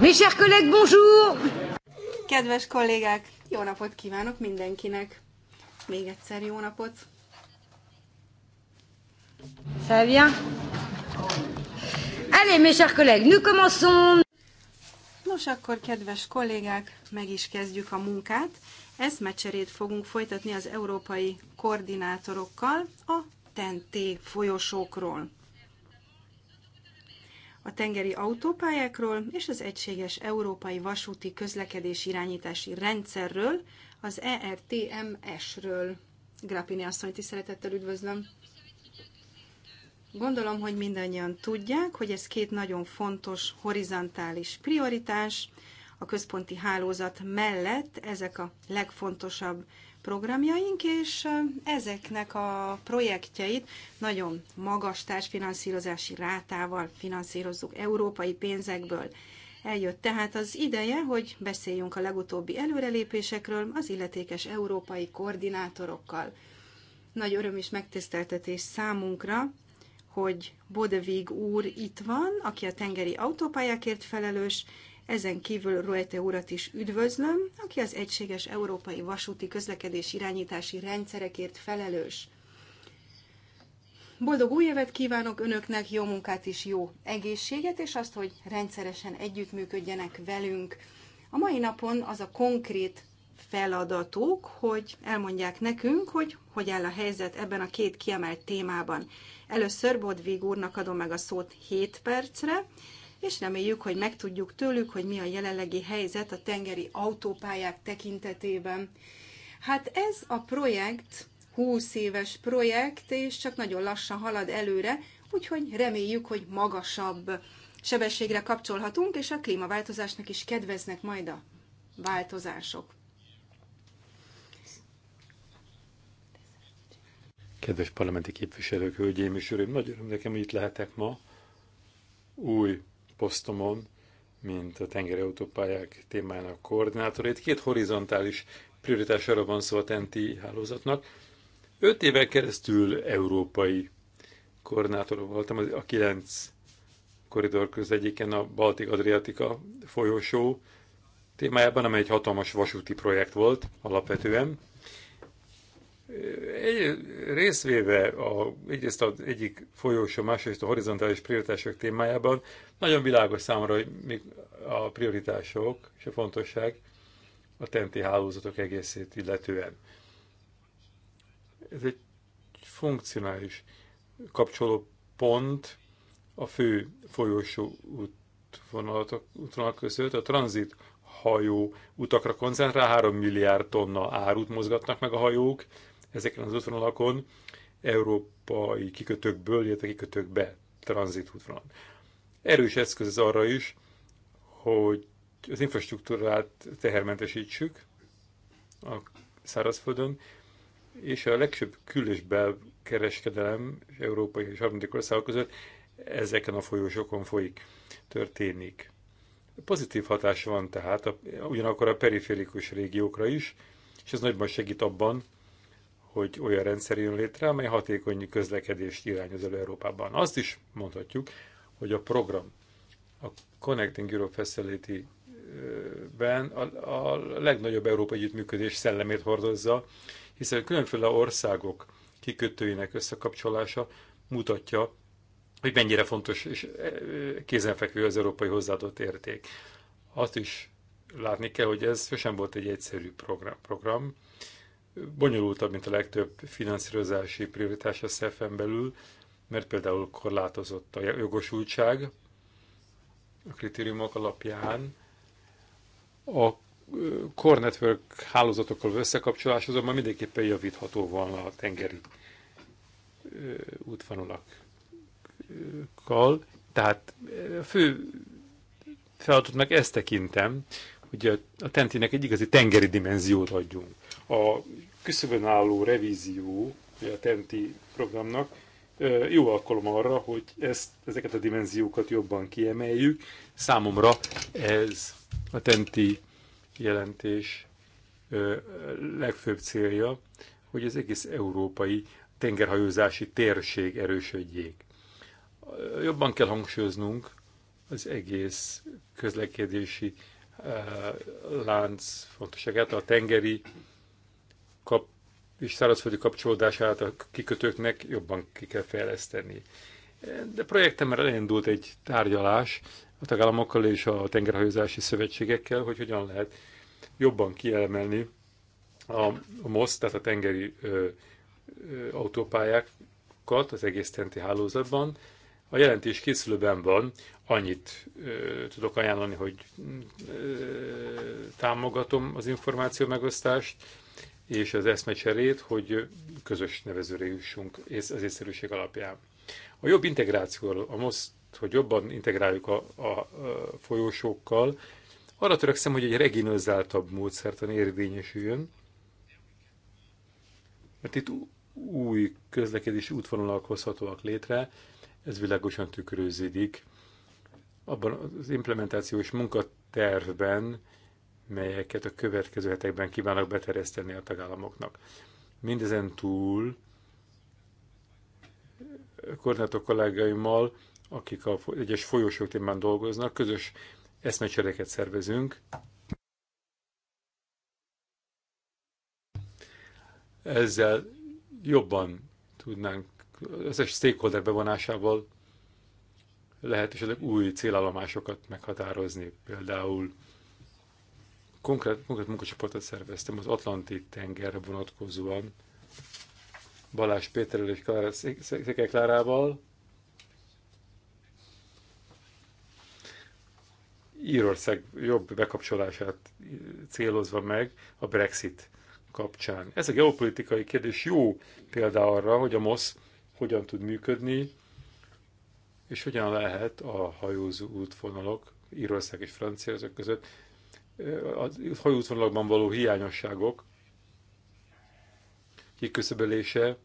Mes chers collègues, bonjour! Kedves kollégák, jó napot kívánok mindenkinek! Még egyszer jó napot! Fabien? Allez, mes chers collègues, nous commençons! Nos, akkor kedves kollégák, meg is kezdjük a munkát. Eszmecserét fogunk folytatni az európai koordinátorokkal a Tenté folyosókról a tengeri autópályákról és az egységes európai vasúti közlekedés irányítási rendszerről, az ERTMS-ről. Grappini asszonyt is szeretettel üdvözlöm. Gondolom, hogy mindannyian tudják, hogy ez két nagyon fontos horizontális prioritás. A központi hálózat mellett ezek a legfontosabb programjaink, és ezeknek a projektjeit nagyon magas társfinanszírozási rátával finanszírozzuk európai pénzekből. Eljött tehát az ideje, hogy beszéljünk a legutóbbi előrelépésekről az illetékes európai koordinátorokkal. Nagy öröm és megtiszteltetés számunkra, hogy Bodevig úr itt van, aki a tengeri autópályákért felelős, ezen kívül Ruete urat is üdvözlöm, aki az Egységes Európai Vasúti Közlekedés Irányítási Rendszerekért felelős. Boldog új évet kívánok önöknek, jó munkát és jó egészséget, és azt, hogy rendszeresen együttműködjenek velünk. A mai napon az a konkrét feladatuk, hogy elmondják nekünk, hogy hogy áll a helyzet ebben a két kiemelt témában. Először Bodvig úrnak adom meg a szót 7 percre, és reméljük, hogy megtudjuk tőlük, hogy mi a jelenlegi helyzet a tengeri autópályák tekintetében. Hát ez a projekt 20 éves projekt, és csak nagyon lassan halad előre, úgyhogy reméljük, hogy magasabb sebességre kapcsolhatunk, és a klímaváltozásnak is kedveznek majd a változások. Kedves parlamenti képviselők, hölgyeim és uraim, nagy öröm nekem, hogy itt lehetek ma. Új posztomon, mint a tengeri autópályák témának koordinátorét. Két horizontális prioritására van szó a TENTI hálózatnak. Öt éve keresztül európai koordinátor voltam, a kilenc koridor köz egyiken a Baltik-Adriatika folyosó témájában, amely egy hatalmas vasúti projekt volt alapvetően egy, részvéve a, egyrészt az egyik folyósó, másrészt a horizontális prioritások témájában, nagyon világos számomra, hogy mik a prioritások és a fontosság a tenti hálózatok egészét illetően. Ez egy funkcionális kapcsoló pont a fő folyósó útvonalak, útvonalak között, a tranzit hajó utakra koncentrál, 3 milliárd tonna árut mozgatnak meg a hajók, ezeken az útvonalakon európai kikötőkből, illetve kikötőkbe tranzit útvonal. Erős eszköz ez arra is, hogy az infrastruktúrát tehermentesítsük a szárazföldön, és a legsőbb kül- kereskedelem, és európai és harmadik országok között ezeken a folyósokon folyik, történik. Pozitív hatás van tehát a, ugyanakkor a periférikus régiókra is, és ez nagyban segít abban, hogy olyan rendszer jön létre, amely hatékony közlekedést irányoz elő Európában. Azt is mondhatjuk, hogy a program a Connecting Europe Facility ben a, a legnagyobb európai együttműködés szellemét hordozza, hiszen különféle országok kikötőinek összekapcsolása mutatja, hogy mennyire fontos és e, kézenfekvő az európai hozzáadott érték. Azt is látni kell, hogy ez sosem volt egy egyszerű program, program bonyolultabb, mint a legtöbb finanszírozási prioritás a SZEF-en belül, mert például korlátozott a jogosultság a kritériumok alapján. A core network hálózatokkal összekapcsolás azonban mindenképpen javítható volna a tengeri útvonalakkal. Tehát a fő feladatnak ezt tekintem, hogy a, a tentének egy igazi tengeri dimenziót adjunk. A küszöbön álló revízió a tenti programnak jó alkalom arra, hogy ezt, ezeket a dimenziókat jobban kiemeljük. Számomra ez a tenti jelentés legfőbb célja, hogy az egész európai tengerhajózási térség erősödjék. Jobban kell hangsúlyoznunk az egész közlekedési lánc fontosságát, a tengeri kap és szárazföldi kapcsolódását a kikötőknek jobban ki kell fejleszteni. De projektem már elindult egy tárgyalás a tagállamokkal és a tengerhajózási szövetségekkel, hogy hogyan lehet jobban kielemelni a, a MOSZ, tehát a tengeri ö, ö, autópályákat az egész tenti hálózatban, a jelentés készülőben van, annyit ö, tudok ajánlani, hogy ö, támogatom az információ megosztást és az eszmecserét, hogy közös nevezőre jussunk az észszerűség alapján. A jobb integráció, a most, hogy jobban integráljuk a, a, a folyósókkal, arra törekszem, hogy egy reginozáltabb módszertan érvényesüljön, mert itt új közlekedési útvonalak hozhatóak létre, ez világosan tükröződik abban az implementációs munkatervben, melyeket a következő hetekben kívánok beterjeszteni a tagállamoknak. Mindezen túl koordinátor kollégáimmal, akik a egyes folyosók témán dolgoznak, közös eszmecsereket szervezünk. Ezzel jobban tudnánk összes stakeholder bevonásával lehet esetleg új célállomásokat meghatározni. Például konkrét, konkrét munkacsoportot szerveztem az Atlanti tengerre vonatkozóan Balázs Péterrel és Klára, Szeke Klárával. Írország jobb bekapcsolását célozva meg a Brexit kapcsán. Ez a geopolitikai kérdés jó példa arra, hogy a MOSZ hogyan tud működni, és hogyan lehet a hajózó útvonalok, Írország és Francia azok között, eh, a hajóútvonalakban való hiányosságok kiküszöbölése,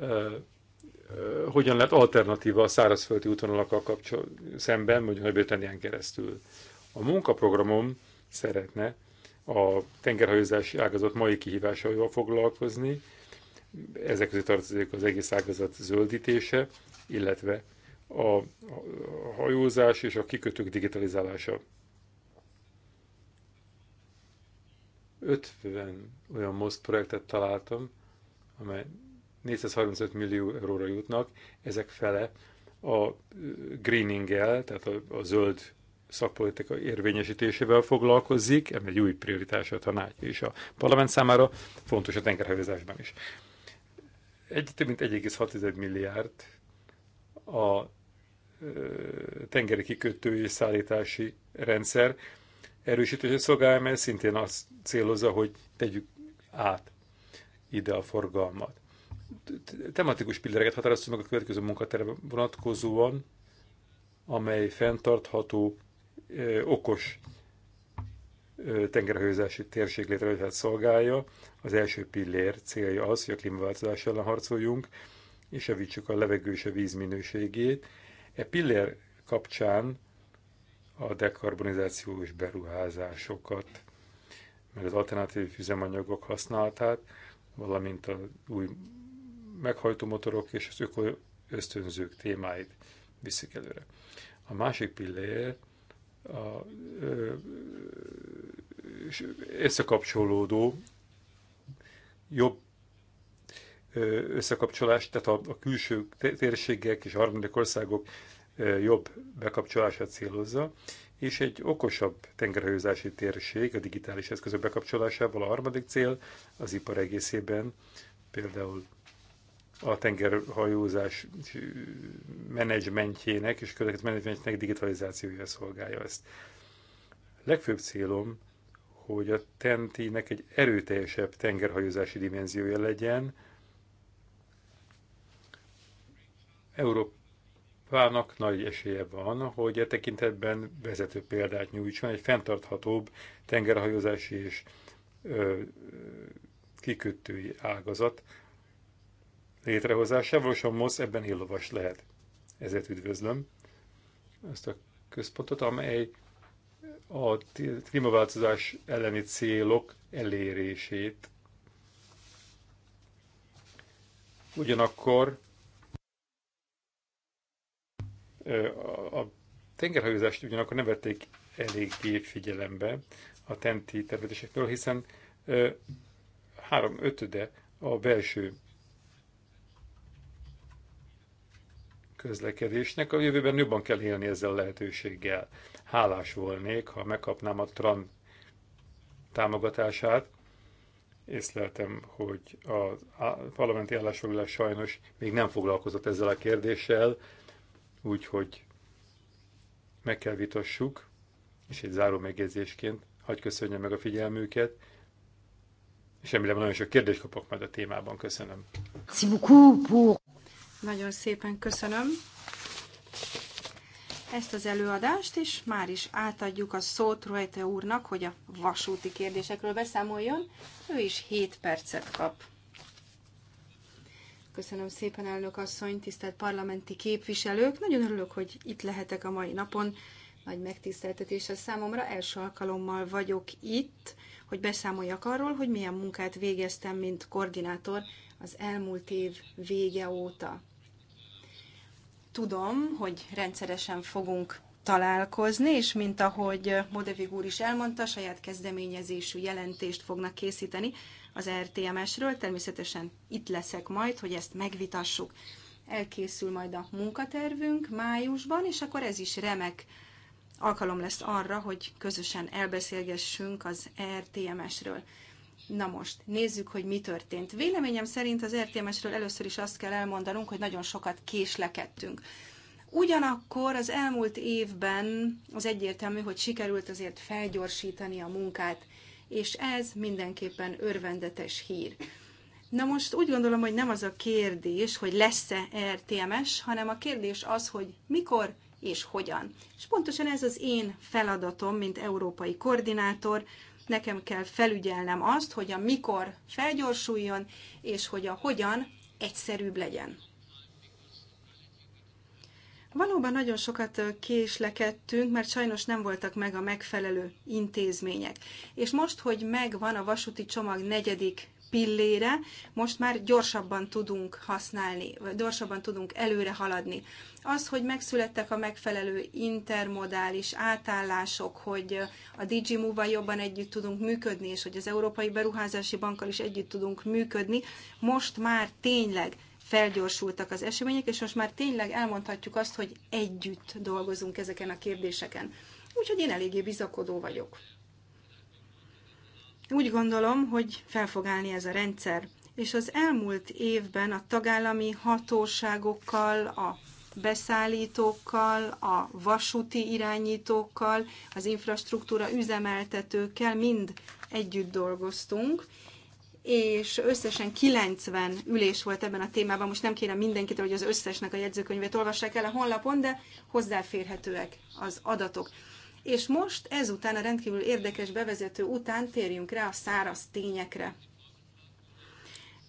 eh, eh, hogyan lett alternatíva a szárazföldi útvonalakkal kapcsolatban, szemben, mondjuk Nagy-Britannián keresztül. A munkaprogramom szeretne a tengerhajózási ágazat mai kihívásaival foglalkozni, ezek közé tartozik az egész ágazat zöldítése, illetve a hajózás és a kikötők digitalizálása. 50 olyan MOSZ projektet találtam, amely 435 millió euróra jutnak, ezek fele a greeninggel, tehát a, a zöld szakpolitika érvényesítésével foglalkozik, ez egy új prioritás a tanács és a parlament számára, fontos a tengerhajózásban is. Egy, több mint 1,6 milliárd a tengeri kikötő és szállítási rendszer erősítése szolgálja, mert szintén azt célozza, hogy tegyük át ide a forgalmat. Tematikus pillereket határoztunk meg a következő munkaterve vonatkozóan, amely fenntartható, okos tengerhőzási térség létrejöhet szolgálja. Az első pillér célja az, hogy a klímaváltozás ellen harcoljunk, és javítsuk a levegő és a víz minőségét. E pillér kapcsán a dekarbonizációs beruházásokat, meg az alternatív üzemanyagok használatát, valamint az új meghajtómotorok és az öko ösztönzők témáit viszik előre. A másik pillér a összekapcsolódó jobb összekapcsolás, tehát a, a külső térségek és a harmadik országok jobb bekapcsolását célozza, és egy okosabb tengerhajózási térség a digitális eszközök bekapcsolásával a harmadik cél az ipar egészében, például a tengerhajózás menedzsmentjének és közlekedés menedzsmentjének digitalizációja szolgálja ezt. Legfőbb célom hogy a TENTI-nek egy erőteljesebb tengerhajózási dimenziója legyen. Európának nagy esélye van, hogy e tekintetben vezető példát nyújtson, egy fenntarthatóbb tengerhajózási és ö, kikötői ágazat létrehozásával, és a MOSZ ebben illovas lehet. Ezért üdvözlöm ezt a központot, amely a klímaváltozás elleni célok elérését. Ugyanakkor a tengerhajózást ugyanakkor nem vették eléggé figyelembe a tenti tervezésekről, hiszen három ötöde a belső közlekedésnek, a jövőben jobban kell élni ezzel a lehetőséggel. Hálás volnék, ha megkapnám a TRAN támogatását. Észleltem, hogy a parlamenti állásfoglalás sajnos még nem foglalkozott ezzel a kérdéssel, úgyhogy meg kell vitassuk, és egy záró megjegyzésként hagy köszönjem meg a figyelmüket, és remélem nagyon sok kérdést kapok majd a témában. Köszönöm. Nagyon szépen köszönöm ezt az előadást, és már is átadjuk a szót Rojte úrnak, hogy a vasúti kérdésekről beszámoljon. Ő is 7 percet kap. Köszönöm szépen, elnök asszony, tisztelt parlamenti képviselők. Nagyon örülök, hogy itt lehetek a mai napon. Nagy megtiszteltetés a számomra. Első alkalommal vagyok itt, hogy beszámoljak arról, hogy milyen munkát végeztem, mint koordinátor az elmúlt év vége óta. Tudom, hogy rendszeresen fogunk találkozni, és mint ahogy Modevig úr is elmondta, saját kezdeményezésű jelentést fognak készíteni az RTMS-ről. Természetesen itt leszek majd, hogy ezt megvitassuk. Elkészül majd a munkatervünk májusban, és akkor ez is remek alkalom lesz arra, hogy közösen elbeszélgessünk az RTMS-ről. Na most, nézzük, hogy mi történt. Véleményem szerint az RTMS-ről először is azt kell elmondanunk, hogy nagyon sokat késlekedtünk. Ugyanakkor az elmúlt évben az egyértelmű, hogy sikerült azért felgyorsítani a munkát, és ez mindenképpen örvendetes hír. Na most úgy gondolom, hogy nem az a kérdés, hogy lesz-e RTMS, hanem a kérdés az, hogy mikor és hogyan. És pontosan ez az én feladatom, mint európai koordinátor, nekem kell felügyelnem azt, hogy a mikor felgyorsuljon, és hogy a hogyan egyszerűbb legyen. Valóban nagyon sokat késlekedtünk, mert sajnos nem voltak meg a megfelelő intézmények. És most, hogy megvan a vasúti csomag negyedik pillére most már gyorsabban tudunk használni, vagy gyorsabban tudunk előre haladni. Az, hogy megszülettek a megfelelő intermodális átállások, hogy a DigiMove-val jobban együtt tudunk működni, és hogy az Európai Beruházási Bankkal is együtt tudunk működni, most már tényleg felgyorsultak az események, és most már tényleg elmondhatjuk azt, hogy együtt dolgozunk ezeken a kérdéseken. Úgyhogy én eléggé bizakodó vagyok. Úgy gondolom, hogy fel fog állni ez a rendszer. És az elmúlt évben a tagállami hatóságokkal, a beszállítókkal, a vasúti irányítókkal, az infrastruktúra üzemeltetőkkel mind együtt dolgoztunk, és összesen 90 ülés volt ebben a témában. Most nem kérem mindenkit, hogy az összesnek a jegyzőkönyvét olvassák el a honlapon, de hozzáférhetőek az adatok. És most ezután a rendkívül érdekes bevezető után térjünk rá a száraz tényekre.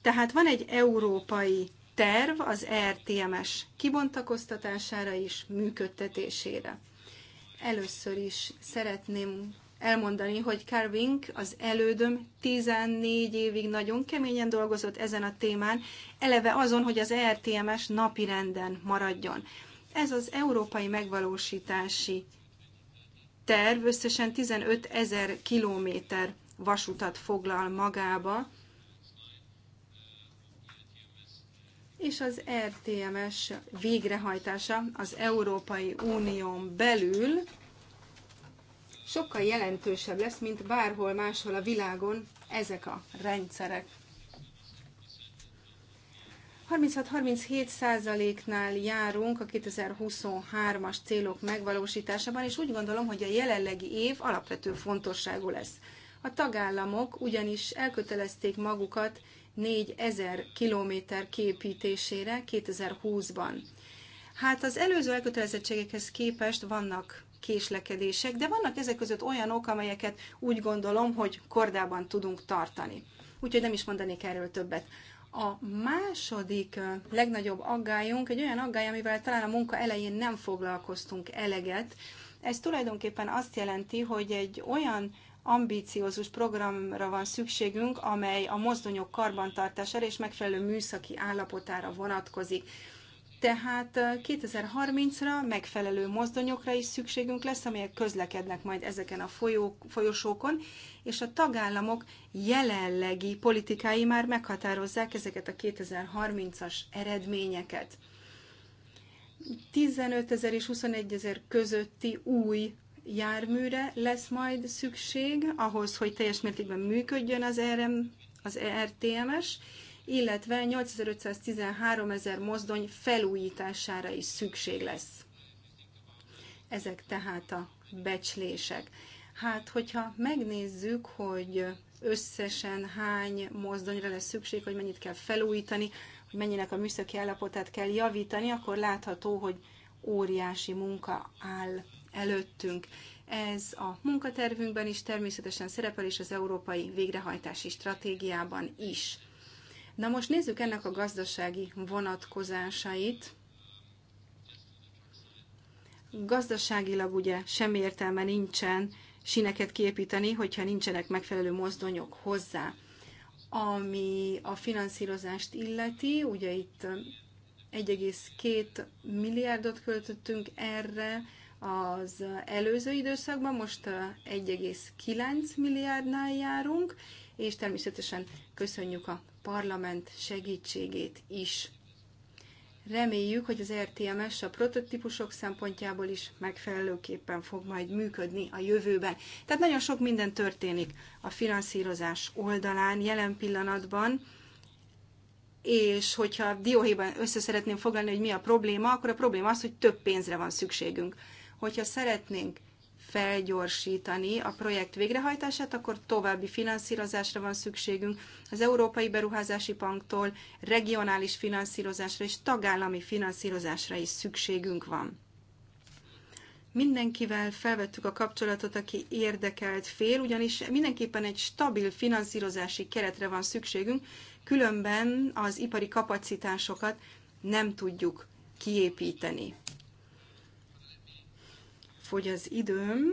Tehát van egy európai terv az RTMS er kibontakoztatására és működtetésére. Először is szeretném elmondani, hogy Carving az elődöm 14 évig nagyon keményen dolgozott ezen a témán, eleve azon, hogy az ERTMS napirenden maradjon. Ez az európai megvalósítási terv összesen 15 ezer kilométer vasutat foglal magába, és az RTMS végrehajtása az Európai Unión belül sokkal jelentősebb lesz, mint bárhol máshol a világon ezek a rendszerek. 36-37 százaléknál járunk a 2023-as célok megvalósításában, és úgy gondolom, hogy a jelenlegi év alapvető fontosságú lesz. A tagállamok ugyanis elkötelezték magukat 4000 kilométer képítésére 2020-ban. Hát az előző elkötelezettségekhez képest vannak késlekedések, de vannak ezek között olyanok, amelyeket úgy gondolom, hogy kordában tudunk tartani. Úgyhogy nem is mondanék erről többet. A második legnagyobb aggályunk egy olyan aggály, amivel talán a munka elején nem foglalkoztunk eleget. Ez tulajdonképpen azt jelenti, hogy egy olyan ambíciózus programra van szükségünk, amely a mozdonyok karbantartására és megfelelő műszaki állapotára vonatkozik. Tehát 2030-ra megfelelő mozdonyokra is szükségünk lesz, amelyek közlekednek majd ezeken a folyók, folyosókon, és a tagállamok jelenlegi politikái már meghatározzák ezeket a 2030-as eredményeket. 15 ezer és 21 ezer közötti új járműre lesz majd szükség ahhoz, hogy teljes mértékben működjön az, RM, az ERTMS, illetve 8513 ezer mozdony felújítására is szükség lesz. Ezek tehát a becslések. Hát, hogyha megnézzük, hogy összesen hány mozdonyra lesz szükség, hogy mennyit kell felújítani, hogy mennyinek a műszaki állapotát kell javítani, akkor látható, hogy óriási munka áll előttünk. Ez a munkatervünkben is természetesen szerepel, és az európai végrehajtási stratégiában is. Na most nézzük ennek a gazdasági vonatkozásait. Gazdaságilag ugye semmi értelme nincsen sineket kiépíteni, hogyha nincsenek megfelelő mozdonyok hozzá. Ami a finanszírozást illeti, ugye itt 1,2 milliárdot költöttünk erre az előző időszakban, most 1,9 milliárdnál járunk, és természetesen köszönjük a parlament segítségét is. Reméljük, hogy az RTMS er a prototípusok szempontjából is megfelelőképpen fog majd működni a jövőben. Tehát nagyon sok minden történik a finanszírozás oldalán jelen pillanatban, és hogyha dióhéjban össze szeretném foglalni, hogy mi a probléma, akkor a probléma az, hogy több pénzre van szükségünk. Hogyha szeretnénk felgyorsítani a projekt végrehajtását, akkor további finanszírozásra van szükségünk az Európai Beruházási Banktól, regionális finanszírozásra és tagállami finanszírozásra is szükségünk van. Mindenkivel felvettük a kapcsolatot, aki érdekelt fél, ugyanis mindenképpen egy stabil finanszírozási keretre van szükségünk, különben az ipari kapacitásokat nem tudjuk kiépíteni fogy az időm,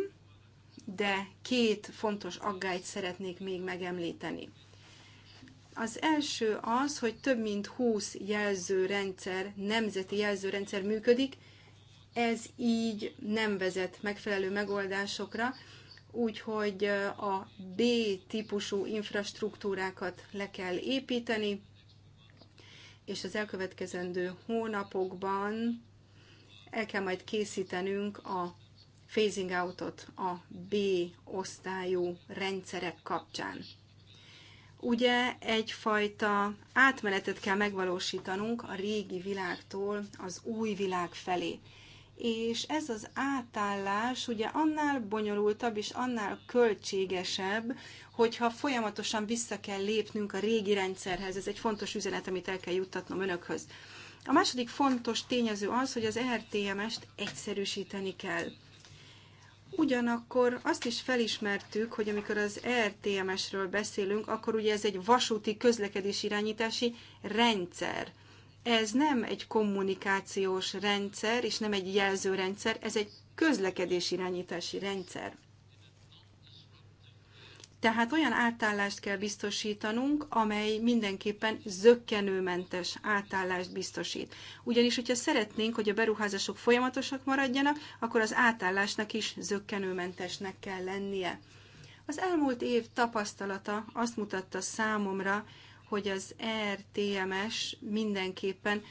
de két fontos aggályt szeretnék még megemlíteni. Az első az, hogy több mint 20 jelzőrendszer, nemzeti jelzőrendszer működik, ez így nem vezet megfelelő megoldásokra, úgyhogy a B-típusú infrastruktúrákat le kell építeni, és az elkövetkezendő hónapokban el kell majd készítenünk a phasing outot a B osztályú rendszerek kapcsán. Ugye egyfajta átmenetet kell megvalósítanunk a régi világtól az új világ felé. És ez az átállás ugye annál bonyolultabb és annál költségesebb, hogyha folyamatosan vissza kell lépnünk a régi rendszerhez. Ez egy fontos üzenet, amit el kell juttatnom önökhöz. A második fontos tényező az, hogy az rtms t egyszerűsíteni kell. Ugyanakkor azt is felismertük, hogy amikor az rtms ről beszélünk, akkor ugye ez egy vasúti közlekedés irányítási rendszer. Ez nem egy kommunikációs rendszer, és nem egy jelzőrendszer, ez egy közlekedés irányítási rendszer. Tehát olyan átállást kell biztosítanunk, amely mindenképpen zöggenőmentes átállást biztosít. Ugyanis, hogyha szeretnénk, hogy a beruházások folyamatosak maradjanak, akkor az átállásnak is zöggenőmentesnek kell lennie. Az elmúlt év tapasztalata azt mutatta számomra, hogy az RTMS er mindenképpen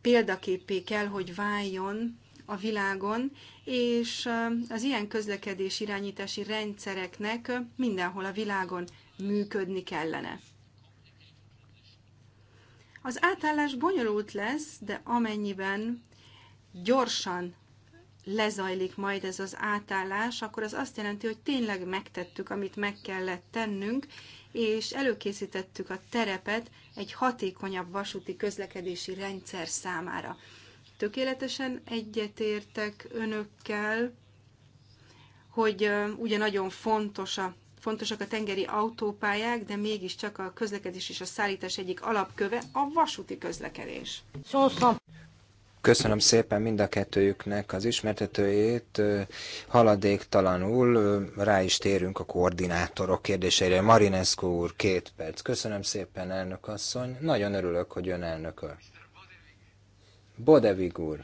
példaképé kell, hogy váljon a világon, és az ilyen közlekedés irányítási rendszereknek mindenhol a világon működni kellene. Az átállás bonyolult lesz, de amennyiben gyorsan lezajlik majd ez az átállás, akkor az azt jelenti, hogy tényleg megtettük, amit meg kellett tennünk, és előkészítettük a terepet egy hatékonyabb vasúti közlekedési rendszer számára. Tökéletesen egyetértek önökkel, hogy ugye nagyon fontos a fontosak a tengeri autópályák, de mégiscsak a közlekedés és a szállítás egyik alapköve a vasúti közlekedés. Köszönöm szépen mind a kettőjüknek az ismertetőjét. Haladéktalanul rá is térünk a koordinátorok kérdéseire. Marinescu úr, két perc. Köszönöm szépen, elnök asszony. Nagyon örülök, hogy ön elnököl. Bodevig úr.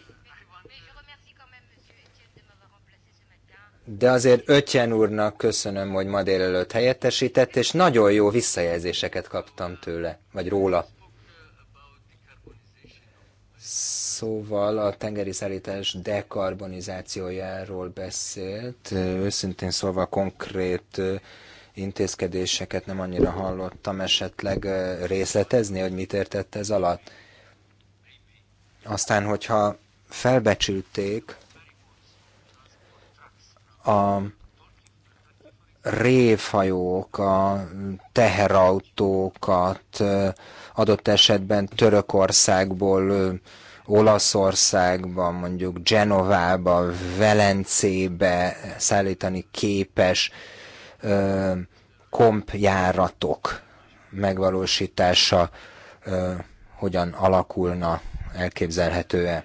De azért Ötjen úrnak köszönöm, hogy ma délelőtt helyettesített, és nagyon jó visszajelzéseket kaptam tőle, vagy róla. Szóval a tengeri szállítás dekarbonizációjáról beszélt. Őszintén szólva konkrét intézkedéseket nem annyira hallottam esetleg részletezni, hogy mit értett ez alatt. Aztán, hogyha felbecsülték a révhajók, a teherautókat, adott esetben Törökországból Olaszországban, mondjuk Genovába, Velencébe szállítani képes ö, kompjáratok megvalósítása ö, hogyan alakulna elképzelhető-e.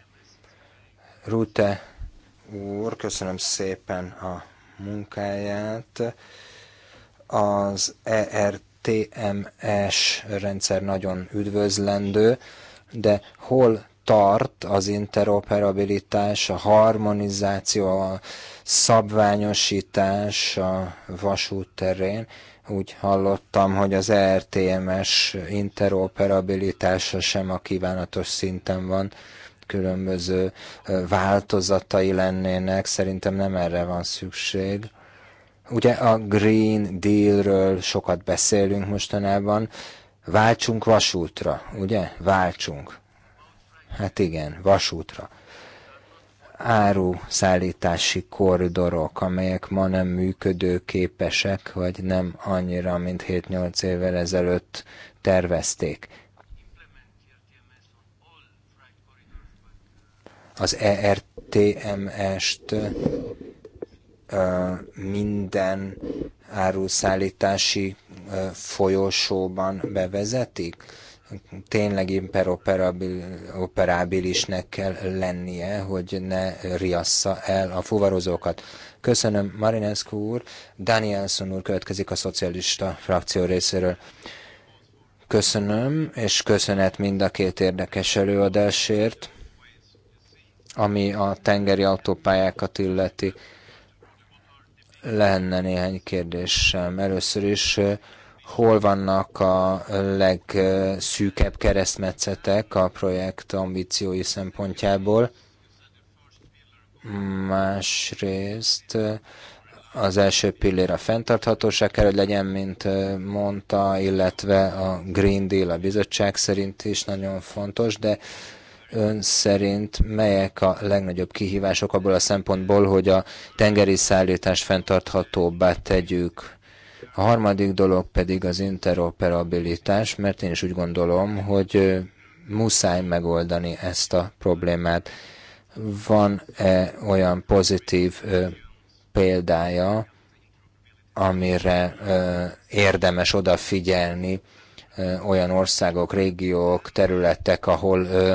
Rute úr, köszönöm szépen a munkáját. Az ERTMS rendszer nagyon üdvözlendő, de hol tart az interoperabilitás, a harmonizáció, a szabványosítás a vasút terén, úgy hallottam, hogy az RTMS interoperabilitása sem a kívánatos szinten van, különböző változatai lennének, szerintem nem erre van szükség. Ugye a Green Dealről sokat beszélünk mostanában, váltsunk vasútra, ugye? Váltsunk. Hát igen, vasútra áruszállítási koridorok, amelyek ma nem működőképesek, vagy nem annyira, mint 7-8 évvel ezelőtt tervezték. Az ERTMS-t minden áruszállítási folyosóban bevezetik? tényleg imperoperabilisnek kell lennie, hogy ne riassza el a fuvarozókat. Köszönöm Marinescu úr, Danielson úr következik a szocialista frakció részéről. Köszönöm, és köszönet mind a két érdekes előadásért, ami a tengeri autópályákat illeti. Lenne néhány kérdésem. Először is hol vannak a legszűkebb keresztmetszetek a projekt ambíciói szempontjából. Másrészt az első pillér a fenntarthatóság kell, hogy legyen, mint mondta, illetve a Green Deal a bizottság szerint is nagyon fontos, de ön szerint melyek a legnagyobb kihívások abból a szempontból, hogy a tengeri szállítást fenntarthatóbbá tegyük? A harmadik dolog pedig az interoperabilitás, mert én is úgy gondolom, hogy muszáj megoldani ezt a problémát. Van-e olyan pozitív ö, példája, amire ö, érdemes odafigyelni ö, olyan országok, régiók, területek, ahol ö,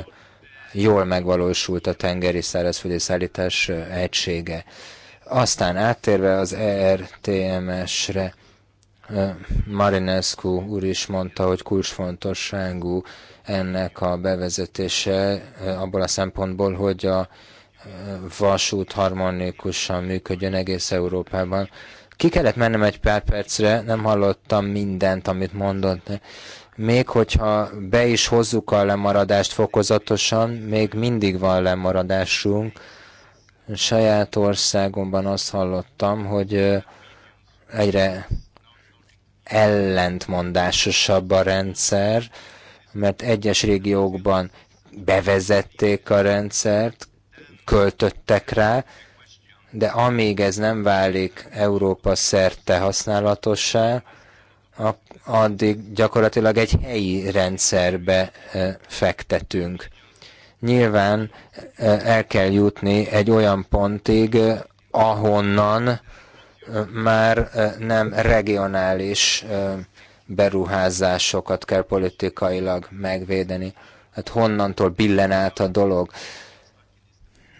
jól megvalósult a tengeri szárazföldi szállítás egysége. Aztán áttérve az ERTMS-re, Marinescu úr is mondta, hogy kulcsfontosságú ennek a bevezetése abból a szempontból, hogy a vasút harmonikusan működjön egész Európában. Ki kellett mennem egy pár percre, nem hallottam mindent, amit mondott. Még hogyha be is hozzuk a lemaradást fokozatosan, még mindig van lemaradásunk. Saját országomban azt hallottam, hogy egyre ellentmondásosabb a rendszer, mert egyes régiókban bevezették a rendszert, költöttek rá, de amíg ez nem válik Európa szerte használatossá, addig gyakorlatilag egy helyi rendszerbe fektetünk. Nyilván el kell jutni egy olyan pontig, ahonnan már nem regionális beruházásokat kell politikailag megvédeni. Hát honnantól billen át a dolog?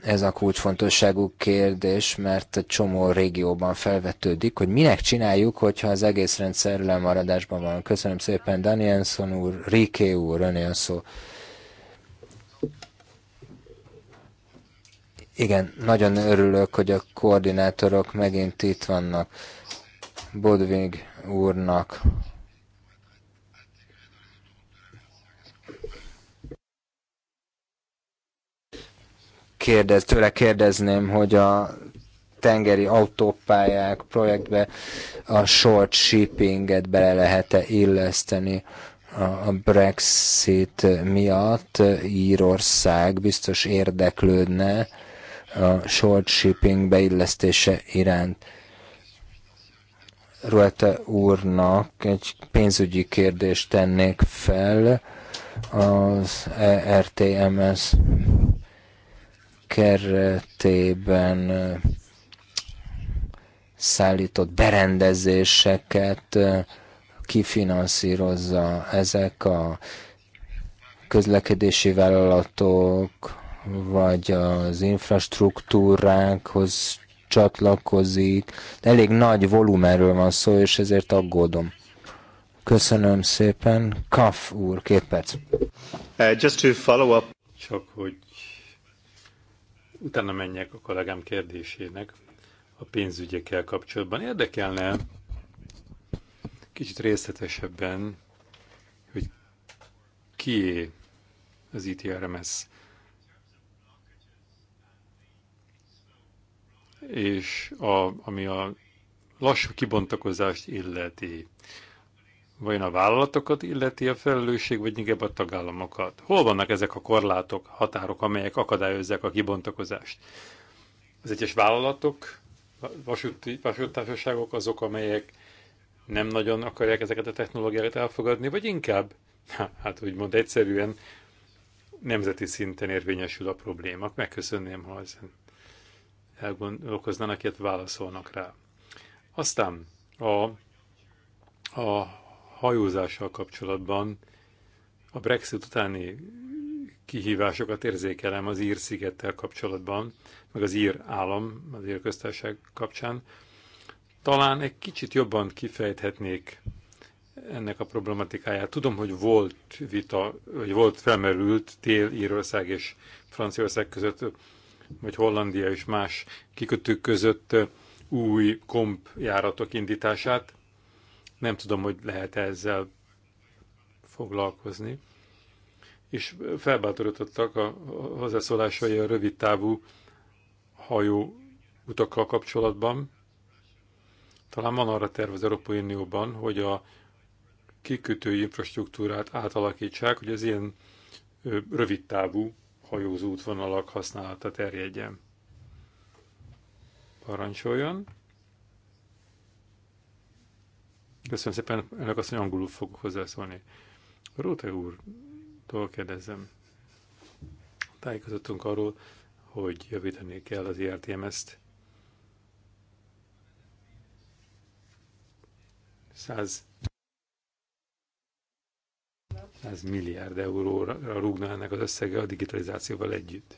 Ez a kulcsfontosságú kérdés, mert egy csomó régióban felvetődik, hogy minek csináljuk, hogyha az egész rendszer lemaradásban van. Köszönöm szépen Danielson úr, Riké úr, önél szó. Igen, nagyon örülök, hogy a koordinátorok megint itt vannak. Bodvig úrnak. Kérdez, tőle kérdezném, hogy a tengeri autópályák projektbe a short shippinget bele lehet-e illeszteni a Brexit miatt Írország biztos érdeklődne, a short shipping beillesztése iránt. Ruete úrnak egy pénzügyi kérdést tennék fel az ERTMS keretében eh, szállított berendezéseket eh, kifinanszírozza ezek a közlekedési vállalatok, vagy az infrastruktúrákhoz csatlakozik. Elég nagy volumenről van szó, és ezért aggódom. Köszönöm szépen. Kaf úr, két perc. Uh, just to follow up. Csak, hogy utána menjek a kollégám kérdésének a pénzügyekkel kapcsolatban. Érdekelne kicsit részletesebben, hogy kié az ITRMS és a, ami a lassú kibontakozást illeti. Vajon a vállalatokat illeti a felelősség, vagy inkább a tagállamokat? Hol vannak ezek a korlátok, határok, amelyek akadályozzák a kibontakozást? Az egyes vállalatok, vasúti, vasúttársaságok azok, amelyek nem nagyon akarják ezeket a technológiákat elfogadni, vagy inkább, hát úgymond egyszerűen nemzeti szinten érvényesül a probléma. Megköszönném, ha ezen elgondolkoznának, illetve válaszolnak rá. Aztán a, a hajózással kapcsolatban a Brexit utáni kihívásokat érzékelem az ír szigettel kapcsolatban, meg az ír állam, az ír köztársaság kapcsán. Talán egy kicsit jobban kifejthetnék ennek a problematikáját. Tudom, hogy volt vita, hogy volt felmerült Dél-Írország és Franciaország között vagy Hollandia és más kikötők között új komp járatok indítását. Nem tudom, hogy lehet -e ezzel foglalkozni. És felbátorítottak a hozzászólásai a rövid távú hajó utakkal kapcsolatban. Talán van arra terv az Európai Unióban, hogy a kikötői infrastruktúrát átalakítsák, hogy az ilyen rövidtávú hajózó útvonalak használata terjedjen. Parancsoljon! Köszönöm szépen, önök azt, hogy angolul fogok hozzászólni. Róte úrtól kérdezem. Tájékozottunk arról, hogy javítani kell az IRTMS-t. 100 100 milliárd euróra rúgna ennek az összege a digitalizációval együtt.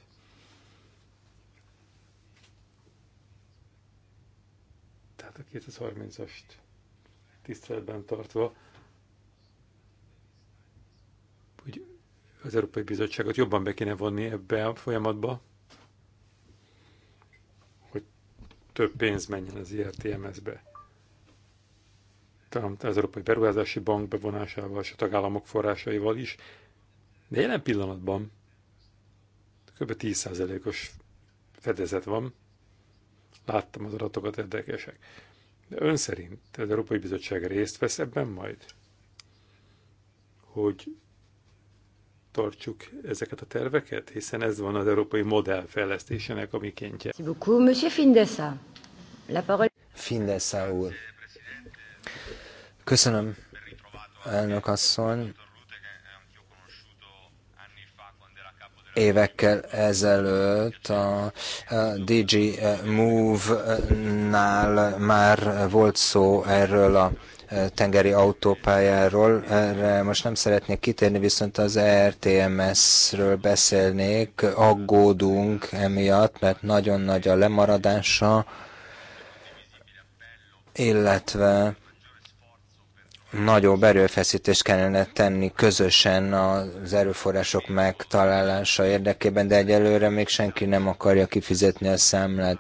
Tehát a 2030-ast tiszteletben tartva, hogy az Európai Bizottságot jobban be kéne vonni ebbe a folyamatba, hogy több pénz menjen az IRTMS-be. Er talán az Európai Beruházási Bank bevonásával és a tagállamok forrásaival is, de jelen pillanatban kb. 10%-os fedezet van. Láttam az adatokat, érdekesek. De ön szerint az Európai Bizottság részt vesz ebben majd? Hogy tartsuk ezeket a terveket? Hiszen ez van az európai modell fejlesztésének a mikéntje. Findesa úr. Köszönöm, elnök asszony. évekkel ezelőtt a DG Move-nál már volt szó erről a e, tengeri autópályáról. Erre most nem szeretnék kitérni, viszont az ERTMS-ről beszélnék. Aggódunk emiatt, mert nagyon nagy a lemaradása, illetve nagyobb erőfeszítést kellene tenni közösen az erőforrások megtalálása érdekében, de egyelőre még senki nem akarja kifizetni a számlát.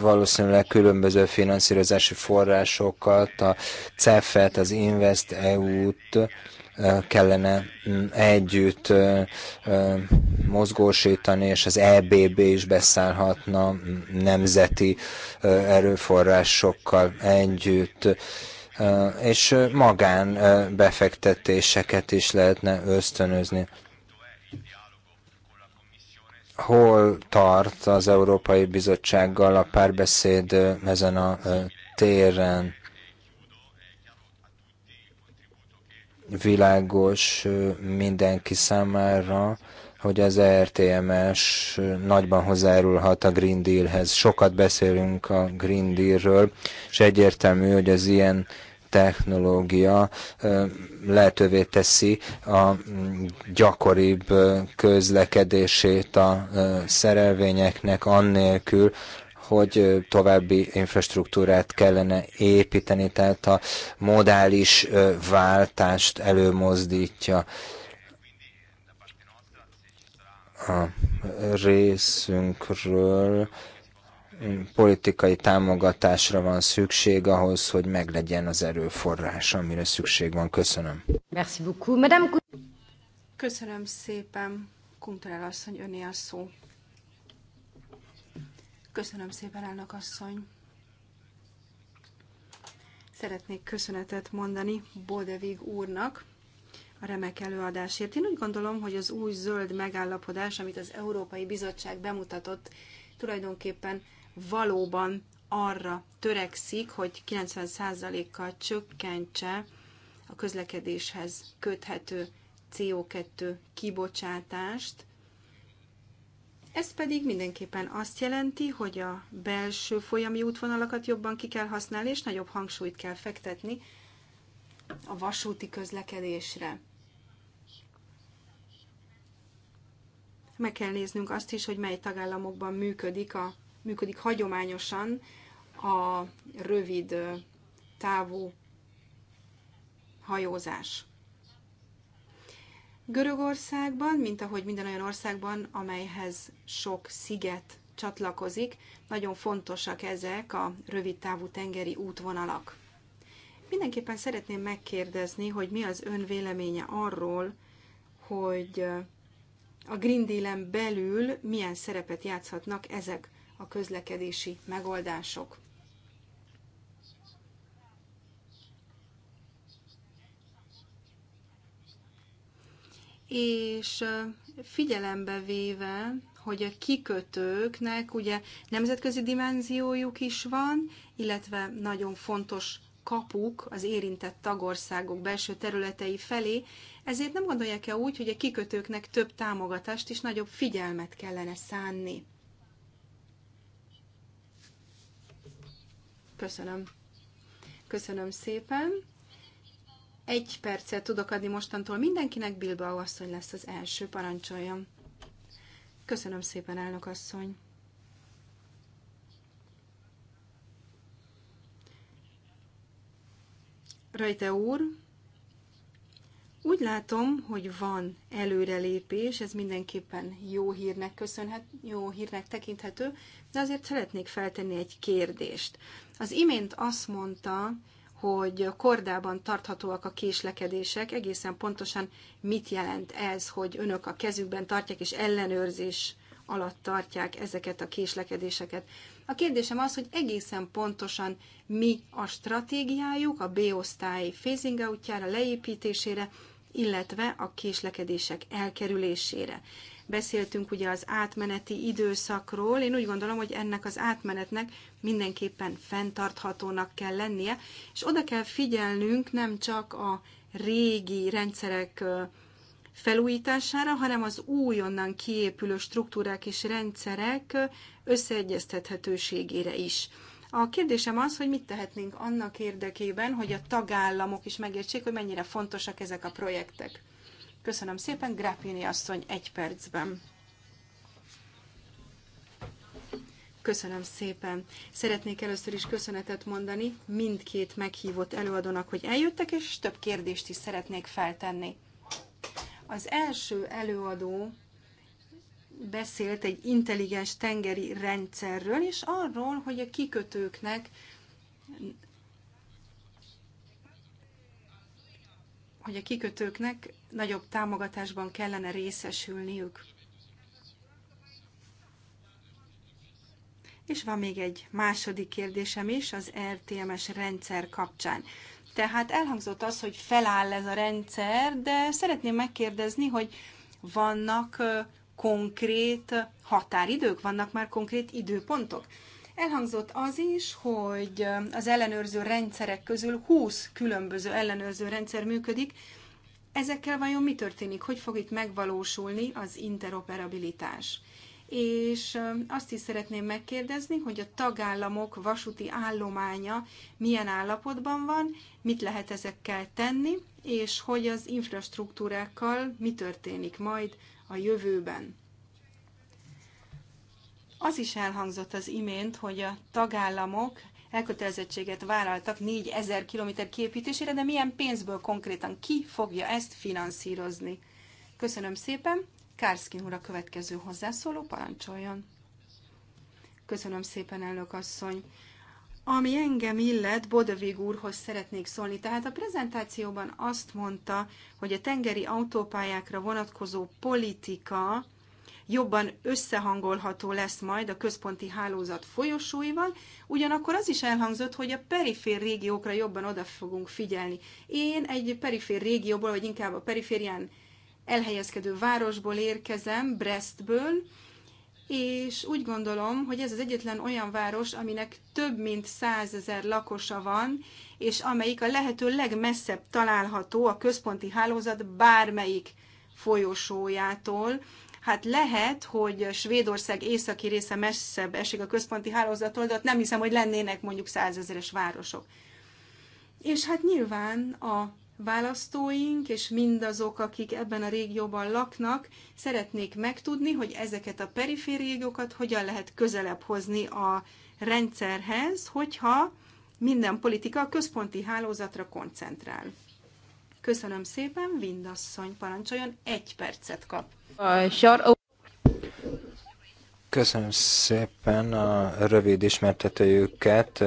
Valószínűleg különböző finanszírozási forrásokat, a CEF-et, az Invest EU-t kellene mm, együtt mozgósítani, és az EBB is beszállhatna mm, nemzeti erőforrásokkal együtt és magán befektetéseket is lehetne ösztönözni. Hol tart az Európai Bizottsággal a párbeszéd ezen a téren? Világos mindenki számára, hogy az ERTMS nagyban hozzájárulhat a Green Dealhez. Sokat beszélünk a Green Dealről, és egyértelmű, hogy az ilyen technológia lehetővé teszi a mm, gyakoribb közlekedését a szerelvényeknek annélkül, hogy további infrastruktúrát kellene építeni, tehát a modális váltást előmozdítja a részünkről politikai támogatásra van szükség ahhoz, hogy meglegyen az erőforrás, amire szükség van. Köszönöm. Merci beaucoup, Madame. Köszönöm szépen, Kuntrel asszony, öné a szó. Köszönöm szépen, elnök asszony. Szeretnék köszönetet mondani Bodevig úrnak, a remek előadásért. Én úgy gondolom, hogy az új zöld megállapodás, amit az Európai Bizottság bemutatott, tulajdonképpen valóban arra törekszik, hogy 90%-kal csökkentse a közlekedéshez köthető CO2 kibocsátást. Ez pedig mindenképpen azt jelenti, hogy a belső folyami útvonalakat jobban ki kell használni, és nagyobb hangsúlyt kell fektetni a vasúti közlekedésre. meg kell néznünk azt is, hogy mely tagállamokban működik, a, működik hagyományosan a rövid távú hajózás. Görögországban, mint ahogy minden olyan országban, amelyhez sok sziget csatlakozik, nagyon fontosak ezek a rövidtávú tengeri útvonalak. Mindenképpen szeretném megkérdezni, hogy mi az ön véleménye arról, hogy a Green Deal-en belül milyen szerepet játszhatnak ezek a közlekedési megoldások. És figyelembe véve, hogy a kikötőknek ugye nemzetközi dimenziójuk is van, illetve nagyon fontos kapuk az érintett tagországok belső területei felé, ezért nem gondolják-e úgy, hogy a kikötőknek több támogatást és nagyobb figyelmet kellene szánni? Köszönöm. Köszönöm szépen. Egy percet tudok adni mostantól mindenkinek, Bilbao asszony lesz az első parancsoljon. Köszönöm szépen, elnök asszony. Rajte úr, úgy látom, hogy van előrelépés, ez mindenképpen jó hírnek köszönhet, jó hírnek tekinthető, de azért szeretnék feltenni egy kérdést. Az imént azt mondta, hogy kordában tarthatóak a késlekedések, egészen pontosan mit jelent ez, hogy önök a kezükben tartják és ellenőrzés alatt tartják ezeket a késlekedéseket. A kérdésem az, hogy egészen pontosan mi a stratégiájuk a B-osztály phasing outjára, leépítésére, illetve a késlekedések elkerülésére. Beszéltünk ugye az átmeneti időszakról, én úgy gondolom, hogy ennek az átmenetnek mindenképpen fenntarthatónak kell lennie, és oda kell figyelnünk nem csak a régi rendszerek felújítására, hanem az újonnan kiépülő struktúrák és rendszerek összeegyeztethetőségére is. A kérdésem az, hogy mit tehetnénk annak érdekében, hogy a tagállamok is megértsék, hogy mennyire fontosak ezek a projektek. Köszönöm szépen, Grappini asszony egy percben. Köszönöm szépen. Szeretnék először is köszönetet mondani mindkét meghívott előadónak, hogy eljöttek, és több kérdést is szeretnék feltenni. Az első előadó beszélt egy intelligens tengeri rendszerről, és arról, hogy a kikötőknek hogy a kikötőknek nagyobb támogatásban kellene részesülniük. És van még egy második kérdésem is az RTMS rendszer kapcsán. Tehát elhangzott az, hogy feláll ez a rendszer, de szeretném megkérdezni, hogy vannak konkrét határidők, vannak már konkrét időpontok. Elhangzott az is, hogy az ellenőrző rendszerek közül 20 különböző ellenőrző rendszer működik. Ezekkel vajon mi történik? Hogy fog itt megvalósulni az interoperabilitás? és azt is szeretném megkérdezni, hogy a tagállamok vasúti állománya milyen állapotban van, mit lehet ezekkel tenni, és hogy az infrastruktúrákkal mi történik majd a jövőben. Az is elhangzott az imént, hogy a tagállamok elkötelezettséget vállaltak 4000 km képítésére, de milyen pénzből konkrétan ki fogja ezt finanszírozni? Köszönöm szépen. Kárszkin úr a következő hozzászóló, parancsoljon. Köszönöm szépen, elnök asszony. Ami engem illet, Bodevig úrhoz szeretnék szólni. Tehát a prezentációban azt mondta, hogy a tengeri autópályákra vonatkozó politika jobban összehangolható lesz majd a központi hálózat folyosóival, ugyanakkor az is elhangzott, hogy a perifér régiókra jobban oda fogunk figyelni. Én egy perifér régióból, vagy inkább a periférián elhelyezkedő városból érkezem, Brestből, és úgy gondolom, hogy ez az egyetlen olyan város, aminek több mint százezer lakosa van, és amelyik a lehető legmesszebb található a központi hálózat bármelyik folyosójától. Hát lehet, hogy Svédország északi része messzebb esik a központi hálózattól, de ott nem hiszem, hogy lennének mondjuk százezeres városok. És hát nyilván a választóink és mindazok, akik ebben a régióban laknak, szeretnék megtudni, hogy ezeket a perifér hogyan lehet közelebb hozni a rendszerhez, hogyha minden politika a központi hálózatra koncentrál. Köszönöm szépen, Vindasszony parancsoljon, egy percet kap. Köszönöm szépen a rövid ismertetőjüket.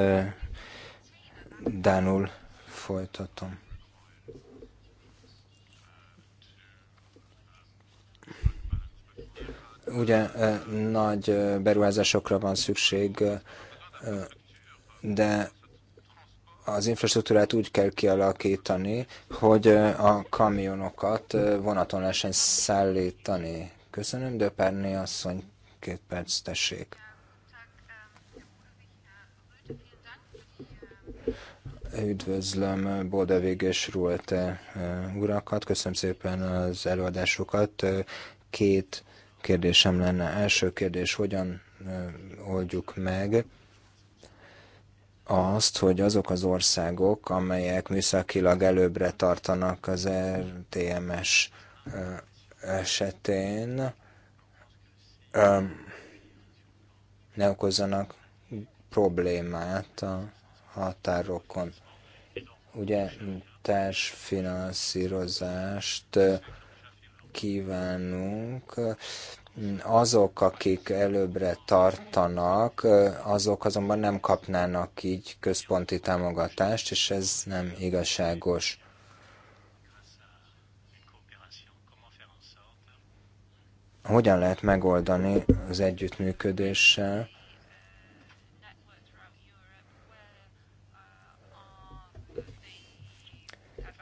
Dánul folytatom. Ugye nagy beruházásokra van szükség, de az infrastruktúrát úgy kell kialakítani, hogy a kamionokat vonaton lehessen szállítani. Köszönöm, de perni asszony, két perc, tessék. Üdvözlöm Boldevég és Rulte urakat, köszönöm szépen az előadásukat. Két kérdésem lenne. Első kérdés, hogyan oldjuk meg azt, hogy azok az országok, amelyek műszakilag előbbre tartanak az RTMS esetén, ne okozzanak problémát a határokon. Ugye társfinanszírozást kívánunk, azok, akik előbbre tartanak, azok azonban nem kapnának így központi támogatást, és ez nem igazságos. Hogyan lehet megoldani az együttműködéssel,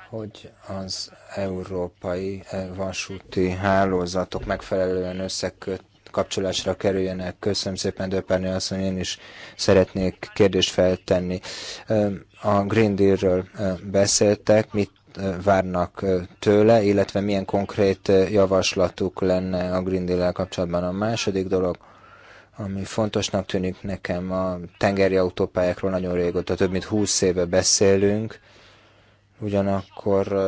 hogy az európai eh, vasúti hálózatok megfelelően összeköt kapcsolásra kerüljenek. Köszönöm szépen, Döperni asszony, én is szeretnék kérdést feltenni. Eh, a Green Deal-ről eh, beszéltek, mit várnak tőle, illetve milyen konkrét javaslatuk lenne a Green Deal-el kapcsolatban. A második dolog, ami fontosnak tűnik nekem, a tengeri autópályákról nagyon régóta, több mint 20 éve beszélünk, ugyanakkor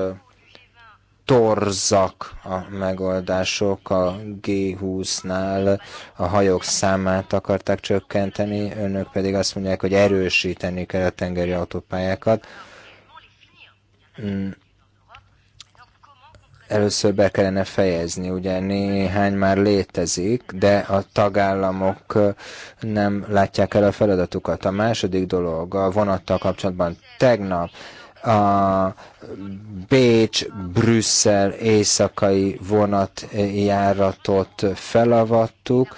torzak a megoldások a G20-nál, a hajók számát akarták csökkenteni, önök pedig azt mondják, hogy erősíteni kell a tengeri autópályákat. Hmm. Először be kellene fejezni, ugye néhány már létezik, de a tagállamok nem látják el a feladatukat. A második dolog a vonattal kapcsolatban tegnap a Bécs-Brüsszel éjszakai vonatjáratot felavattuk.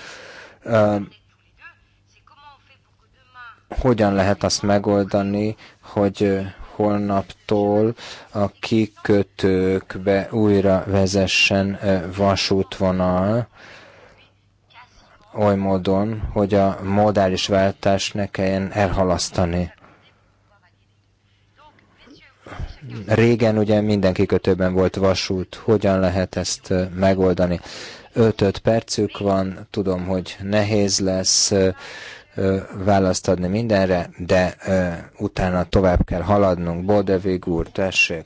Hogyan lehet azt megoldani, hogy holnaptól a kikötőkbe újra vezessen vasútvonal, oly módon, hogy a modális váltást ne kelljen elhalasztani. Régen ugye minden kikötőben volt vasút, hogyan lehet ezt megoldani? 5-5 percük van, tudom, hogy nehéz lesz választ adni mindenre, de utána tovább kell haladnunk. Boldevég úr, tessék!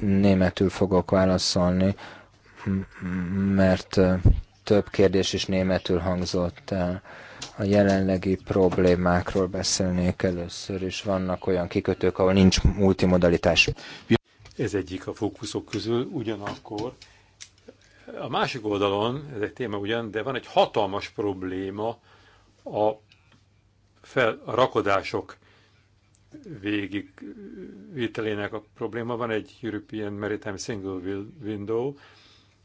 Németül fogok válaszolni, mert több kérdés is németül hangzott el a jelenlegi problémákról beszélnék először, és vannak olyan kikötők, ahol nincs multimodalitás. Ez egyik a fókuszok közül, ugyanakkor a másik oldalon, ez egy téma ugyan, de van egy hatalmas probléma a, fel, a rakodások végig vételének a probléma. Van egy European Maritime Single Window,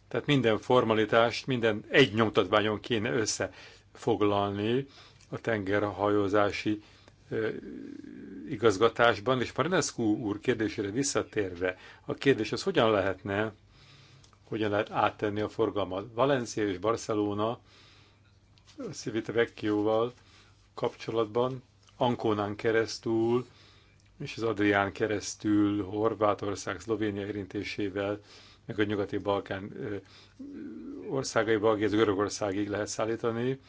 tehát minden formalitást, minden egy nyomtatványon kéne össze foglalni a tengerhajózási igazgatásban, és Marinescu úr kérdésére visszatérve, a kérdés az hogyan lehetne, hogyan lehet áttenni a forgalmat. Valencia és Barcelona a Vecchio-val kapcsolatban, Ankonán keresztül, és az Adrián keresztül Horvátország, Szlovénia érintésével, meg a nyugati Balkán országaiba, az Görögországig lehet szállítani,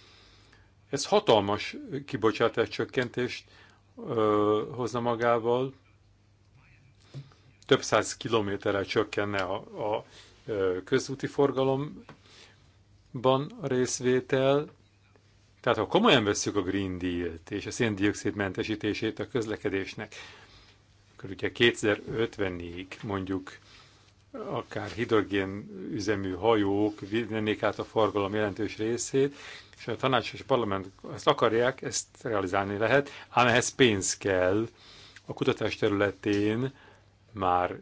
ez hatalmas kibocsátás csökkentést ö, hozna magával, több száz kilométerrel csökkenne a, a közúti forgalomban a részvétel. Tehát ha komolyan veszük a Green Deal-t és a széndiokszid mentesítését a közlekedésnek, akkor ugye 2050-ig mondjuk akár hidrogén üzemű hajók vinnék át a forgalom jelentős részét, és a tanács és a parlament ezt akarják, ezt realizálni lehet, ám ehhez pénz kell. A kutatás területén már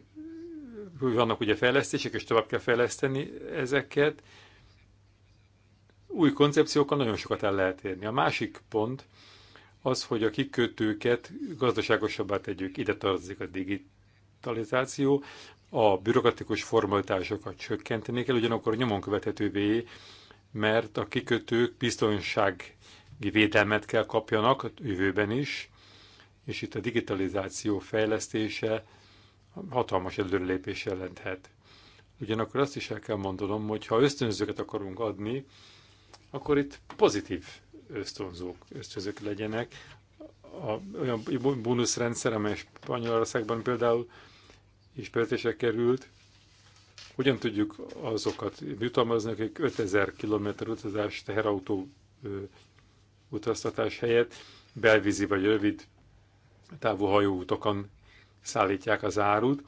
vannak ugye fejlesztések, és tovább kell fejleszteni ezeket. Új koncepciókkal nagyon sokat el lehet érni. A másik pont az, hogy a kikötőket gazdaságosabbá tegyük. Ide tartozik a digitalizáció, a bürokratikus formalitásokat csökkenteni kell, ugyanakkor nyomon követhetővé, mert a kikötők biztonsági védelmet kell kapjanak a jövőben is, és itt a digitalizáció fejlesztése hatalmas előrelépés jelenthet. Ugyanakkor azt is el kell mondanom, hogy ha ösztönzőket akarunk adni, akkor itt pozitív ösztönzők, ösztönzők legyenek. A, olyan bónuszrendszer, amely Spanyolországban például és percese került, hogyan tudjuk azokat jutalmazni, akik 5000 km utazás teherautó ö, utaztatás helyett belvízi vagy rövid távú hajóutokon szállítják az árut.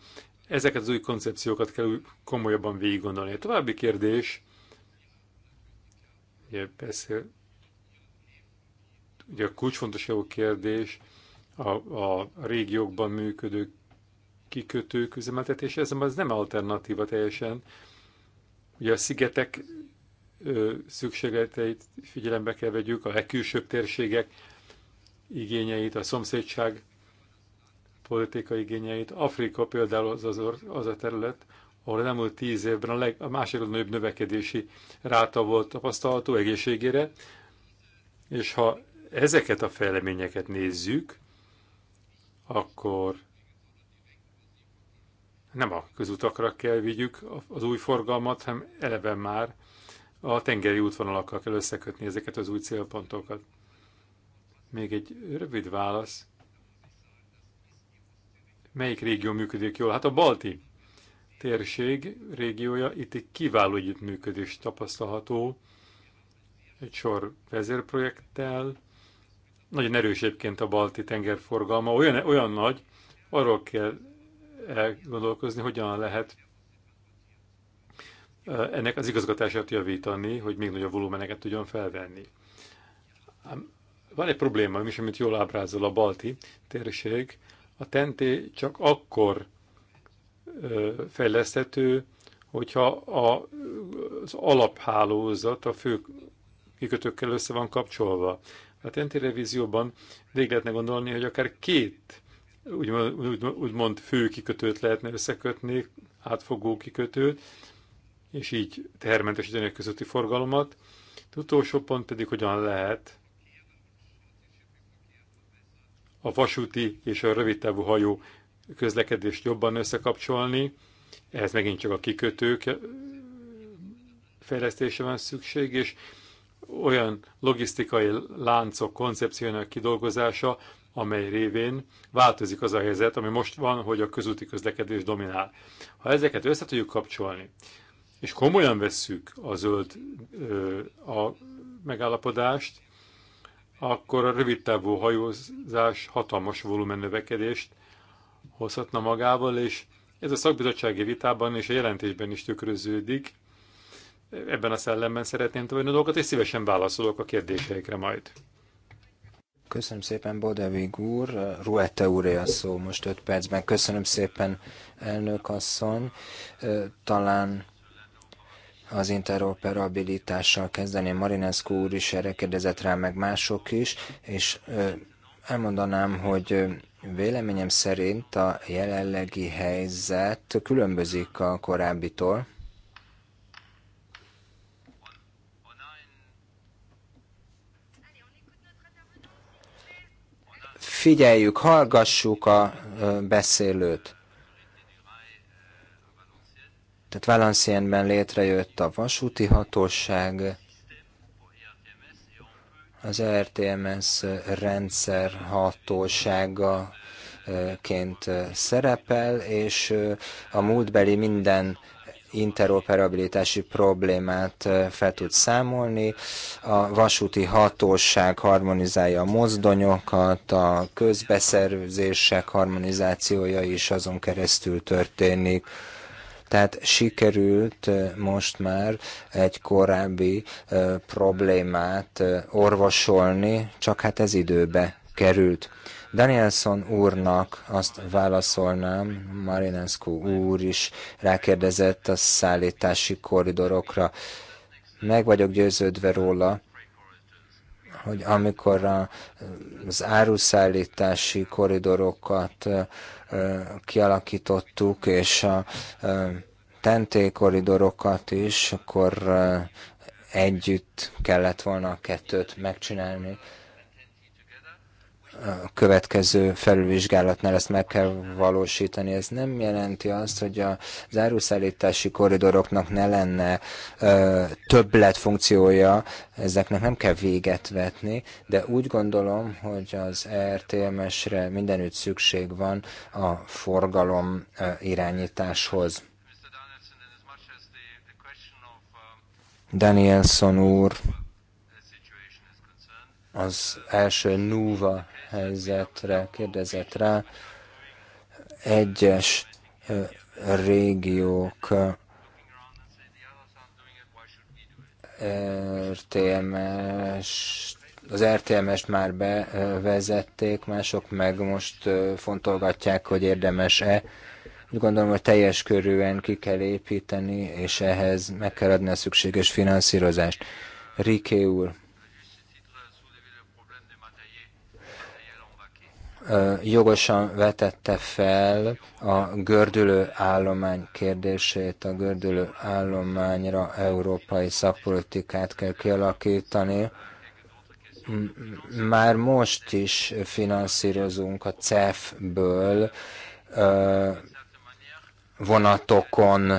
Ezeket az új koncepciókat kell komolyabban végiggondolni. A további kérdés, ugye beszél, ugye a kulcsfontosságú kérdés, a, a régiókban működő kikötők üzemeltetése, ez az nem alternatíva teljesen. Ugye a szigetek ö, szükségleteit figyelembe kell vegyük, a legkülsőbb térségek igényeit, a szomszédság politikai igényeit. Afrika például az, az, az a terület, ahol az elmúlt tíz évben a, leg, a nagyobb növekedési ráta volt tapasztalható egészségére, és ha ezeket a fejleményeket nézzük, akkor nem a közutakra kell vigyük az új forgalmat, hanem eleve már a tengeri útvonalakkal kell összekötni ezeket az új célpontokat. Még egy rövid válasz. Melyik régió működik jól? Hát a balti térség régiója, itt egy kiváló együttműködés tapasztalható, egy sor vezérprojekttel. Nagyon erős egyébként a balti tengerforgalma, olyan, olyan nagy, arról kell elgondolkozni, hogyan lehet e, ennek az igazgatását javítani, hogy még nagyobb volumeneket tudjon felvenni. Van egy probléma is, amit jól ábrázol a balti térség. A tenté csak akkor e, fejleszthető, hogyha a, az alaphálózat a fő kikötőkkel össze van kapcsolva. A tenté revízióban végig lehetne gondolni, hogy akár két úgymond, úgymond fő kikötőt lehetne összekötni, átfogó kikötőt, és így tehermentesíteni a közötti forgalomat. Az utolsó pont pedig hogyan lehet a vasúti és a rövidtávú hajó közlekedést jobban összekapcsolni. Ehhez megint csak a kikötők eh, fejlesztése van szükség, és olyan logisztikai láncok koncepciójának kidolgozása, amely révén változik az a helyzet, ami most van, hogy a közúti közlekedés dominál. Ha ezeket össze tudjuk kapcsolni, és komolyan vesszük a zöld ö, a megállapodást, akkor a rövid távú hajózás hatalmas volumen növekedést hozhatna magával, és ez a szakbizottsági vitában és a jelentésben is tükröződik. Ebben a szellemben szeretném tovább dolgokat, és szívesen válaszolok a kérdéseikre majd. Köszönöm szépen, Bodevig úr. Ruette úré a szó most 5 percben. Köszönöm szépen, elnök asszony. Talán az interoperabilitással kezdeném. Marinescu úr is erre kérdezett rá, meg mások is, és elmondanám, hogy véleményem szerint a jelenlegi helyzet különbözik a korábbitól. figyeljük, hallgassuk a beszélőt. Tehát Valencienben létrejött a vasúti hatóság, az RTMS rendszer hatósága ként szerepel, és a múltbeli minden interoperabilitási problémát fel tud számolni. A vasúti hatóság harmonizálja a mozdonyokat, a közbeszerzések harmonizációja is azon keresztül történik. Tehát sikerült most már egy korábbi problémát orvosolni, csak hát ez időbe került. Danielson úrnak azt válaszolnám, Marinescu úr is rákérdezett a szállítási koridorokra. Meg vagyok győződve róla, hogy amikor a, az áruszállítási koridorokat kialakítottuk, és a tenté koridorokat is, akkor együtt kellett volna a kettőt megcsinálni következő felülvizsgálatnál ezt meg kell valósítani. Ez nem jelenti azt, hogy a záruszállítási koridoroknak ne lenne ö, többlet funkciója, ezeknek nem kell véget vetni, de úgy gondolom, hogy az RTMS-re mindenütt szükség van a forgalom ö, irányításhoz. Danielson úr az első Nuva helyzetre kérdezett rá. Egyes régiók RTMS az RTMS-t már bevezették, mások meg most fontolgatják, hogy érdemes-e. Úgy gondolom, hogy teljes körűen ki kell építeni, és ehhez meg kell adni a szükséges finanszírozást. Riké úr. jogosan vetette fel a gördülő állomány kérdését, a gördülő állományra európai szakpolitikát kell kialakítani. Már most is finanszírozunk a CEF-ből vonatokon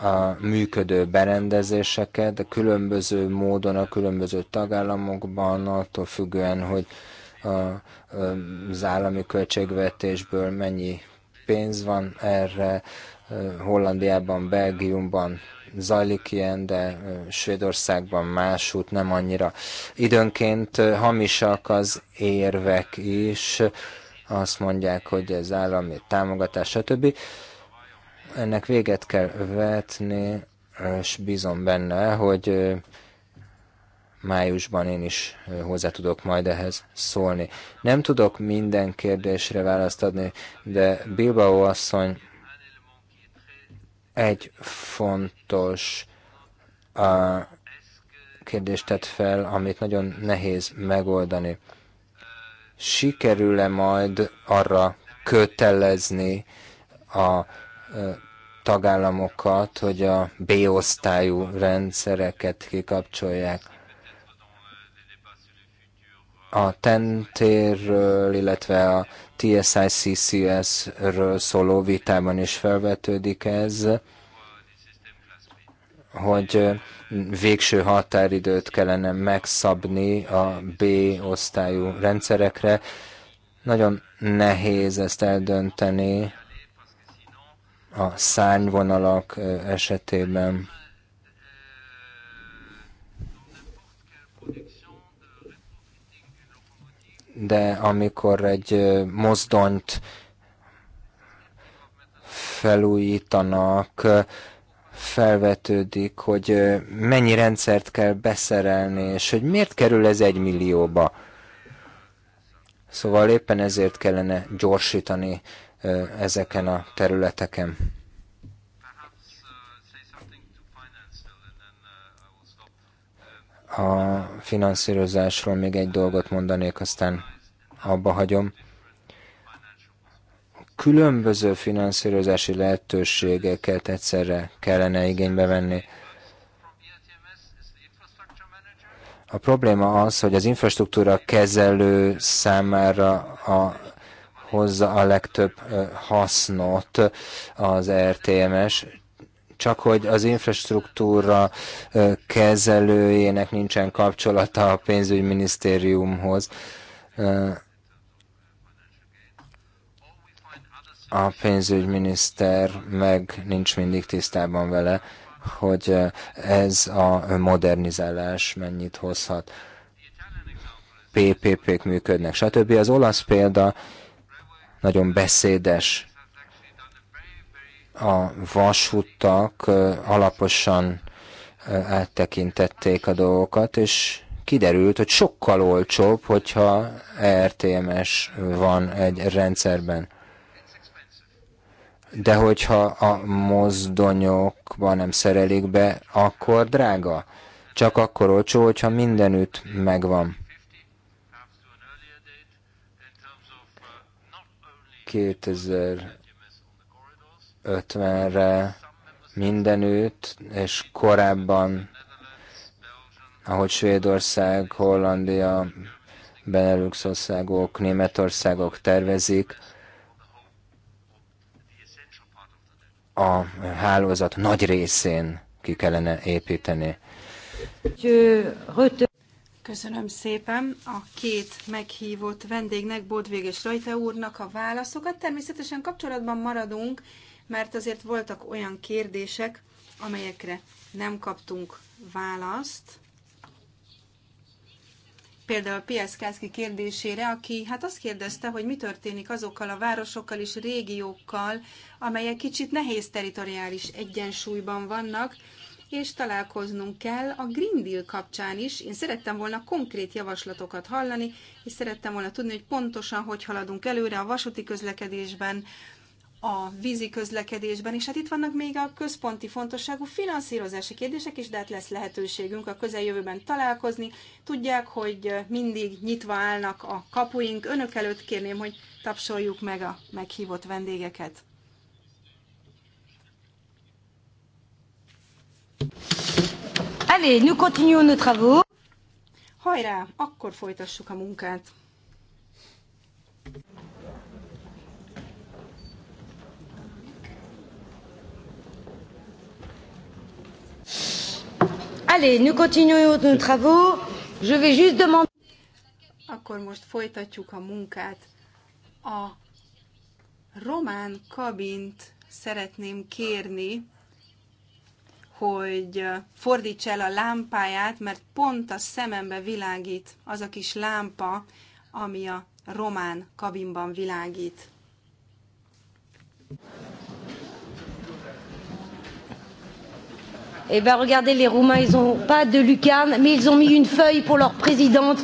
a működő berendezéseket, de különböző módon a különböző tagállamokban, attól függően, hogy az állami költségvetésből mennyi pénz van erre, Hollandiában, Belgiumban zajlik ilyen, de Svédországban másút nem annyira. Időnként hamisak az érvek is, azt mondják, hogy ez állami támogatás, stb. Ennek véget kell vetni, és bízom benne, hogy májusban én is hozzá tudok majd ehhez szólni. Nem tudok minden kérdésre választ adni, de Bilbao asszony egy fontos a kérdést tett fel, amit nagyon nehéz megoldani. Sikerül-e majd arra kötelezni a tagállamokat, hogy a B-osztályú rendszereket kikapcsolják? a Tentérről, illetve a TSICCS-ről szóló vitában is felvetődik ez, hogy végső határidőt kellene megszabni a B osztályú rendszerekre. Nagyon nehéz ezt eldönteni a szárnyvonalak esetében. de amikor egy mozdonyt felújítanak, felvetődik, hogy mennyi rendszert kell beszerelni, és hogy miért kerül ez egy millióba. Szóval éppen ezért kellene gyorsítani ezeken a területeken. A finanszírozásról még egy dolgot mondanék, aztán abba hagyom. Különböző finanszírozási lehetőségeket egyszerre kellene igénybe venni. A probléma az, hogy az infrastruktúra kezelő számára a, hozza a legtöbb hasznot az RTMS, csak hogy az infrastruktúra kezelőjének nincsen kapcsolata a pénzügyminisztériumhoz. A pénzügyminiszter meg nincs mindig tisztában vele, hogy ez a modernizálás mennyit hozhat. PPP-k működnek, stb. Az olasz példa nagyon beszédes a vasúttak alaposan áttekintették a dolgokat, és kiderült, hogy sokkal olcsóbb, hogyha RTMS er van egy rendszerben. De hogyha a mozdonyokban nem szerelik be, akkor drága. Csak akkor olcsó, hogyha mindenütt megvan. Kétezer 50-re mindenütt, és korábban, ahogy Svédország, Hollandia, Benelux országok, Németországok tervezik, a hálózat nagy részén ki kellene építeni. Köszönöm szépen a két meghívott vendégnek, Bodvég és Rajta úrnak a válaszokat. Természetesen kapcsolatban maradunk, mert azért voltak olyan kérdések, amelyekre nem kaptunk választ. Például Kászki kérdésére, aki hát azt kérdezte, hogy mi történik azokkal a városokkal és régiókkal, amelyek kicsit nehéz teritoriális egyensúlyban vannak, és találkoznunk kell a Green Deal kapcsán is. Én szerettem volna konkrét javaslatokat hallani, és szerettem volna tudni, hogy pontosan hogy haladunk előre a vasúti közlekedésben, a vízi közlekedésben, és hát itt vannak még a központi fontosságú finanszírozási kérdések is, de hát lesz lehetőségünk a közeljövőben találkozni. Tudják, hogy mindig nyitva állnak a kapuink. Önök előtt kérném, hogy tapsoljuk meg a meghívott vendégeket. Allez, nous continuons nos travaux. Hajrá, akkor folytassuk a munkát. Allez, nous continuons nos travaux. Je vais juste demander... Akkor most folytatjuk a munkát. A román kabint szeretném kérni, hogy fordíts el a lámpáját, mert pont a szemembe világít az a kis lámpa, ami a román kabinban világít. Eh bien, regardez, les Roumains, ils n'ont pas de lucarne, mais ils ont mis une feuille pour leur présidente,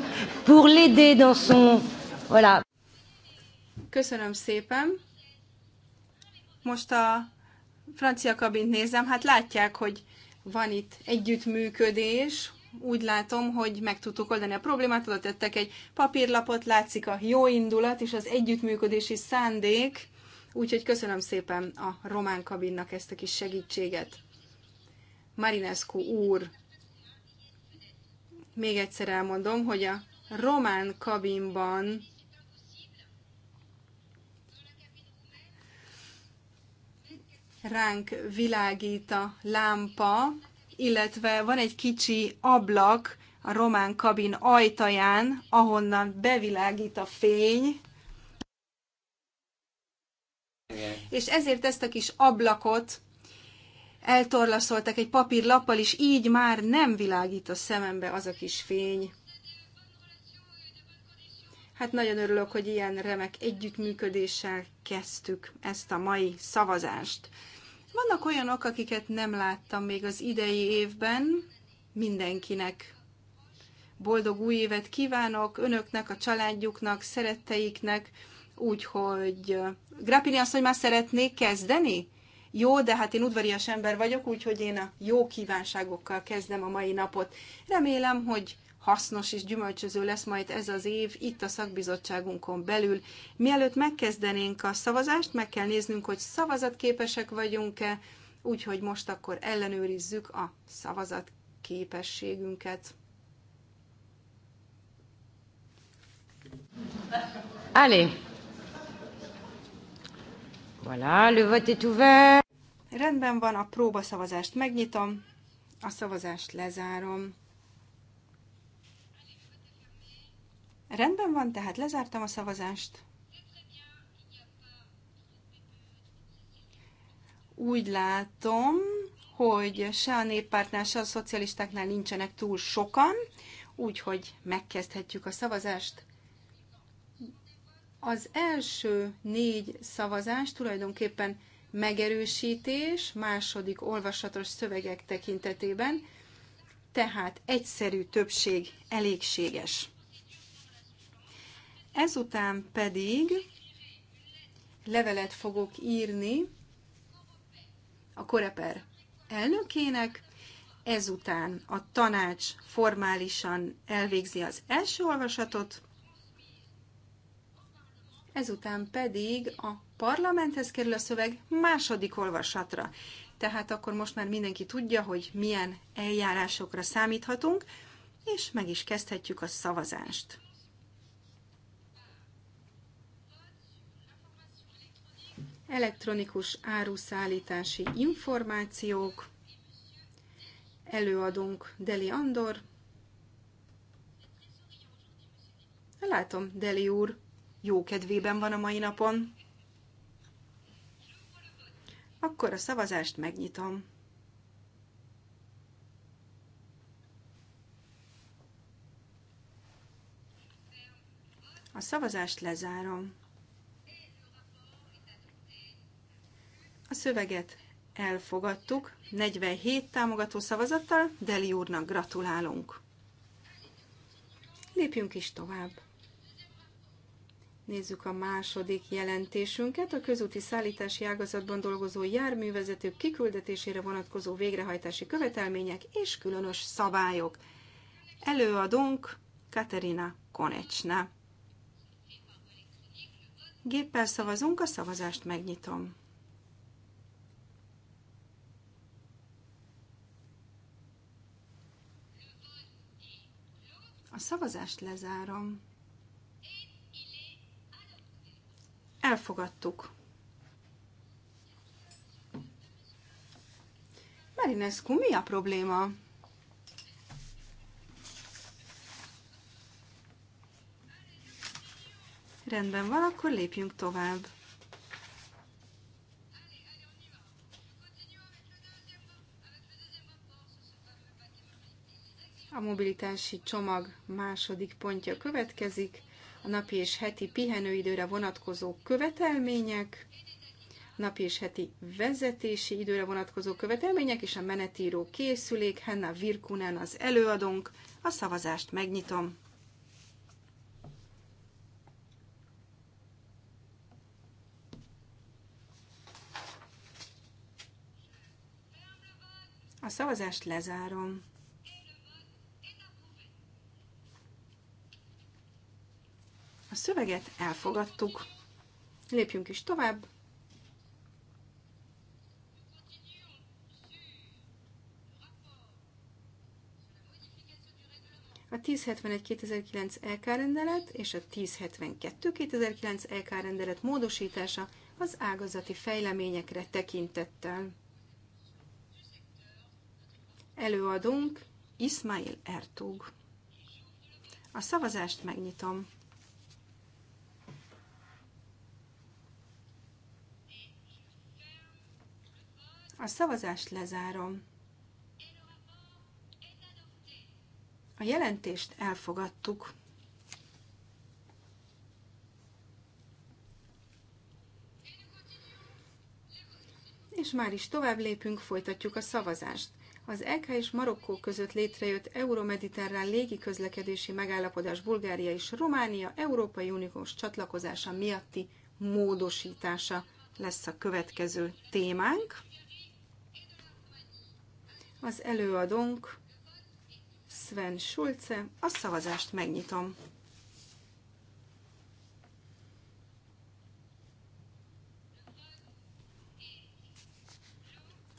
pour l'aider dans son... Voilà. Köszönöm szépen. Most a francia kabint nézem, hát látják, hogy van itt együttműködés, úgy látom, hogy meg tudtuk oldani a problémát, oda tettek egy papírlapot, látszik a jó indulat és az együttműködési szándék, úgyhogy köszönöm szépen a román kabinnak ezt a kis segítséget. Marinescu úr. Még egyszer elmondom, hogy a román kabinban ránk világít a lámpa, illetve van egy kicsi ablak a román kabin ajtaján, ahonnan bevilágít a fény. És ezért ezt a kis ablakot eltorlaszoltak egy papír lappal, és így már nem világít a szemembe az a kis fény. Hát nagyon örülök, hogy ilyen remek együttműködéssel kezdtük ezt a mai szavazást. Vannak olyanok, akiket nem láttam még az idei évben. Mindenkinek boldog új évet kívánok, önöknek, a családjuknak, szeretteiknek, úgyhogy Grapini azt, hogy már szeretnék kezdeni? Jó, de hát én udvarias ember vagyok, úgyhogy én a jó kívánságokkal kezdem a mai napot. Remélem, hogy hasznos és gyümölcsöző lesz majd ez az év itt a szakbizottságunkon belül. Mielőtt megkezdenénk a szavazást, meg kell néznünk, hogy szavazatképesek vagyunk-e, úgyhogy most akkor ellenőrizzük a szavazatképességünket. Allez. Voilà, le vote est ouvert. Rendben van, a próbaszavazást megnyitom, a szavazást lezárom. Rendben van, tehát lezártam a szavazást. Úgy látom, hogy se a néppártnál, se a szocialistáknál nincsenek túl sokan, úgyhogy megkezdhetjük a szavazást. Az első négy szavazás tulajdonképpen megerősítés második olvasatos szövegek tekintetében, tehát egyszerű többség elégséges. Ezután pedig levelet fogok írni a Koreper elnökének, ezután a tanács formálisan elvégzi az első olvasatot, ezután pedig a parlamenthez kerül a szöveg második olvasatra. Tehát akkor most már mindenki tudja, hogy milyen eljárásokra számíthatunk, és meg is kezdhetjük a szavazást. Elektronikus áruszállítási információk. Előadunk Deli Andor. Látom, Deli úr jó kedvében van a mai napon. Akkor a szavazást megnyitom. A szavazást lezárom. A szöveget elfogadtuk 47 támogató szavazattal, Deli úrnak gratulálunk. Lépjünk is tovább. Nézzük a második jelentésünket, a közúti szállítási ágazatban dolgozó járművezetők kiküldetésére vonatkozó végrehajtási követelmények és különös szabályok. Előadónk Katerina Konecsna. Géppel szavazunk, a szavazást megnyitom. A szavazást lezárom. elfogadtuk. Marinescu, mi a probléma? Rendben van, akkor lépjünk tovább. A mobilitási csomag második pontja következik napi és heti pihenőidőre vonatkozó követelmények, napi és heti vezetési időre vonatkozó követelmények és a menetíró készülék, Henna Virkunen az előadónk. A szavazást megnyitom. A szavazást lezárom. A szöveget elfogadtuk. Lépjünk is tovább. a 1071-2009 LK rendelet és a 1072-2009 LK rendelet módosítása az ágazati fejleményekre tekintettel. Előadunk Ismail Ertug. A szavazást megnyitom. A szavazást lezárom. A jelentést elfogadtuk. És már is tovább lépünk, folytatjuk a szavazást. Az EK és Marokkó között létrejött euromediterrán légiközlekedési megállapodás Bulgária és Románia Európai Uniós csatlakozása miatti módosítása lesz a következő témánk. Az előadónk Sven Schulze. A szavazást megnyitom.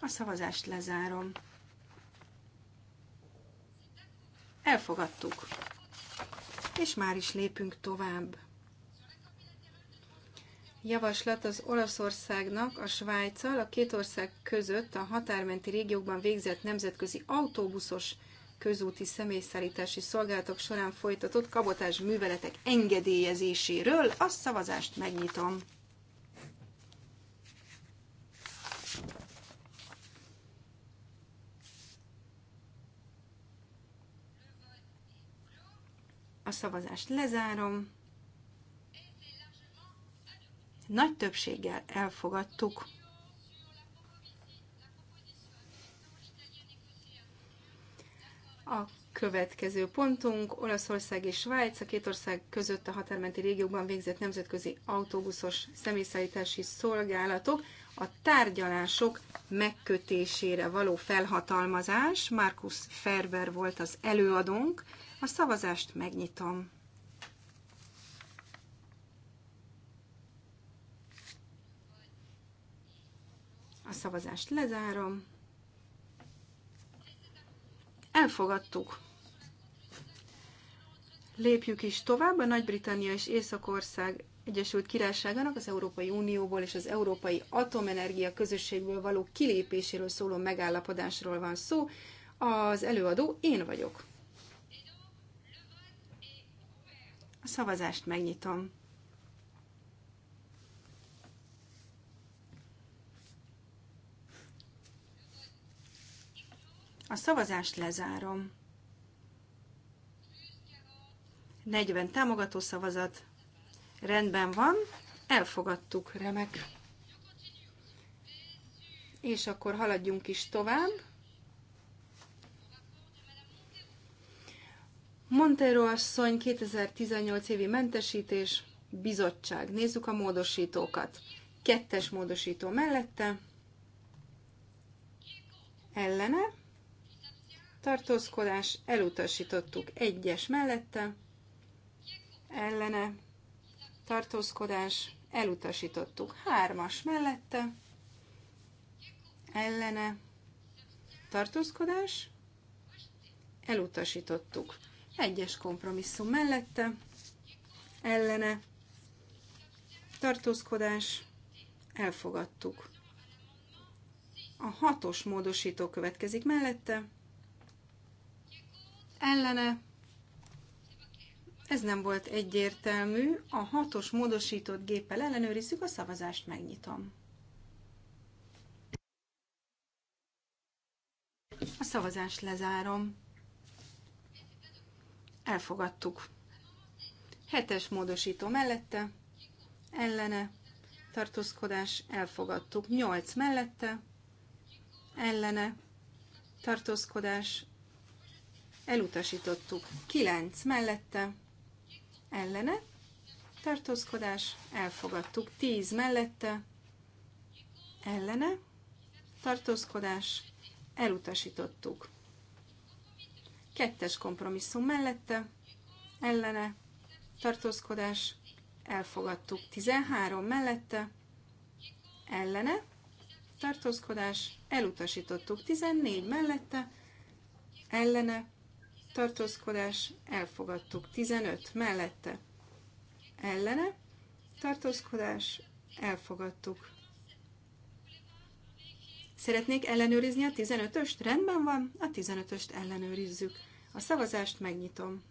A szavazást lezárom. Elfogadtuk. És már is lépünk tovább javaslat az Olaszországnak a Svájccal a két ország között a határmenti régiókban végzett nemzetközi autóbuszos közúti személyszállítási szolgálatok során folytatott kabotás műveletek engedélyezéséről. A szavazást megnyitom. A szavazást lezárom nagy többséggel elfogadtuk. A következő pontunk Olaszország és Svájc, a két ország között a határmenti régiókban végzett nemzetközi autóbuszos személyszállítási szolgálatok, a tárgyalások megkötésére való felhatalmazás. Markus Ferber volt az előadónk. A szavazást megnyitom. A szavazást lezárom. Elfogadtuk. Lépjük is tovább. A Nagy-Britannia és Északország Egyesült Királyságának az Európai Unióból és az Európai Atomenergia Közösségből való kilépéséről szóló megállapodásról van szó. Az előadó én vagyok. A szavazást megnyitom. A szavazást lezárom. 40 támogató szavazat. Rendben van, elfogadtuk, remek. És akkor haladjunk is tovább. Montero asszony 2018 évi mentesítés, bizottság. Nézzük a módosítókat. Kettes módosító mellette, ellene, tartózkodás, elutasítottuk egyes mellette, ellene, tartózkodás, elutasítottuk hármas mellette, ellene, tartózkodás, elutasítottuk egyes kompromisszum mellette, ellene, tartózkodás, elfogadtuk. A hatos módosító következik mellette, ellene. Ez nem volt egyértelmű. A hatos módosított géppel ellenőrizzük, a szavazást megnyitom. A szavazást lezárom. Elfogadtuk. Hetes módosító mellette, ellene, tartózkodás, elfogadtuk. Nyolc mellette, ellene, tartózkodás, elutasítottuk. 9 mellette, ellene, tartózkodás, elfogadtuk. 10 mellette, ellene, tartózkodás, elutasítottuk. Kettes kompromisszum mellette, ellene, tartózkodás, elfogadtuk. 13 mellette, ellene, tartózkodás, elutasítottuk. 14 mellette, ellene, tartózkodás, elfogadtuk. 15 mellette, ellene, tartózkodás, elfogadtuk. Szeretnék ellenőrizni a 15-öst? Rendben van, a 15-öst ellenőrizzük. A szavazást megnyitom.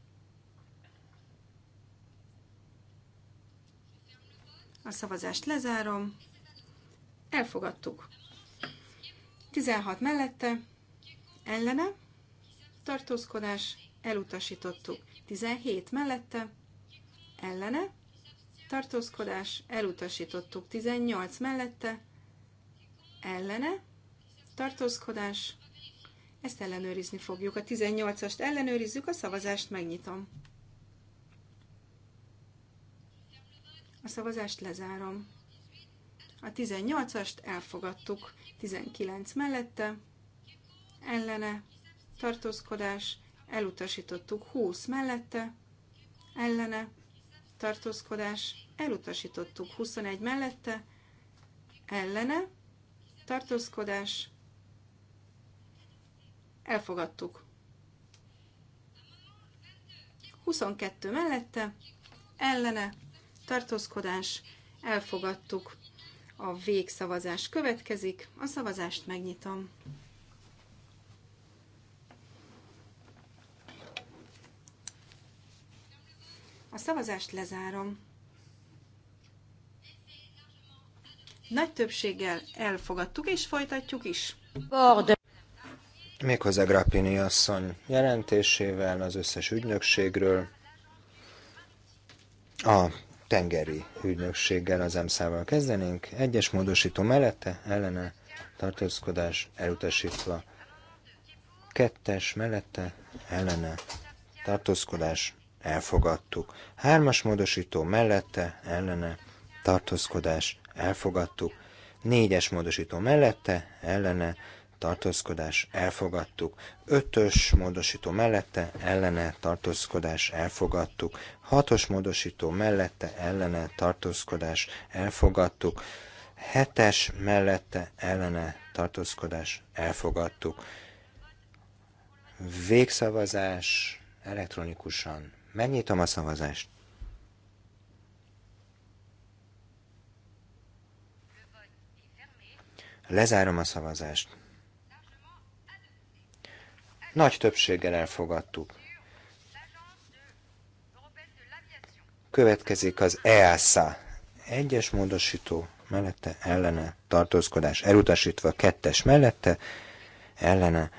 A szavazást lezárom. Elfogadtuk. 16 mellette, ellene, tartózkodás, elutasítottuk. 17 mellette, ellene, tartózkodás, elutasítottuk. 18 mellette, ellene, tartózkodás, ezt ellenőrizni fogjuk. A 18-ast ellenőrizzük, a szavazást megnyitom. A szavazást lezárom. A 18-ast elfogadtuk, 19 mellette, ellene, tartózkodás, elutasítottuk 20 mellette, ellene, tartózkodás, elutasítottuk 21 mellette, ellene, tartózkodás, elfogadtuk. 22 mellette, ellene, tartózkodás, elfogadtuk. A végszavazás következik, a szavazást megnyitom. A szavazást lezárom. Nagy többséggel elfogadtuk és folytatjuk is. Méghozzá Grappini asszony jelentésével az összes ügynökségről, a tengeri ügynökséggel az EMSZ-val kezdenénk. Egyes módosító mellette, ellene, tartózkodás elutasítva. Kettes mellette, ellene, tartózkodás elfogadtuk. Hármas módosító mellette, ellene, tartózkodás, elfogadtuk. Négyes módosító mellette, ellene, tartózkodás, elfogadtuk. Ötös módosító mellette, ellene, tartózkodás, elfogadtuk. Hatos módosító mellette, ellene, tartózkodás, elfogadtuk. Hetes mellette, ellene, tartózkodás, elfogadtuk. Végszavazás elektronikusan Megnyitom a szavazást. Lezárom a szavazást. Nagy többséggel elfogadtuk. Következik az EASA. Egyes módosító mellette, ellene, tartózkodás elutasítva, kettes mellette, ellene,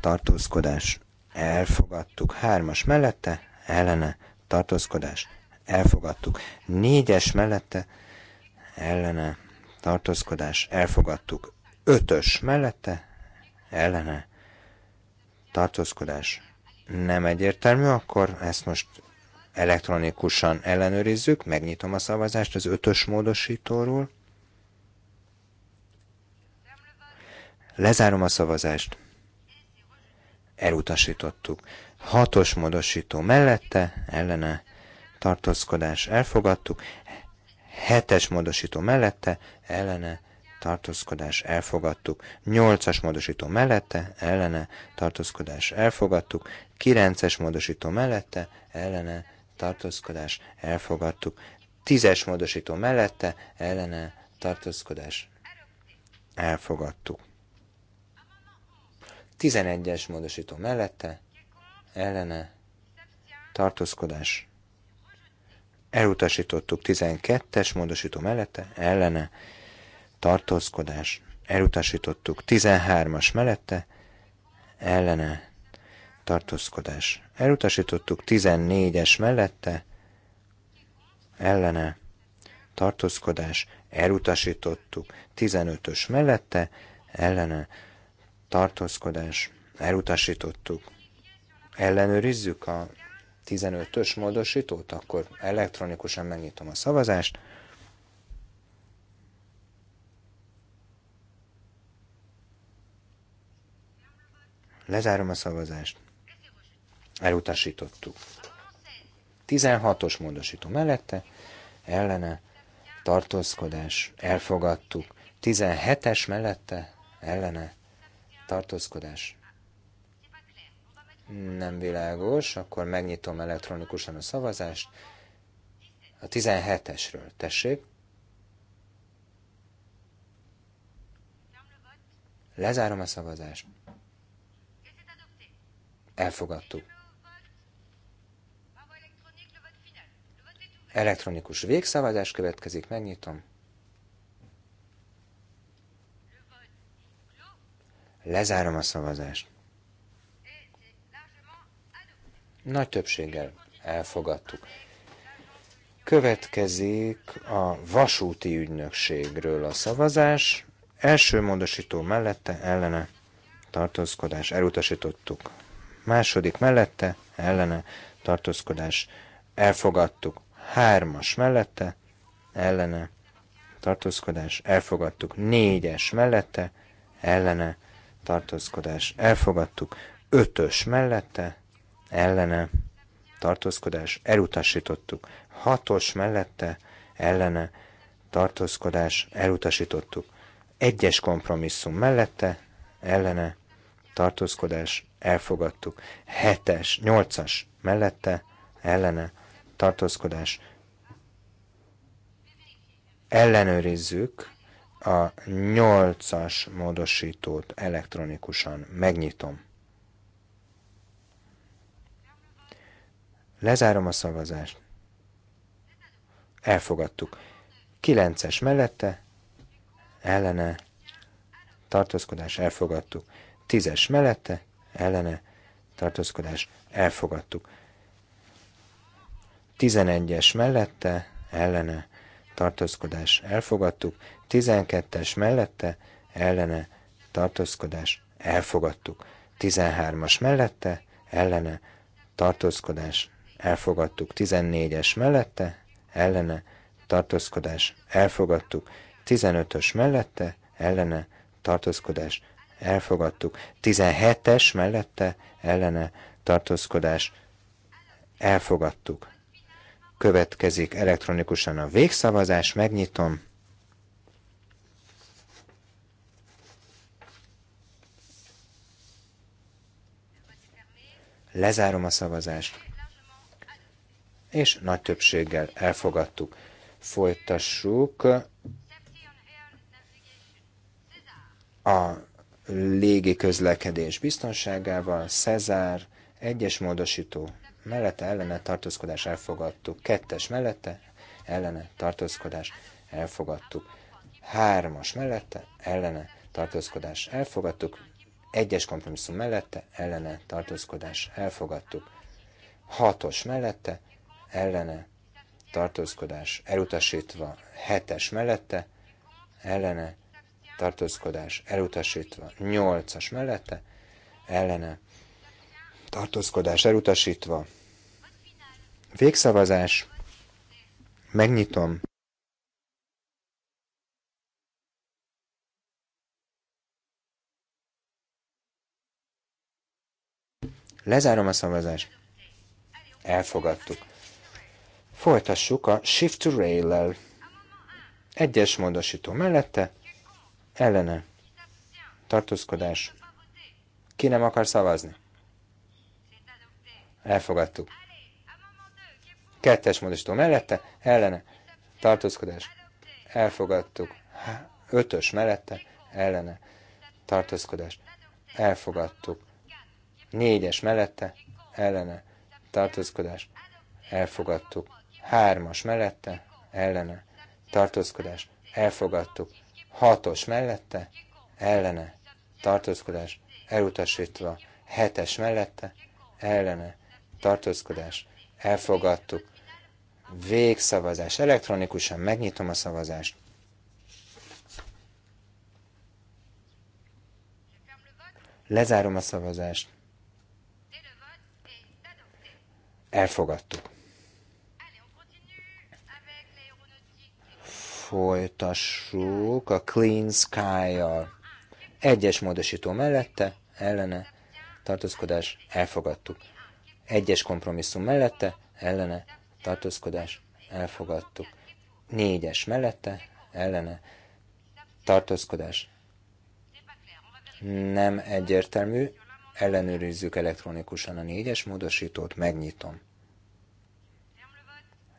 tartózkodás elfogadtuk, hármas mellette, ellene tartózkodás elfogadtuk. Négyes mellette ellene tartózkodás elfogadtuk. Ötös mellette ellene tartózkodás nem egyértelmű, akkor ezt most elektronikusan ellenőrizzük, megnyitom a szavazást az ötös módosítóról. Lezárom a szavazást. Elutasítottuk. Hatos módosító mellette, ellene tartózkodás elfogadtuk. Hetes módosító mellette, ellene tartózkodás elfogadtuk. Nyolcas módosító mellette, ellene tartózkodás elfogadtuk. Kilences módosító mellette, ellene tartózkodás elfogadtuk. Tízes módosító mellette, ellene tartózkodás elfogadtuk. 11-es módosító mellette, ellene tartózkodás elutasítottuk 12-es módosító mellette, ellene tartózkodás elutasítottuk 13-as mellette, ellene tartózkodás elutasítottuk 14-es mellette, ellene tartózkodás elutasítottuk 15-ös mellette, ellene tartózkodás elutasítottuk ellenőrizzük a 15-ös módosítót, akkor elektronikusan megnyitom a szavazást. Lezárom a szavazást. Elutasítottuk. 16-os módosító mellette, ellene, tartózkodás, elfogadtuk. 17-es mellette, ellene, tartózkodás, nem világos, akkor megnyitom elektronikusan a szavazást. A 17-esről, tessék. Lezárom a szavazást. Elfogadtuk. Elektronikus végszavazás következik, megnyitom. Lezárom a szavazást. Nagy többséggel elfogadtuk. Következik a vasúti ügynökségről a szavazás. Első módosító mellette ellene tartózkodás elutasítottuk. Második mellette ellene tartózkodás elfogadtuk. Hármas mellette ellene tartózkodás elfogadtuk. Négyes mellette ellene tartózkodás elfogadtuk. Ötös mellette ellene tartózkodás elutasítottuk. Hatos mellette ellene tartózkodás elutasítottuk. Egyes kompromisszum mellette ellene tartózkodás elfogadtuk. Hetes, nyolcas mellette ellene tartózkodás ellenőrizzük a nyolcas módosítót elektronikusan. Megnyitom. Lezárom a szavazást. Elfogadtuk. Kilences mellette, ellene, tartózkodás, elfogadtuk. Tízes mellette, ellene, tartózkodás, elfogadtuk. Tizenegyes mellette, ellene, tartózkodás, elfogadtuk. Tizenkettes mellette, ellene, tartózkodás, elfogadtuk. Tizenhármas mellette, ellene, tartózkodás, elfogadtuk. 14-es mellette, ellene, tartózkodás, elfogadtuk. 15-ös mellette, ellene, tartózkodás, elfogadtuk. 17-es mellette, ellene, tartózkodás, elfogadtuk. Következik elektronikusan a végszavazás, megnyitom. Lezárom a szavazást és nagy többséggel elfogadtuk. Folytassuk a légi közlekedés biztonságával, Cezár, egyes módosító, mellette ellene tartózkodás elfogadtuk, kettes mellette ellene tartózkodás elfogadtuk, hármas mellette ellene tartózkodás elfogadtuk, egyes kompromisszum mellette ellene tartózkodás elfogadtuk, hatos mellette ellene tartózkodás elutasítva, hetes mellette, ellene tartózkodás elutasítva, nyolcas mellette, ellene tartózkodás elutasítva. Végszavazás, megnyitom. Lezárom a szavazást. Elfogadtuk. Folytassuk a Shift to Rail-lel. Egyes módosító mellette, ellene, tartózkodás. Ki nem akar szavazni? Elfogadtuk. Kettes módosító mellette, ellene, tartózkodás. Elfogadtuk. Ötös mellette, ellene, tartózkodás. Elfogadtuk. Négyes mellette, ellene, tartózkodás. Elfogadtuk hármas mellette, ellene, tartózkodás, elfogadtuk. Hatos mellette, ellene, tartózkodás, elutasítva. Hetes mellette, ellene, tartózkodás, elfogadtuk. Végszavazás. Elektronikusan megnyitom a szavazást. Lezárom a szavazást. Elfogadtuk. folytassuk a Clean Sky-jal. Egyes módosító mellette, ellene, tartózkodás, elfogadtuk. Egyes kompromisszum mellette, ellene, tartózkodás, elfogadtuk. Négyes mellette, ellene, tartózkodás. Nem egyértelmű, ellenőrizzük elektronikusan a négyes módosítót, megnyitom.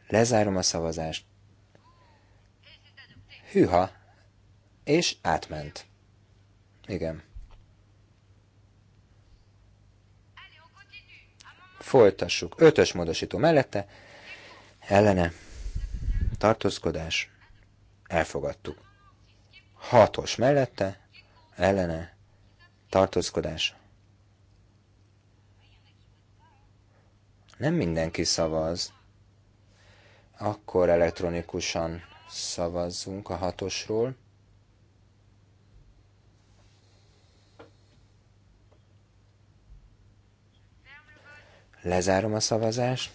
Lezárom a szavazást. Hűha! És átment. Igen. Folytassuk. Ötös módosító mellette. Ellene. Tartózkodás. Elfogadtuk. Hatos mellette. Ellene. Tartózkodás. Nem mindenki szavaz. Akkor elektronikusan szavazzunk a hatosról. Lezárom a szavazást.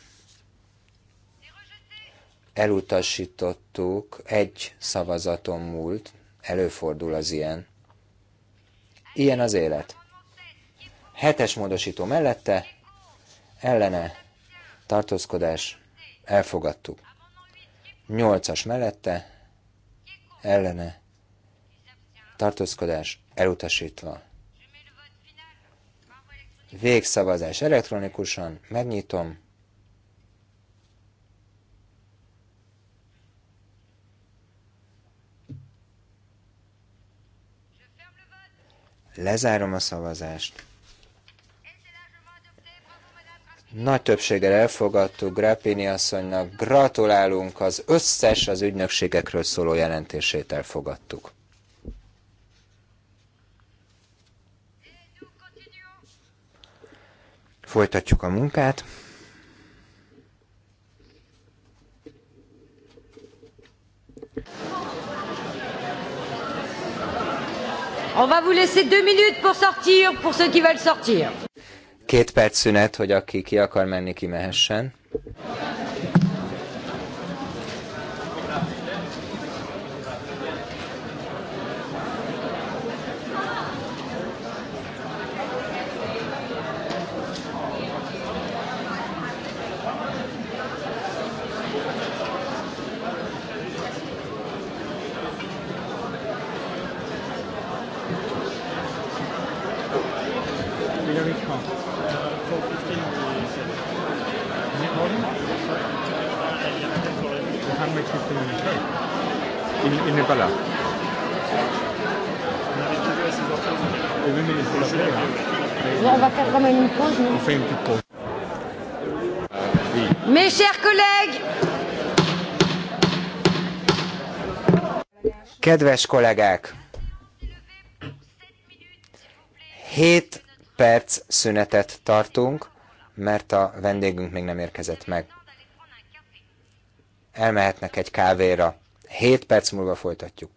Elutasítottuk, egy szavazaton múlt, előfordul az ilyen. Ilyen az élet. Hetes módosító mellette, ellene, tartózkodás, elfogadtuk. 8-as mellette, ellene, tartózkodás elutasítva. Végszavazás elektronikusan, megnyitom. Lezárom a szavazást. Nagy többséggel elfogadtuk Grappini asszonynak. Gratulálunk az összes az ügynökségekről szóló jelentését elfogadtuk. Folytatjuk a munkát. On va vous laisser deux minutes pour sortir, pour ceux qui veulent sortir. Két perc szünet, hogy aki ki akar menni, kimehessen. Kedves kollégák! 7 perc szünetet tartunk, mert a vendégünk még nem érkezett meg. Elmehetnek egy kávéra. 7 perc múlva folytatjuk.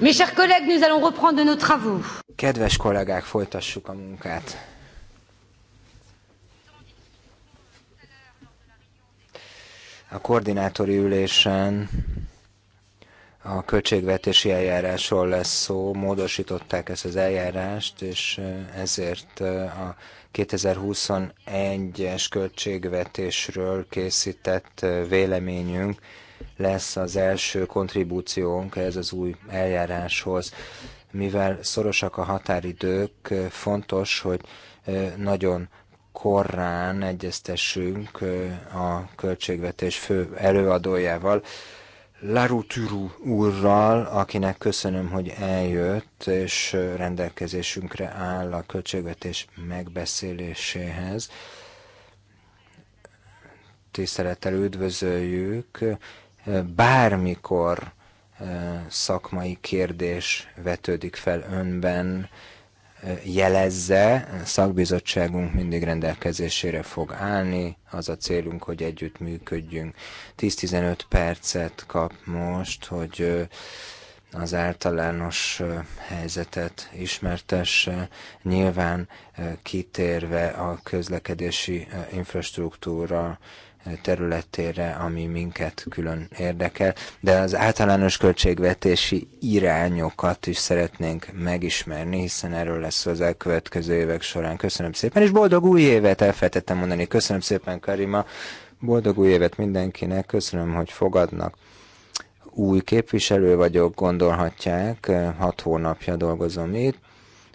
Mes chers collègues, nous allons reprendre nos travaux. Kedves kollégák, folytassuk a munkát. A koordinátori ülésen a költségvetési eljárásról lesz szó, módosították ezt az eljárást, és ezért a 2021-es költségvetésről készített véleményünk lesz az első kontribúciónk ez az új eljáráshoz. Mivel szorosak a határidők, fontos, hogy nagyon korrán egyeztessünk a költségvetés fő előadójával, Laruturu úrral, akinek köszönöm, hogy eljött, és rendelkezésünkre áll a költségvetés megbeszéléséhez. Tisztelettel üdvözöljük bármikor eh, szakmai kérdés vetődik fel önben, eh, jelezze, szakbizottságunk mindig rendelkezésére fog állni, az a célunk, hogy együtt működjünk. 10-15 percet kap most, hogy eh, az általános helyzetet ismertesse, nyilván kitérve a közlekedési infrastruktúra területére, ami minket külön érdekel, de az általános költségvetési irányokat is szeretnénk megismerni, hiszen erről lesz az elkövetkező évek során. Köszönöm szépen, és boldog új évet elfelejtettem mondani. Köszönöm szépen, Karima. Boldog új évet mindenkinek, köszönöm, hogy fogadnak. Új képviselő vagyok, gondolhatják, hat hónapja dolgozom itt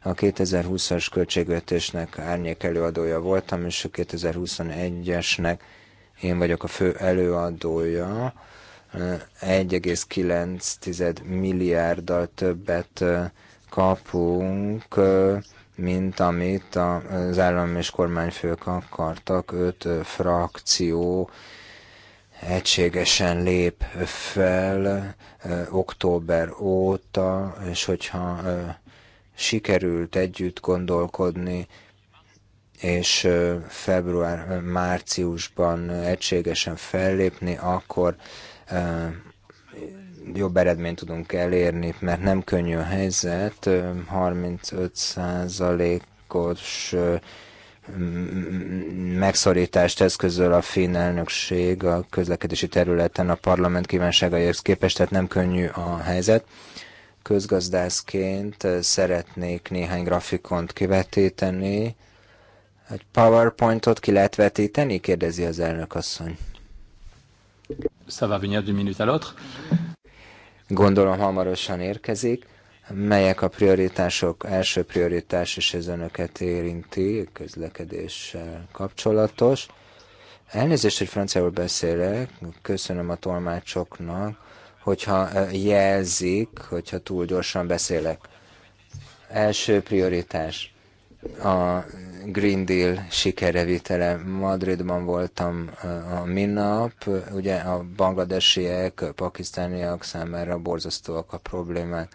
a 2020-as költségvetésnek árnyék előadója voltam, és a 2021-esnek én vagyok a fő előadója, 1,9 milliárddal többet kapunk, mint amit az állam és kormányfők akartak, öt frakció egységesen lép fel október óta, és hogyha sikerült együtt gondolkodni és február-márciusban egységesen fellépni, akkor jobb eredményt tudunk elérni, mert nem könnyű a helyzet, 35%-os megszorítást eszközöl a finn elnökség a közlekedési területen a parlament kívánságaihoz képest, tehát nem könnyű a helyzet. Közgazdászként szeretnék néhány grafikont kivetíteni, egy PowerPointot ki lehet vetíteni? kérdezi az elnök asszony. Ça va venir minute à l'autre. Gondolom hamarosan érkezik. Melyek a prioritások? Első prioritás és ez önöket érinti, közlekedéssel kapcsolatos. Elnézést, hogy franciául beszélek, köszönöm a tolmácsoknak, hogyha jelzik, hogyha túl gyorsan beszélek. Első prioritás a Green Deal sikerevitele. Madridban voltam a minnap, ugye a bangladesiek, a pakisztániak számára borzasztóak a problémák.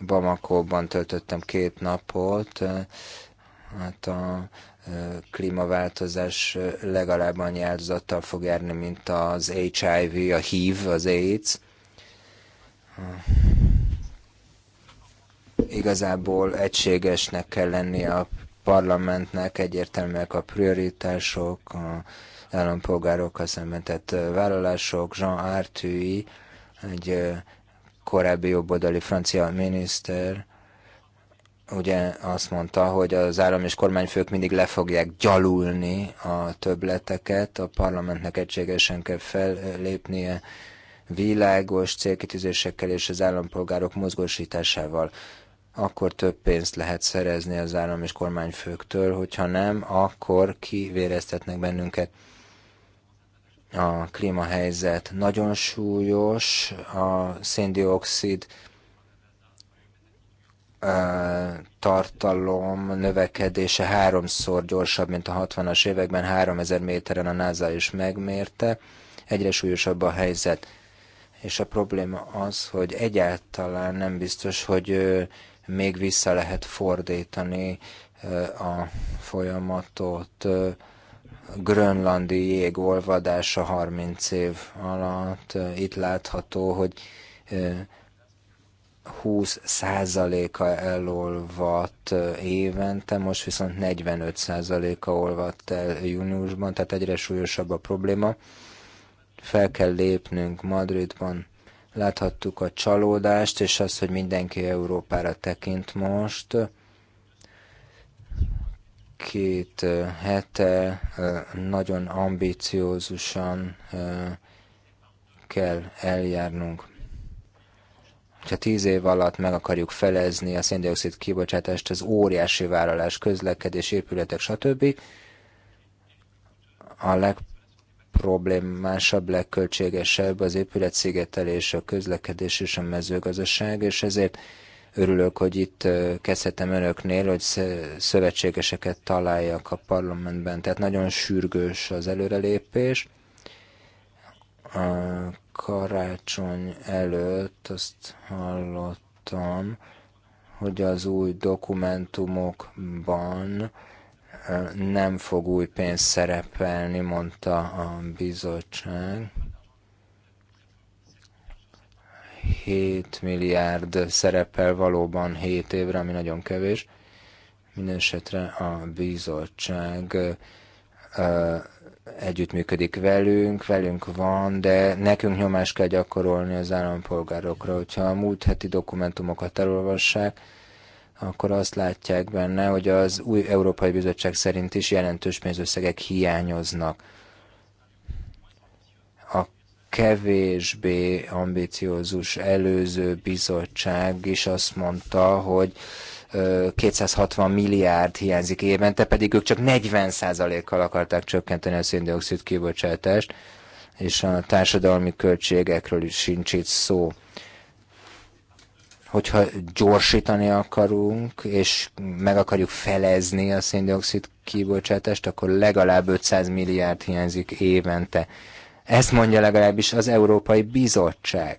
Bamako-ban töltöttem két napot, hát a klímaváltozás legalább annyi áldozattal fog járni, mint az HIV, a HIV, az AIDS Igazából egységesnek kell lennie a parlamentnek, egyértelműek a prioritások, a állampolgárokkal szemben tett vállalások. Jean Arthuis, egy korábbi jobboldali francia miniszter, ugye azt mondta, hogy az állam és kormányfők mindig le fogják gyalulni a többleteket, a parlamentnek egységesen kell fellépnie világos célkitűzésekkel és az állampolgárok mozgósításával akkor több pénzt lehet szerezni az állam és kormányfőktől, hogyha nem, akkor kivéreztetnek bennünket. A klímahelyzet nagyon súlyos, a széndiokszid tartalom növekedése háromszor gyorsabb, mint a 60-as években, 3000 méteren a NASA is megmérte. Egyre súlyosabb a helyzet és a probléma az, hogy egyáltalán nem biztos, hogy még vissza lehet fordítani a folyamatot. Grönlandi jégolvadása 30 év alatt. Itt látható, hogy 20 százaléka elolvadt évente, most viszont 45 százaléka olvadt el júniusban, tehát egyre súlyosabb a probléma fel kell lépnünk Madridban. Láthattuk a csalódást, és azt, hogy mindenki Európára tekint most. Két hete nagyon ambiciózusan kell eljárnunk. Ha tíz év alatt meg akarjuk felezni a széndiokszid kibocsátást, az óriási vállalás, közlekedés, épületek, stb., a legtöbb problémásabb, legköltségesebb az épületszigetelés, a közlekedés és a mezőgazdaság, és ezért örülök, hogy itt kezdhetem önöknél, hogy szövetségeseket találjak a parlamentben. Tehát nagyon sürgős az előrelépés. A karácsony előtt azt hallottam, hogy az új dokumentumokban nem fog új pénz szerepelni, mondta a bizottság. 7 milliárd szerepel valóban 7 évre, ami nagyon kevés. Mindenesetre a bizottság együttműködik velünk, velünk van, de nekünk nyomást kell gyakorolni az állampolgárokra. Hogyha a múlt heti dokumentumokat elolvassák, akkor azt látják benne, hogy az új Európai Bizottság szerint is jelentős pénzösszegek hiányoznak. A kevésbé ambiciózus előző bizottság is azt mondta, hogy 260 milliárd hiányzik évente, pedig ők csak 40%-kal akarták csökkenteni a széndiokszid kibocsátást, és a társadalmi költségekről is sincs itt szó hogyha gyorsítani akarunk, és meg akarjuk felezni a széndiokszid kibocsátást, akkor legalább 500 milliárd hiányzik évente. Ezt mondja legalábbis az Európai Bizottság.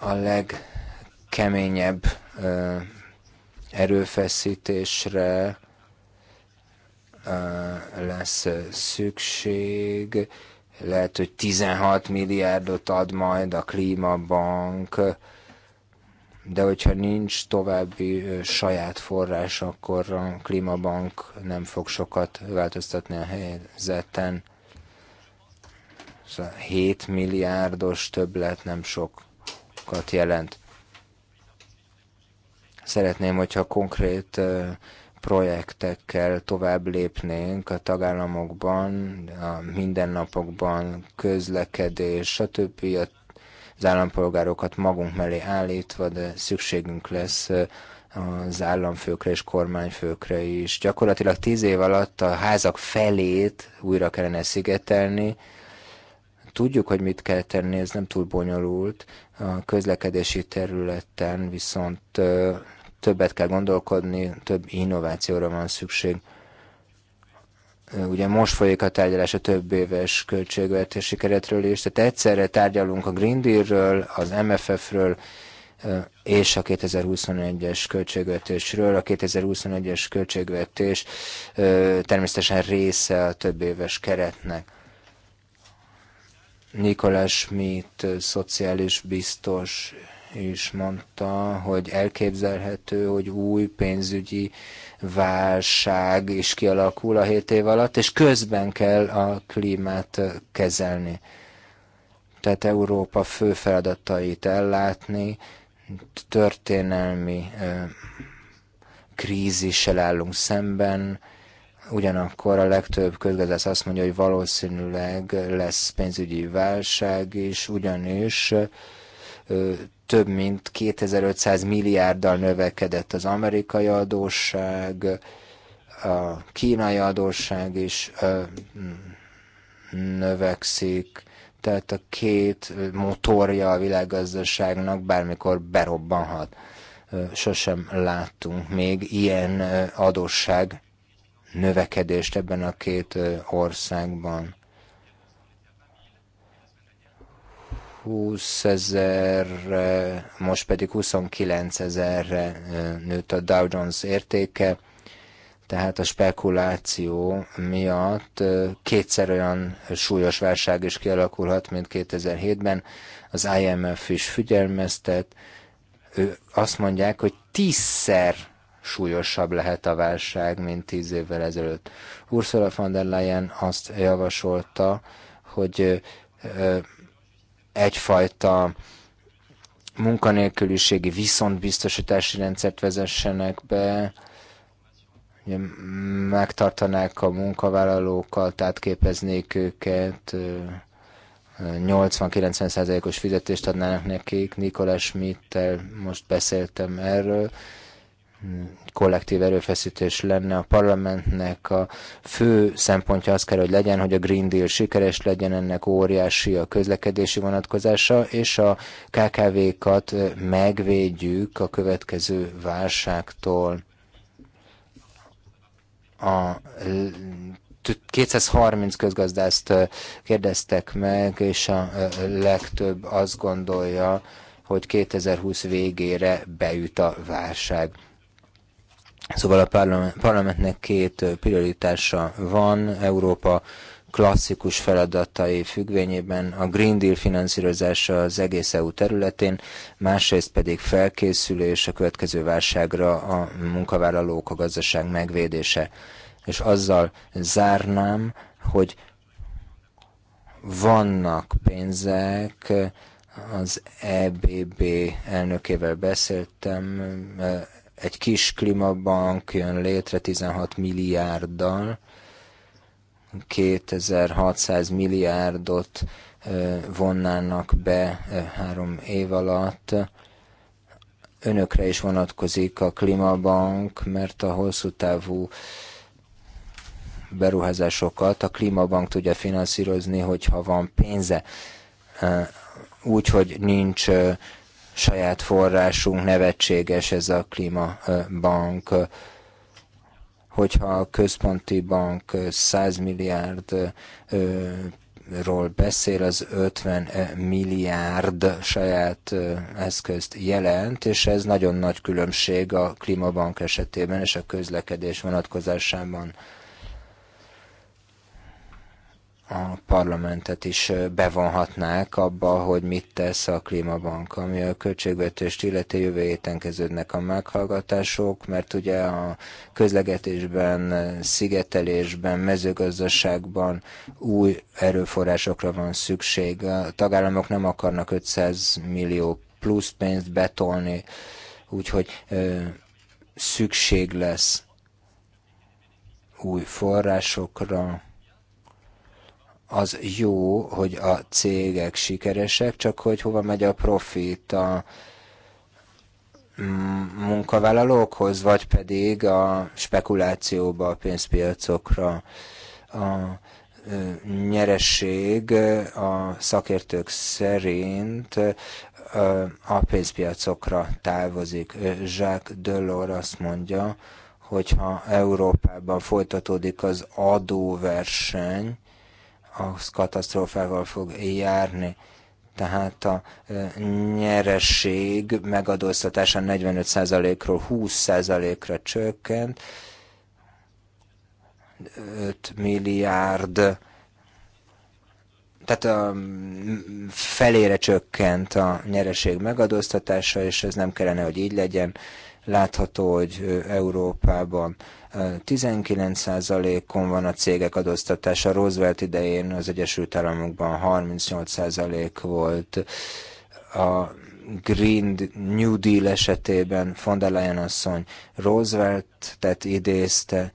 A legkeményebb ö, erőfeszítésre ö, lesz szükség. Ö, lehet, hogy 16 milliárdot ad majd a klímabank, de hogyha nincs további saját forrás, akkor a klímabank nem fog sokat változtatni a helyzeten. Szóval 7 milliárdos többlet nem sokat jelent. Szeretném, hogyha konkrét projektekkel tovább lépnénk a tagállamokban, a mindennapokban, közlekedés, stb. az állampolgárokat magunk mellé állítva, de szükségünk lesz az államfőkre és kormányfőkre is. Gyakorlatilag tíz év alatt a házak felét újra kellene szigetelni. Tudjuk, hogy mit kell tenni, ez nem túl bonyolult. A közlekedési területen viszont többet kell gondolkodni, több innovációra van szükség. Ugye most folyik a tárgyalás a több éves költségvetési keretről is, tehát egyszerre tárgyalunk a Green Deal-ről, az MFF-ről, és a 2021-es költségvetésről. A 2021-es költségvetés természetesen része a több éves keretnek. Nikolás Schmidt, szociális biztos is mondta, hogy elképzelhető, hogy új pénzügyi válság is kialakul a 7 év alatt, és közben kell a klímát kezelni. Tehát Európa fő feladatait ellátni, történelmi krízissel állunk szemben, ugyanakkor a legtöbb közgazdász azt mondja, hogy valószínűleg lesz pénzügyi válság is, ugyanis több mint 2500 milliárddal növekedett az amerikai adósság, a kínai adósság is növekszik, tehát a két motorja a világgazdaságnak bármikor berobbanhat. Sosem láttunk még ilyen adósság növekedést ebben a két országban. 20 ezer, most pedig 29 ezerre eh, nőtt a Dow Jones értéke, tehát a spekuláció miatt eh, kétszer olyan súlyos válság is kialakulhat, mint 2007-ben. Az IMF is figyelmeztet, ő azt mondják, hogy tízszer súlyosabb lehet a válság, mint tíz évvel ezelőtt. Ursula von der Leyen azt javasolta, hogy eh, egyfajta munkanélküliségi viszontbiztosítási rendszert vezessenek be, megtartanák a munkavállalókat, átképeznék őket, 80-90%-os fizetést adnának nekik. Nikolás Mittel most beszéltem erről kollektív erőfeszítés lenne a parlamentnek. A fő szempontja az kell, hogy legyen, hogy a Green Deal sikeres legyen, ennek óriási a közlekedési vonatkozása, és a KKV-kat megvédjük a következő válságtól. A 230 közgazdászt kérdeztek meg, és a legtöbb azt gondolja, hogy 2020 végére beüt a válság. Szóval a parlament, parlamentnek két prioritása van, Európa klasszikus feladatai függvényében, a Green Deal finanszírozása az egész EU területén, másrészt pedig felkészülés a következő válságra a munkavállalók, a gazdaság megvédése. És azzal zárnám, hogy vannak pénzek, az EBB elnökével beszéltem, egy kis klimabank jön létre 16 milliárddal, 2600 milliárdot vonnának be három év alatt. Önökre is vonatkozik a klimabank, mert a hosszú távú beruházásokat a klimabank tudja finanszírozni, hogyha van pénze. úgyhogy nincs saját forrásunk, nevetséges ez a klímabank. Hogyha a központi bank 100 milliárd ról beszél, az 50 milliárd saját eszközt jelent, és ez nagyon nagy különbség a klímabank esetében és a közlekedés vonatkozásában a parlamentet is bevonhatnák abba, hogy mit tesz a klímabank, ami a költségvetést illeti jövő héten kezdődnek a meghallgatások, mert ugye a közlegetésben, szigetelésben, mezőgazdaságban új erőforrásokra van szükség. A tagállamok nem akarnak 500 millió plusz pénzt betolni, úgyhogy ö, szükség lesz új forrásokra, az jó, hogy a cégek sikeresek, csak hogy hova megy a profit a munkavállalókhoz, vagy pedig a spekulációba, a pénzpiacokra. A nyeresség a szakértők szerint a pénzpiacokra távozik. Jacques Delors azt mondja, hogyha Európában folytatódik az adóverseny, az katasztrófával fog járni. Tehát a nyeresség megadóztatása 45%-ról 20%-ra csökkent, 5 milliárd tehát a felére csökkent a nyereség megadóztatása, és ez nem kellene, hogy így legyen. Látható, hogy Európában 19%-on van a cégek adóztatása, Roosevelt idején az Egyesült Államokban 38% volt, a Green New Deal esetében von der Leyen asszony Roosevelt-et idézte,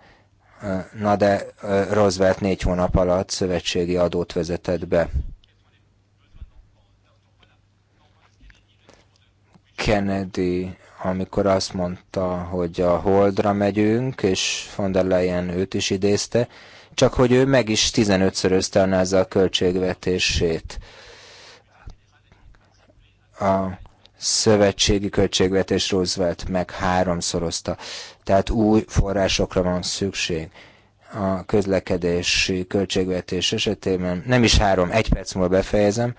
na de Roosevelt négy hónap alatt szövetségi adót vezetett be. Kennedy amikor azt mondta, hogy a Holdra megyünk, és von der Leyen őt is idézte, csak hogy ő meg is 15-szöröztelnázza a költségvetését. A szövetségi költségvetés Roosevelt meg háromszorozta. Tehát új forrásokra van szükség a közlekedési költségvetés esetében. Nem is három, egy perc múlva befejezem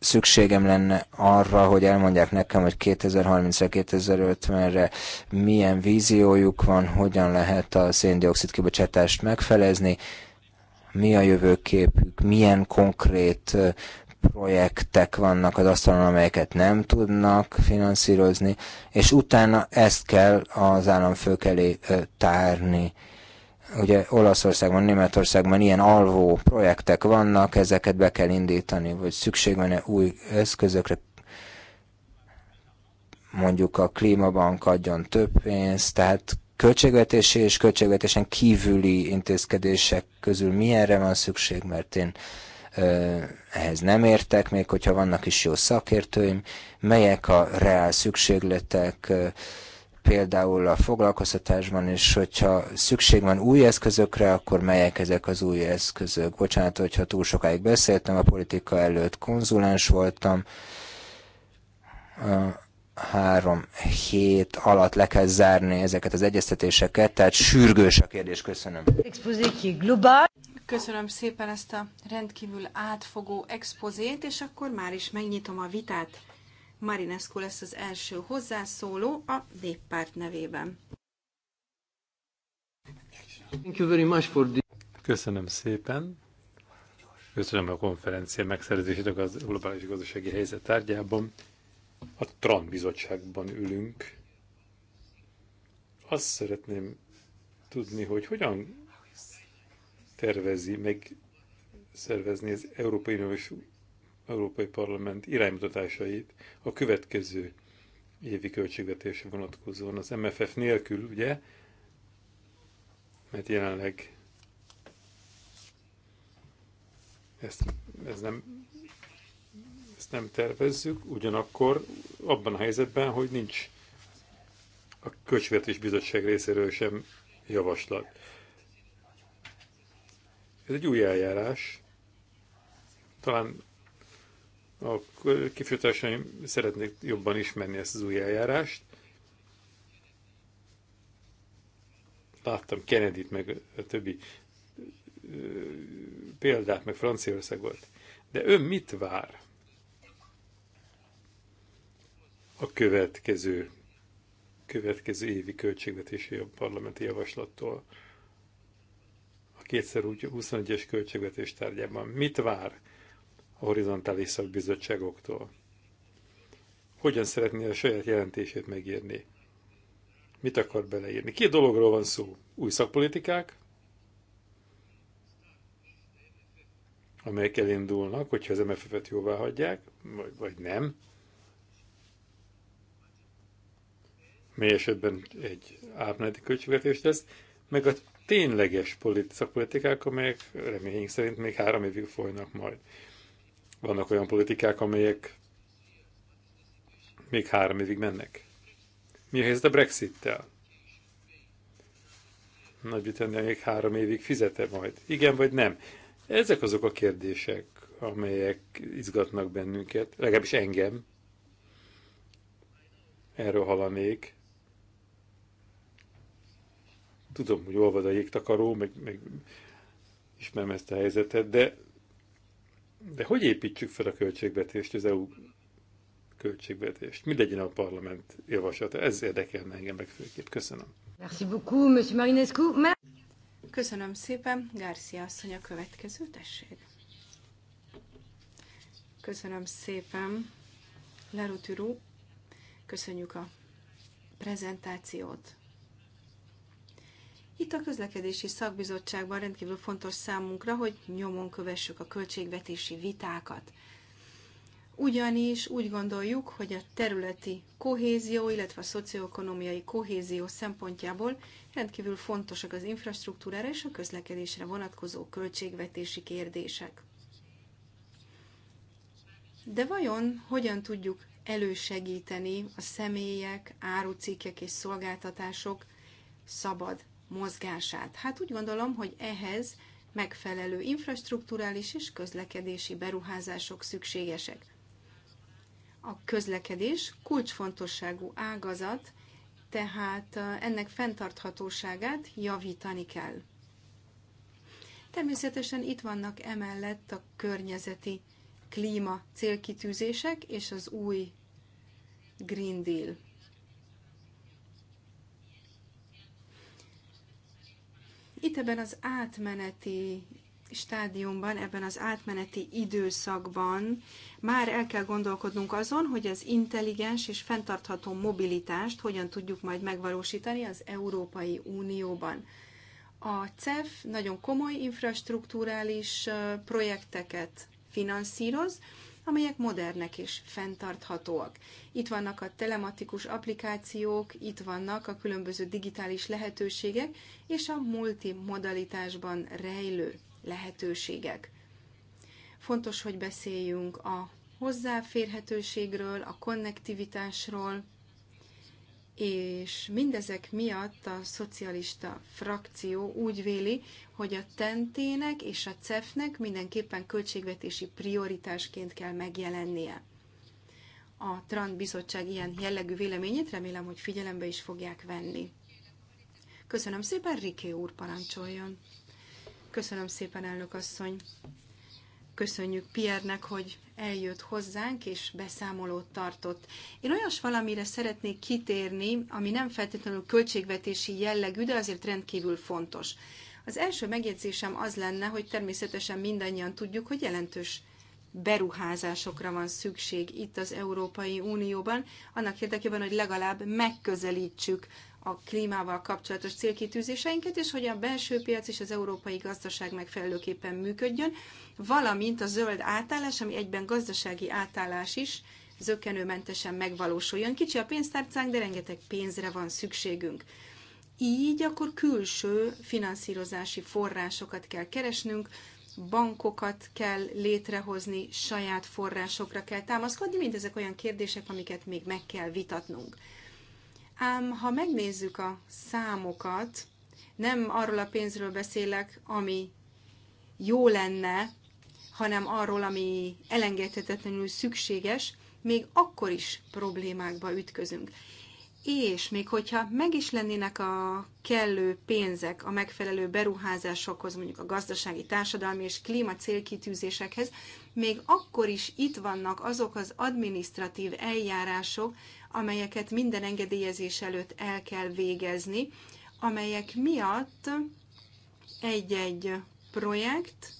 szükségem lenne arra, hogy elmondják nekem, hogy 2030-2050-re milyen víziójuk van, hogyan lehet a széndiokszid kibocsátást megfelezni, mi a jövőképük, milyen konkrét projektek vannak az asztalon, amelyeket nem tudnak finanszírozni, és utána ezt kell az államfők elé tárni Ugye Olaszországban, Németországban ilyen alvó projektek vannak, ezeket be kell indítani, vagy szükség van-e új eszközökre, mondjuk a klímabank adjon több pénzt, tehát költségvetési és költségvetésen kívüli intézkedések közül milyenre van szükség, mert én ehhez nem értek, még hogyha vannak is jó szakértőim, melyek a reál szükségletek, például a foglalkoztatásban is, hogyha szükség van új eszközökre, akkor melyek ezek az új eszközök. Bocsánat, hogyha túl sokáig beszéltem, a politika előtt konzulens voltam, három hét alatt le kell zárni ezeket az egyeztetéseket, tehát sürgős a kérdés, köszönöm. Köszönöm szépen ezt a rendkívül átfogó expozét, és akkor már is megnyitom a vitát. Marinescu lesz az első hozzászóló a néppárt nevében. Köszönöm szépen. Köszönöm a konferencia megszerzését a globális gazdasági helyzet tárgyában. A TRAN bizottságban ülünk. Azt szeretném tudni, hogy hogyan tervezi meg szervezni az Európai Uniós Európai Parlament iránymutatásait a következő évi költségvetésre vonatkozóan az MFF nélkül, ugye, mert jelenleg ezt, ez nem, ezt nem tervezzük, ugyanakkor abban a helyzetben, hogy nincs a Költségvetés Bizottság részéről sem javaslat. Ez egy új eljárás, talán a képviselőtársaim szeretnék jobban ismerni ezt az új eljárást. Láttam kennedy meg a többi példát, meg Franciaországot. De ön mit vár a következő, következő évi költségvetési a parlamenti javaslattól? A 2021-es költségvetés tárgyában mit vár? a horizontális szakbizottságoktól. Hogyan szeretné a saját jelentését megírni? Mit akar beleírni? Két dologról van szó. Új szakpolitikák, amelyek elindulnak, hogyha az MFF-et jóvá hagyják, vagy, vagy nem. Mely esetben egy átmeneti költségvetés lesz, meg a tényleges szakpolitikák, amelyek reményeink szerint még három évig folynak majd. Vannak olyan politikák, amelyek még három évig mennek. Mi a helyzet a Brexit-tel? Nagy-Britannia még három évig fizete majd. Igen vagy nem? Ezek azok a kérdések, amelyek izgatnak bennünket, legalábbis engem. Erről halanék. Tudom, hogy olvad a jégtakaró, meg, meg ismerem ezt a helyzetet, de de hogy építsük fel a költségvetést, az EU költségvetést? Mi legyen a parlament javaslata? Ez érdekelne engem főképp. Köszönöm. Merci beaucoup, Monsieur Marinescu. Köszönöm szépen. Garcia asszony a következő, tessék. Köszönöm szépen. Lerutürú, köszönjük a prezentációt. Itt a közlekedési szakbizottságban rendkívül fontos számunkra, hogy nyomon kövessük a költségvetési vitákat. Ugyanis úgy gondoljuk, hogy a területi kohézió, illetve a szocioekonomiai kohézió szempontjából rendkívül fontosak az infrastruktúrára és a közlekedésre vonatkozó költségvetési kérdések. De vajon hogyan tudjuk elősegíteni a személyek, árucikkek és szolgáltatások szabad mozgását. Hát úgy gondolom, hogy ehhez megfelelő infrastruktúrális és közlekedési beruházások szükségesek. A közlekedés kulcsfontosságú ágazat, tehát ennek fenntarthatóságát javítani kell. Természetesen itt vannak emellett a környezeti klíma célkitűzések és az új Green Deal. Itt ebben az átmeneti stádiumban, ebben az átmeneti időszakban már el kell gondolkodnunk azon, hogy az intelligens és fenntartható mobilitást hogyan tudjuk majd megvalósítani az Európai Unióban. A CEF nagyon komoly infrastruktúrális projekteket finanszíroz, amelyek modernek és fenntarthatóak. Itt vannak a telematikus applikációk, itt vannak a különböző digitális lehetőségek és a multimodalitásban rejlő lehetőségek. Fontos, hogy beszéljünk a hozzáférhetőségről, a konnektivitásról, és mindezek miatt a szocialista frakció úgy véli, hogy a tentének és a CEF-nek mindenképpen költségvetési prioritásként kell megjelennie. A Trant Bizottság ilyen jellegű véleményét remélem, hogy figyelembe is fogják venni. Köszönöm szépen, Riké úr parancsoljon. Köszönöm szépen, elnök asszony. Köszönjük Piernek, hogy eljött hozzánk, és beszámolót tartott. Én olyas valamire szeretnék kitérni, ami nem feltétlenül költségvetési jellegű, de azért rendkívül fontos. Az első megjegyzésem az lenne, hogy természetesen mindannyian tudjuk, hogy jelentős beruházásokra van szükség itt az Európai Unióban, annak érdekében, hogy legalább megközelítsük a klímával kapcsolatos célkitűzéseinket, és hogy a belső piac és az európai gazdaság megfelelőképpen működjön, valamint a zöld átállás, ami egyben gazdasági átállás is, zökkenőmentesen megvalósuljon. Kicsi a pénztárcánk, de rengeteg pénzre van szükségünk. Így akkor külső finanszírozási forrásokat kell keresnünk, bankokat kell létrehozni, saját forrásokra kell támaszkodni, mindezek olyan kérdések, amiket még meg kell vitatnunk. Ám ha megnézzük a számokat, nem arról a pénzről beszélek, ami jó lenne, hanem arról, ami elengedhetetlenül szükséges, még akkor is problémákba ütközünk és még hogyha meg is lennének a kellő pénzek a megfelelő beruházásokhoz, mondjuk a gazdasági, társadalmi és klíma célkitűzésekhez, még akkor is itt vannak azok az administratív eljárások, amelyeket minden engedélyezés előtt el kell végezni, amelyek miatt egy-egy projekt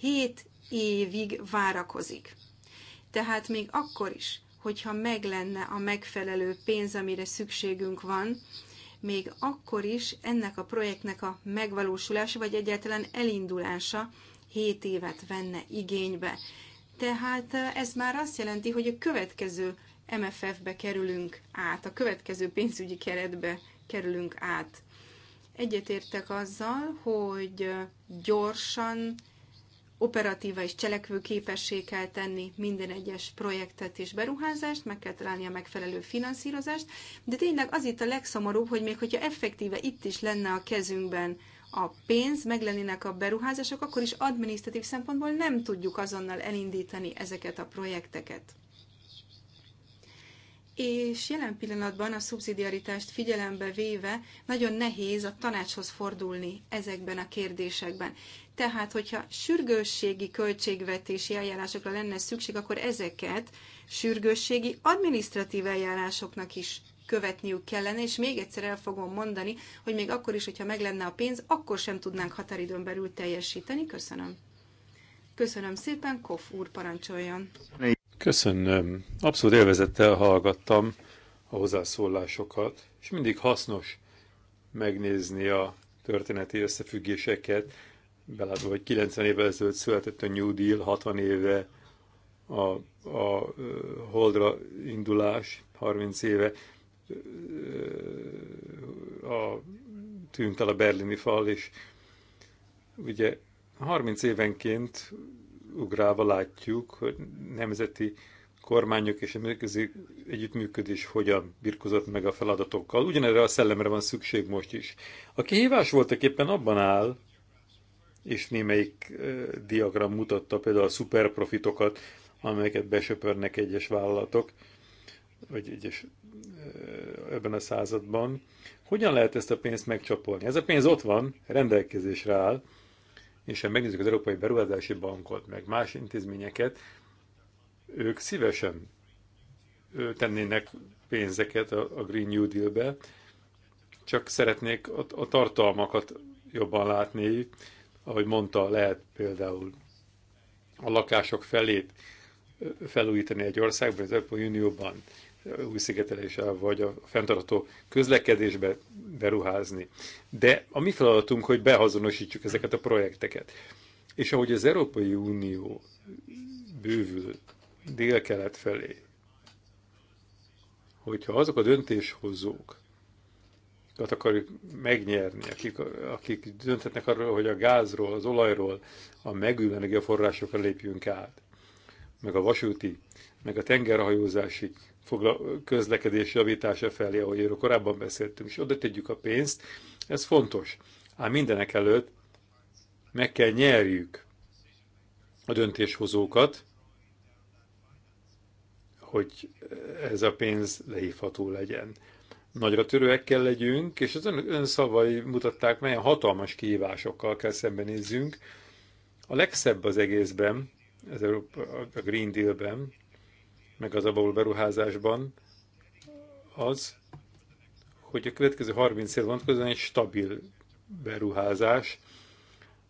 7 évig várakozik. Tehát még akkor is, hogyha meg lenne a megfelelő pénz, amire szükségünk van, még akkor is ennek a projektnek a megvalósulása, vagy egyáltalán elindulása 7 évet venne igénybe. Tehát eh, ez már azt jelenti, hogy a következő MFF-be kerülünk át, a következő pénzügyi keretbe kerülünk át. Egyetértek azzal, hogy eh, gyorsan operatíva és cselekvő képessé kell tenni minden egyes projektet és beruházást, meg kell találni a megfelelő finanszírozást, de tényleg az itt a legszomorúbb, hogy még hogyha effektíve itt is lenne a kezünkben a pénz, meg lennének a beruházások, akkor is adminisztratív szempontból nem tudjuk azonnal elindítani ezeket a projekteket. És jelen pillanatban a szubszidiaritást figyelembe véve nagyon nehéz a tanácshoz fordulni ezekben a kérdésekben. Tehát, hogyha sürgősségi költségvetési eljárásokra lenne szükség, akkor ezeket sürgősségi adminisztratív eljárásoknak is követniük kellene, és még egyszer el fogom mondani, hogy még akkor is, hogyha meg lenne a pénz, akkor sem tudnánk határidőn belül teljesíteni. Köszönöm. Köszönöm szépen, Kof úr parancsoljon. Köszönöm. Abszolút élvezettel hallgattam a hozzászólásokat, és mindig hasznos megnézni a történeti összefüggéseket, belátva, hogy 90 évvel ezelőtt született a New Deal, 60 éve a, a holdra indulás, 30 éve a, tűnt el a berlini fal, és ugye 30 évenként ugrálva látjuk, hogy nemzeti kormányok és a együttműködés hogyan birkozott meg a feladatokkal. Ugyanerre a szellemre van szükség most is. A kihívás voltak éppen abban áll, és némelyik diagram mutatta például a szuperprofitokat, amelyeket besöpörnek egyes vállalatok, vagy egyes ebben a században. Hogyan lehet ezt a pénzt megcsapolni? Ez a pénz ott van, rendelkezésre áll, és ha megnézzük az Európai Beruházási Bankot, meg más intézményeket, ők szívesen tennének pénzeket a Green New Deal-be, csak szeretnék a, a tartalmakat jobban látni, ahogy mondta, lehet például a lakások felét felújítani egy országban, az Európai Unióban új szigeteléssel, vagy a fenntartható közlekedésbe beruházni. De a mi feladatunk, hogy behazonosítsuk ezeket a projekteket. És ahogy az Európai Unió bővül dél-kelet felé, hogyha azok a döntéshozók, akarjuk megnyerni, akik, akik dönthetnek arról, hogy a gázról, az olajról, a megújuló energiaforrásokra lépjünk át, meg a vasúti, meg a tengerhajózási közlekedés javítása felé, ahogy korábban beszéltünk, és oda tegyük a pénzt, ez fontos. Ám mindenek előtt meg kell nyerjük a döntéshozókat, hogy ez a pénz lehívható legyen nagyra törőek kell legyünk, és az ön, ön szavai mutatták, melyen hatalmas kihívásokkal kell szembenézzünk. A legszebb az egészben, az Európa, a Green Deal-ben, meg az abból beruházásban, az, hogy a következő 30 év vonatkozóan egy stabil beruházás,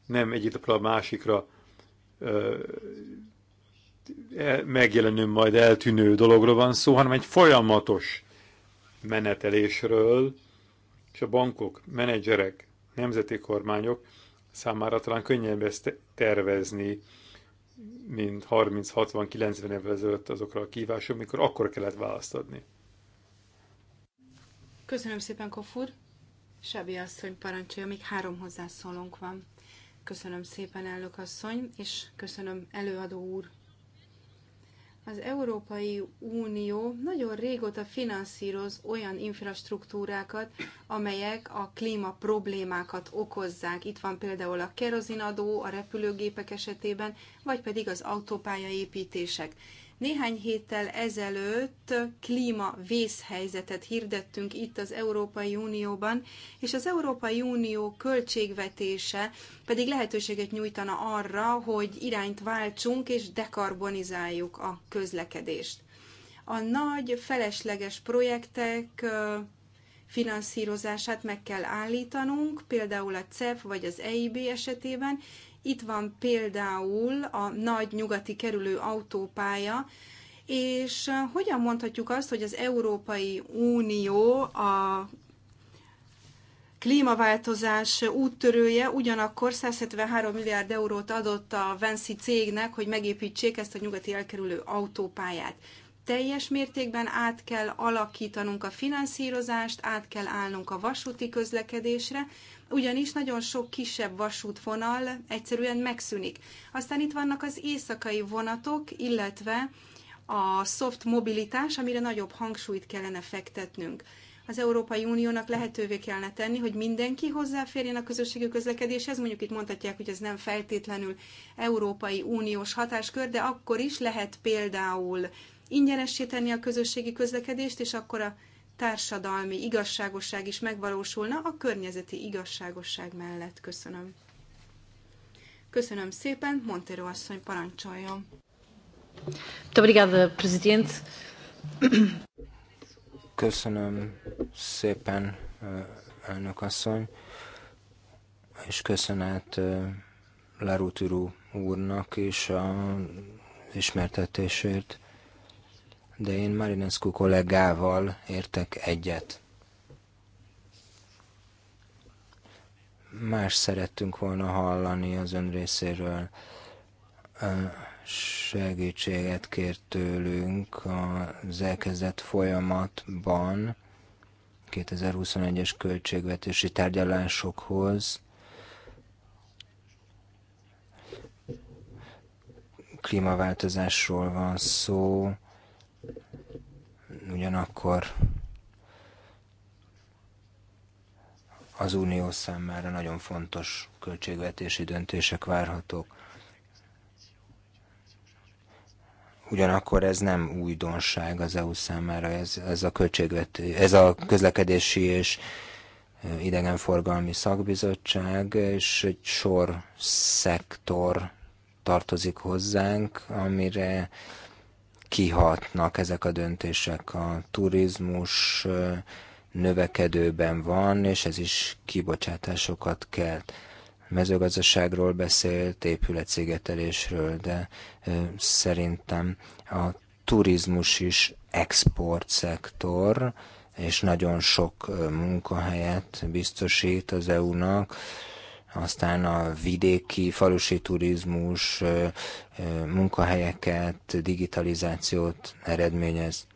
nem egyik a másikra ö, e, megjelenő, majd eltűnő dologról van szó, hanem egy folyamatos menetelésről, és a bankok, menedzserek, nemzeti kormányok számára talán könnyebb ezt tervezni, mint 30-60-90 évvel ezelőtt azokra a kívások, mikor akkor kellett választ adni. Köszönöm szépen, Kofur. Sebi asszony parancsolja, még három hozzászólónk van. Köszönöm szépen, elnök asszony, és köszönöm előadó úr az Európai Unió nagyon régóta finanszíroz olyan infrastruktúrákat, amelyek a klíma problémákat okozzák. Itt van például a kerozinadó a repülőgépek esetében, vagy pedig az autópálya építések néhány héttel ezelőtt klíma vészhelyzetet hirdettünk itt az Európai Unióban, és az Európai Unió költségvetése pedig lehetőséget nyújtana arra, hogy irányt váltsunk és dekarbonizáljuk a közlekedést. A nagy felesleges projektek finanszírozását meg kell állítanunk, például a CEF vagy az EIB esetében, itt van például a nagy nyugati kerülő autópálya, és hogyan mondhatjuk azt, hogy az Európai Unió a klímaváltozás úttörője, ugyanakkor 173 milliárd eurót adott a Venszi cégnek, hogy megépítsék ezt a nyugati elkerülő autópályát. Teljes mértékben át kell alakítanunk a finanszírozást, át kell állnunk a vasúti közlekedésre, ugyanis nagyon sok kisebb vasútvonal egyszerűen megszűnik. Aztán itt vannak az éjszakai vonatok, illetve a soft mobilitás, amire nagyobb hangsúlyt kellene fektetnünk. Az Európai Uniónak lehetővé kellene tenni, hogy mindenki hozzáférjen a közösségi közlekedéshez. Mondjuk itt mondhatják, hogy ez nem feltétlenül Európai Uniós hatáskör, de akkor is lehet például ingyenessé tenni a közösségi közlekedést, és akkor a társadalmi igazságosság is megvalósulna a környezeti igazságosság mellett. Köszönöm. Köszönöm szépen, Montero asszony parancsoljon. Köszönöm szépen, eh, elnök asszony, és köszönet eh, Laruturu úrnak is a ismertetésért de én Marinescu kollégával értek egyet. Más szerettünk volna hallani az ön részéről. Segítséget kért tőlünk az elkezdett folyamatban 2021-es költségvetési tárgyalásokhoz. klímaváltozásról van szó, ugyanakkor az unió számára nagyon fontos költségvetési döntések várhatók. Ugyanakkor ez nem újdonság az EU számára, ez, ez, a, költségvetés, ez a közlekedési és idegenforgalmi szakbizottság, és egy sor szektor tartozik hozzánk, amire kihatnak ezek a döntések. A turizmus növekedőben van, és ez is kibocsátásokat kelt. Mezőgazdaságról beszélt, épületszigetelésről, de szerintem a turizmus is exportszektor, és nagyon sok munkahelyet biztosít az EU-nak aztán a vidéki, falusi turizmus, munkahelyeket, digitalizációt eredményez.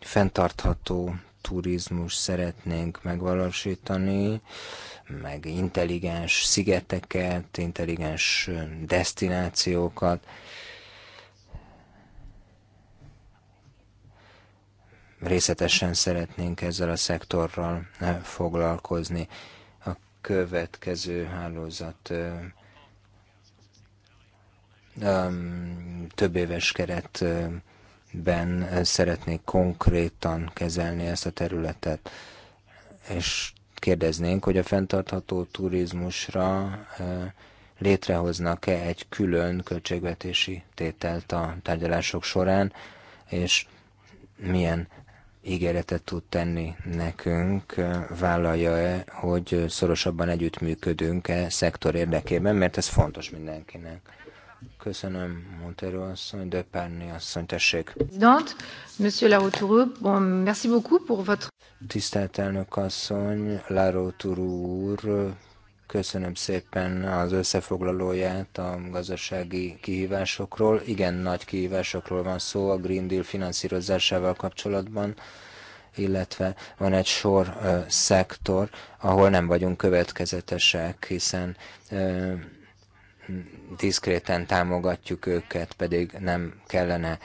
Fentartható turizmus szeretnénk megvalósítani, meg intelligens szigeteket, intelligens destinációkat. Részletesen szeretnénk ezzel a szektorral foglalkozni következő hálózat um, több éves keretben szeretnék konkrétan kezelni ezt a területet, és kérdeznénk, hogy a fenntartható turizmusra létrehoznak-e egy külön költségvetési tételt a tárgyalások során, és milyen ígéretet tud tenni nekünk, vállalja-e, hogy szorosabban együttműködünk-e szektor érdekében, mert ez fontos mindenkinek. Köszönöm, Montero asszony, de Párni asszony, tessék. Monsieur bon, merci beaucoup pour votre... Tisztelt elnök asszony, Laroutourou úr, Köszönöm szépen az összefoglalóját a gazdasági kihívásokról. Igen, nagy kihívásokról van szó a Green Deal finanszírozásával kapcsolatban, illetve van egy sor ö, szektor, ahol nem vagyunk következetesek, hiszen ö, diszkréten támogatjuk őket, pedig nem kellene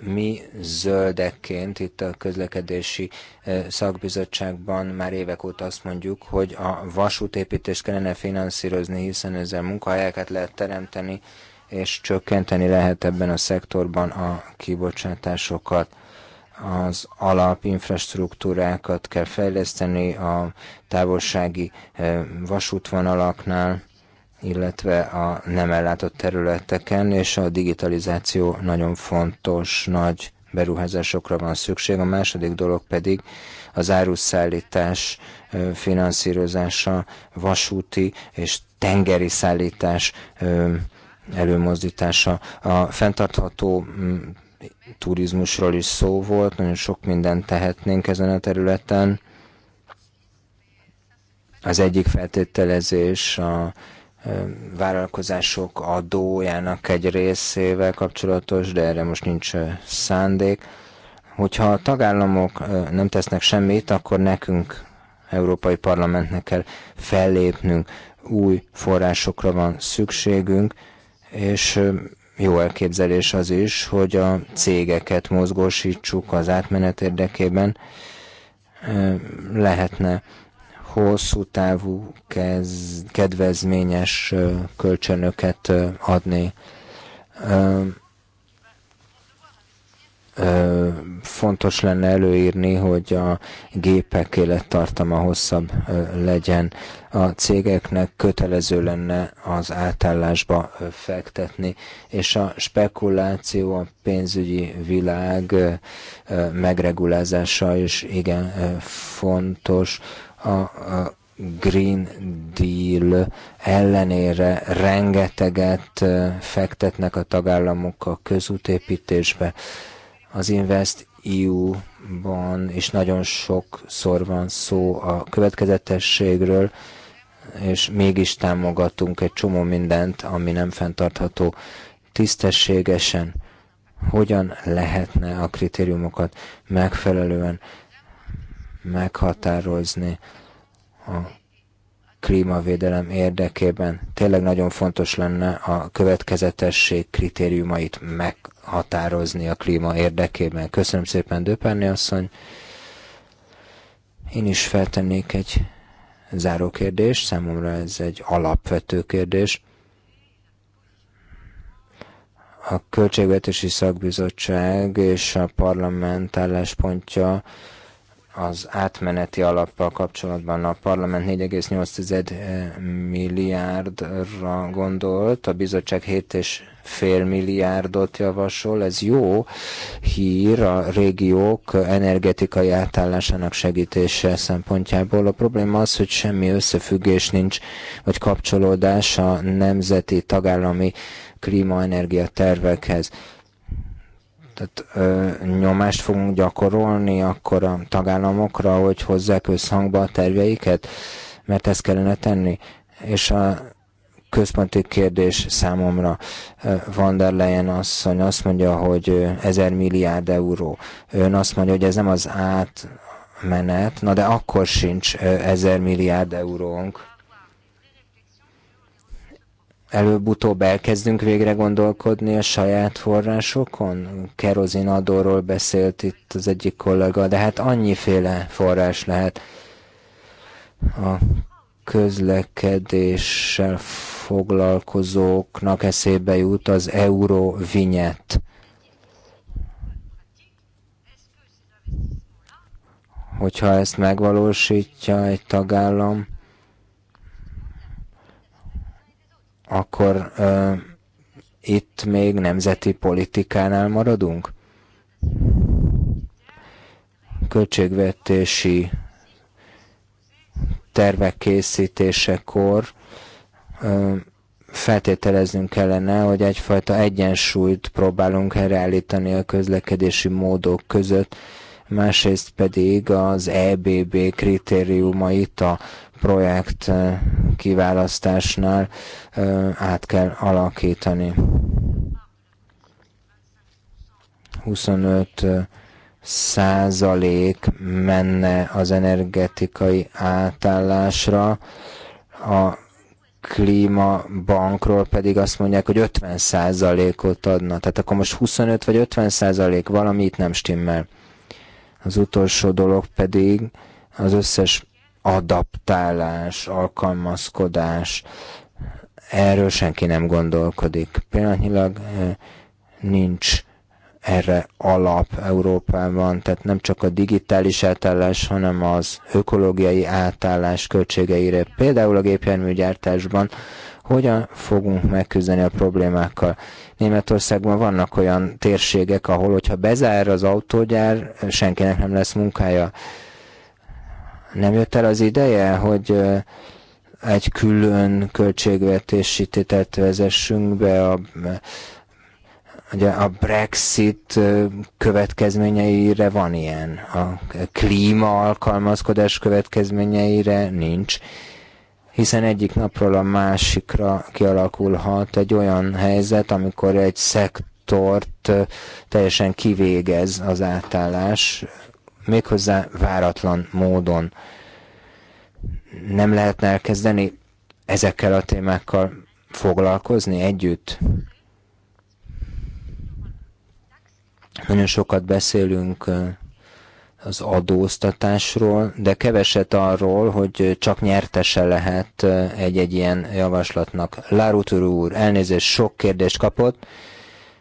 mi zöldekként itt a közlekedési eh, szakbizottságban már évek óta azt mondjuk, hogy a vasútépítést kellene finanszírozni, hiszen ezzel munkahelyeket lehet teremteni, és csökkenteni lehet ebben a szektorban a kibocsátásokat az alapinfrastruktúrákat kell fejleszteni a távolsági eh, vasútvonalaknál, illetve a nem ellátott területeken, és a digitalizáció nagyon fontos, nagy beruházásokra van szükség. A második dolog pedig az áruszállítás finanszírozása, vasúti és tengeri szállítás előmozdítása. A fenntartható mm, turizmusról is szó volt, nagyon sok mindent tehetnénk ezen a területen. Az egyik feltételezés a vállalkozások adójának egy részével kapcsolatos, de erre most nincs szándék. Hogyha a tagállamok nem tesznek semmit, akkor nekünk, Európai Parlamentnek kell fellépnünk, új forrásokra van szükségünk, és jó elképzelés az is, hogy a cégeket mozgósítsuk az átmenet érdekében. Lehetne hosszú távú kez, kedvezményes kölcsönöket adni. fontos lenne előírni, hogy a gépek élettartama hosszabb legyen. A cégeknek kötelező lenne az átállásba fektetni, és a spekuláció a pénzügyi világ megregulázása is igen fontos a Green Deal ellenére rengeteget fektetnek a tagállamok a közútépítésbe. Az Invest EU-ban is nagyon sokszor van szó a következetességről, és mégis támogatunk egy csomó mindent, ami nem fenntartható tisztességesen. Hogyan lehetne a kritériumokat megfelelően meghatározni a klímavédelem érdekében. Tényleg nagyon fontos lenne a következetesség kritériumait meghatározni a klíma érdekében. Köszönöm szépen, Döpenni asszony. Én is feltennék egy záró kérdés, számomra ez egy alapvető kérdés. A Költségvetési Szakbizottság és a parlament álláspontja az átmeneti alappal kapcsolatban a parlament 4,8 eh, milliárdra gondolt, a bizottság 7,5 milliárdot javasol. Ez jó hír a régiók energetikai átállásának segítése szempontjából. A probléma az, hogy semmi összefüggés nincs, vagy kapcsolódás a nemzeti tagállami klímaenergia tervekhez tehát, ö, nyomást fogunk gyakorolni akkor a tagállamokra, hogy hozzák összhangba a terveiket, mert ezt kellene tenni. És a központi kérdés számomra van der Leyen asszony azt mondja, hogy 1000 milliárd euró. Ön azt mondja, hogy ez nem az átmenet, na de akkor sincs 1000 milliárd eurónk előbb-utóbb elkezdünk végre gondolkodni a saját forrásokon? Kerozin adóról beszélt itt az egyik kollega, de hát annyiféle forrás lehet a közlekedéssel foglalkozóknak eszébe jut az euró vinyet. Hogyha ezt megvalósítja egy tagállam, akkor ö, itt még nemzeti politikánál maradunk? Költségvetési tervek készítésekor ö, feltételeznünk kellene, hogy egyfajta egyensúlyt próbálunk helyreállítani a közlekedési módok között, másrészt pedig az EBB kritériumait, a projekt eh, kiválasztásnál eh, át kell alakítani. 25 eh, százalék menne az energetikai átállásra, a klímabankról pedig azt mondják, hogy 50 százalékot adna. Tehát akkor most 25 vagy 50 százalék, valami itt nem stimmel. Az utolsó dolog pedig az összes adaptálás, alkalmazkodás, erről senki nem gondolkodik. Pillanatnyilag nincs erre alap Európában, tehát nem csak a digitális átállás, hanem az ökológiai átállás költségeire, például a gépjárműgyártásban, hogyan fogunk megküzdeni a problémákkal. Németországban vannak olyan térségek, ahol, hogyha bezár az autógyár, senkinek nem lesz munkája. Nem jött el az ideje, hogy egy külön költségvetési tételt vezessünk be a, ugye a Brexit következményeire van ilyen, a klíma alkalmazkodás következményeire nincs, hiszen egyik napról a másikra kialakulhat egy olyan helyzet, amikor egy szektort teljesen kivégez az átállás méghozzá váratlan módon. Nem lehetne elkezdeni ezekkel a témákkal foglalkozni együtt? Nagyon sokat beszélünk az adóztatásról, de keveset arról, hogy csak nyertese lehet egy-egy ilyen javaslatnak. Lárutur úr, elnézést, sok kérdést kapott.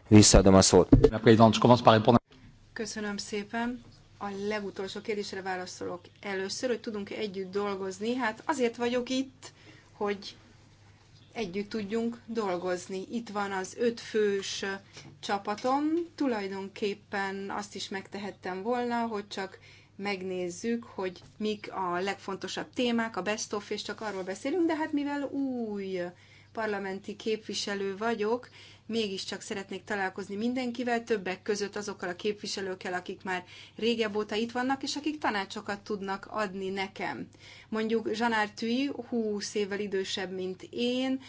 Visszaadom a szót. Köszönöm szépen a legutolsó kérdésre válaszolok először, hogy tudunk -e együtt dolgozni. Hát azért vagyok itt, hogy együtt tudjunk dolgozni. Itt van az ötfős csapatom. Tulajdonképpen azt is megtehettem volna, hogy csak megnézzük, hogy mik a legfontosabb témák, a best of, és csak arról beszélünk, de hát mivel új parlamenti képviselő vagyok, mégiscsak szeretnék találkozni mindenkivel, többek között azokkal a képviselőkkel, akik már régebb óta itt vannak, és akik tanácsokat tudnak adni nekem. Mondjuk Zsanár Tüi, 20 évvel idősebb, mint én,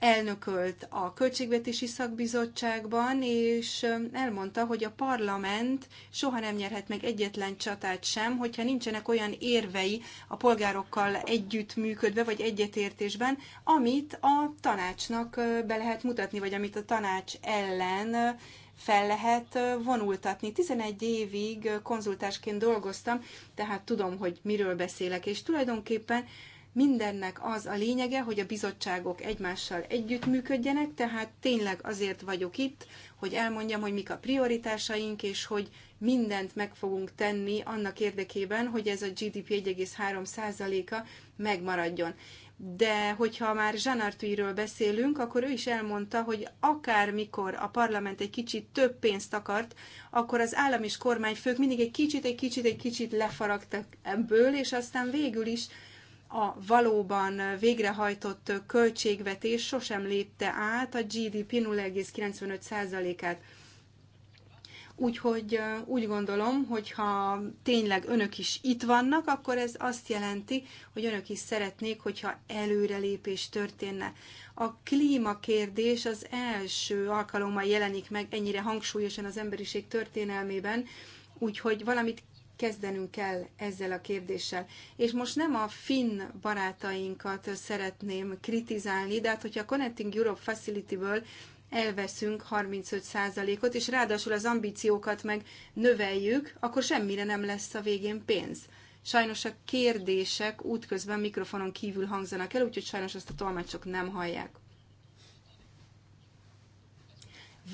elnökölt a Költségvetési Szakbizottságban, és elmondta, hogy a parlament soha nem nyerhet meg egyetlen csatát sem, hogyha nincsenek olyan érvei a polgárokkal együttműködve vagy egyetértésben, amit a tanácsnak be lehet mutatni, vagy amit a tanács ellen fel lehet vonultatni. 11 évig konzultásként dolgoztam, tehát tudom, hogy miről beszélek, és tulajdonképpen Mindennek az a lényege, hogy a bizottságok egymással együttműködjenek, tehát tényleg azért vagyok itt, hogy elmondjam, hogy mik a prioritásaink, és hogy mindent meg fogunk tenni annak érdekében, hogy ez a GDP 1,3%-a megmaradjon. De hogyha már Zsanartűről beszélünk, akkor ő is elmondta, hogy akármikor a parlament egy kicsit több pénzt akart, akkor az állam és kormányfők mindig egy kicsit, egy kicsit, egy kicsit lefaragtak ebből, és aztán végül is a valóban végrehajtott költségvetés sosem lépte át a GDP 0,95%-át. Úgyhogy úgy gondolom, hogy ha tényleg önök is itt vannak, akkor ez azt jelenti, hogy önök is szeretnék, hogyha előrelépés történne. A klímakérdés az első alkalommal jelenik meg ennyire hangsúlyosan az emberiség történelmében, úgyhogy valamit kezdenünk kell ezzel a kérdéssel. És most nem a finn barátainkat szeretném kritizálni, de hát hogyha a Connecting Europe Facility-ből elveszünk 35%-ot, és ráadásul az ambíciókat meg növeljük, akkor semmire nem lesz a végén pénz. Sajnos a kérdések útközben mikrofonon kívül hangzanak el, úgyhogy sajnos azt a tolmácsok nem hallják.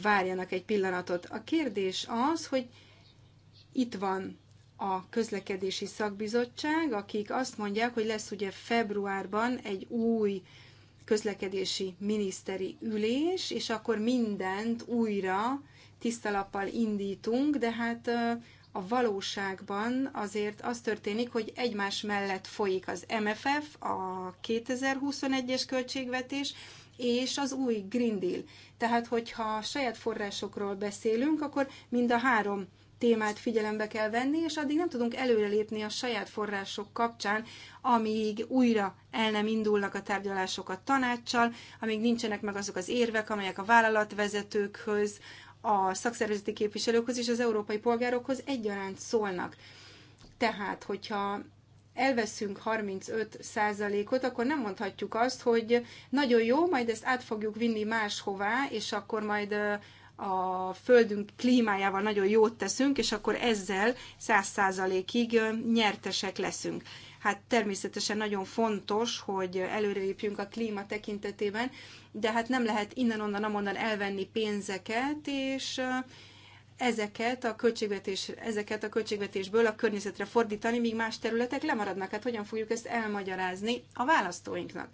Várjanak egy pillanatot. A kérdés az, hogy itt van a közlekedési szakbizottság, akik azt mondják, hogy lesz ugye februárban egy új közlekedési miniszteri ülés, és akkor mindent újra tisztalappal indítunk, de hát a valóságban azért az történik, hogy egymás mellett folyik az MFF, a 2021-es költségvetés, és az új Green Deal. Tehát, hogyha saját forrásokról beszélünk, akkor mind a három témát figyelembe kell venni, és addig nem tudunk előrelépni a saját források kapcsán, amíg újra el nem indulnak a tárgyalások a tanácssal, amíg nincsenek meg azok az érvek, amelyek a vállalatvezetőkhöz, a szakszervezeti képviselőkhöz és az európai polgárokhoz egyaránt szólnak. Tehát, hogyha elveszünk 35%-ot, akkor nem mondhatjuk azt, hogy nagyon jó, majd ezt át fogjuk vinni máshová, és akkor majd a földünk klímájával nagyon jót teszünk, és akkor ezzel száz százalékig nyertesek leszünk. Hát természetesen nagyon fontos, hogy előrelépjünk a klíma tekintetében, de hát nem lehet innen-onnan, amonnan elvenni pénzeket, és ezeket a, költségvetés, ezeket a költségvetésből a környezetre fordítani, míg más területek lemaradnak. Hát hogyan fogjuk ezt elmagyarázni a választóinknak?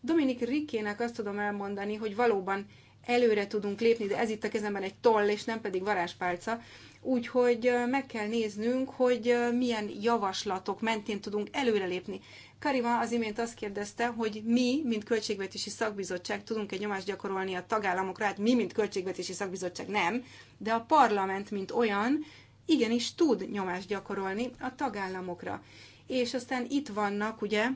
Dominik Rikének azt tudom elmondani, hogy valóban előre tudunk lépni, de ez itt a kezemben egy toll, és nem pedig varázspálca. Úgyhogy meg kell néznünk, hogy milyen javaslatok mentén tudunk előrelépni. Kariva az imént azt kérdezte, hogy mi, mint költségvetési szakbizottság tudunk egy nyomást gyakorolni a tagállamokra, hát mi, mint költségvetési szakbizottság nem, de a parlament, mint olyan, igenis tud nyomást gyakorolni a tagállamokra. És aztán itt vannak ugye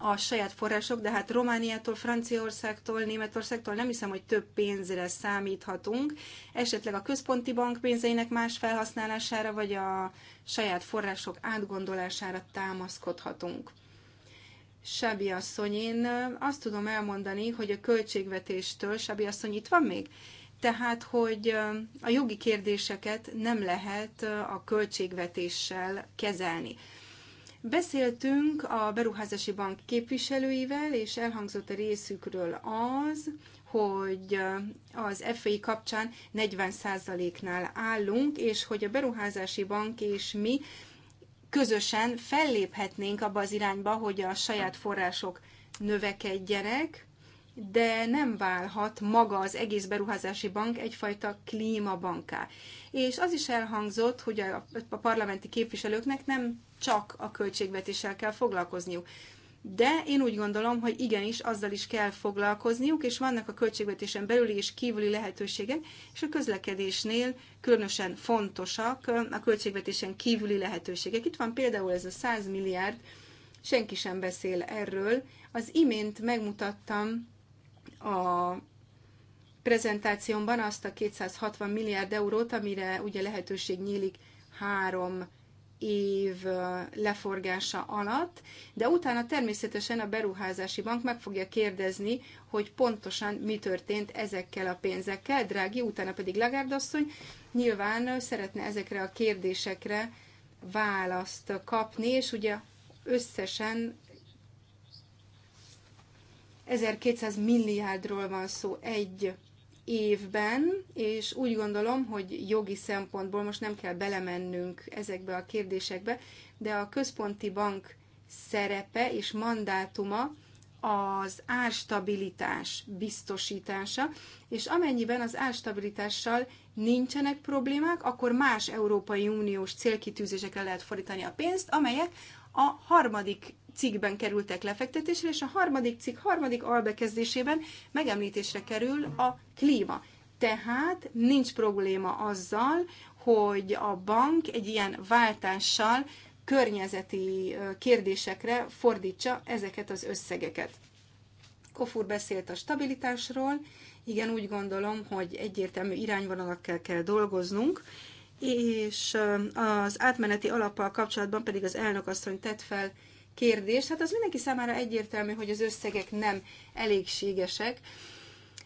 a saját források, de hát Romániától, Franciaországtól, Németországtól nem hiszem, hogy több pénzre számíthatunk. Esetleg a központi bank pénzeinek más felhasználására, vagy a saját források átgondolására támaszkodhatunk. Sabi asszony, én azt tudom elmondani, hogy a költségvetéstől, Sabi asszony itt van még? Tehát, hogy a jogi kérdéseket nem lehet a költségvetéssel kezelni. Beszéltünk a beruházási bank képviselőivel, és elhangzott a részükről az, hogy az FI kapcsán 40%-nál állunk, és hogy a beruházási bank és mi közösen felléphetnénk abba az irányba, hogy a saját források növekedjenek, de nem válhat maga az egész beruházási bank egyfajta klímabanká. És az is elhangzott, hogy a, a parlamenti képviselőknek nem csak a költségvetéssel kell foglalkozniuk. De én úgy gondolom, hogy igenis azzal is kell foglalkozniuk, és vannak a költségvetésen belüli és kívüli lehetőségek, és a közlekedésnél különösen fontosak a költségvetésen kívüli lehetőségek. Itt van például ez a 100 milliárd, senki sem beszél erről. Az imént megmutattam a prezentációmban azt a 260 milliárd eurót, amire ugye lehetőség nyílik három év leforgása alatt, de utána természetesen a beruházási bank meg fogja kérdezni, hogy pontosan mi történt ezekkel a pénzekkel. Drági, utána pedig Lagárdasszony nyilván szeretne ezekre a kérdésekre választ kapni, és ugye összesen 1200 milliárdról van szó egy évben, és úgy gondolom, hogy jogi szempontból most nem kell belemennünk ezekbe a kérdésekbe, de a központi bank szerepe és mandátuma az árstabilitás biztosítása, és amennyiben az árstabilitással nincsenek problémák, akkor más Európai Uniós célkitűzésekre lehet fordítani a pénzt, amelyek a harmadik cikkben kerültek lefektetésre, és a harmadik cikk harmadik albekezdésében megemlítésre kerül a klíma. Tehát nincs probléma azzal, hogy a bank egy ilyen váltással környezeti kérdésekre fordítsa ezeket az összegeket. Kofur beszélt a stabilitásról, igen, úgy gondolom, hogy egyértelmű irányvonalakkal kell dolgoznunk, és az átmeneti alappal kapcsolatban pedig az elnök asszony tett fel kérdés. hát az mindenki számára egyértelmű, hogy az összegek nem elégségesek.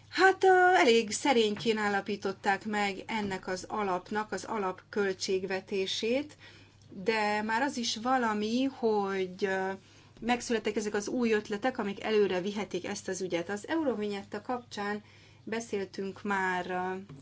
Hát elég szerénykén állapították meg ennek az alapnak az alapköltségvetését, de már az is valami, hogy megszülettek ezek az új ötletek, amik előre vihetik ezt az ügyet. Az Eurovinyetta kapcsán Beszéltünk már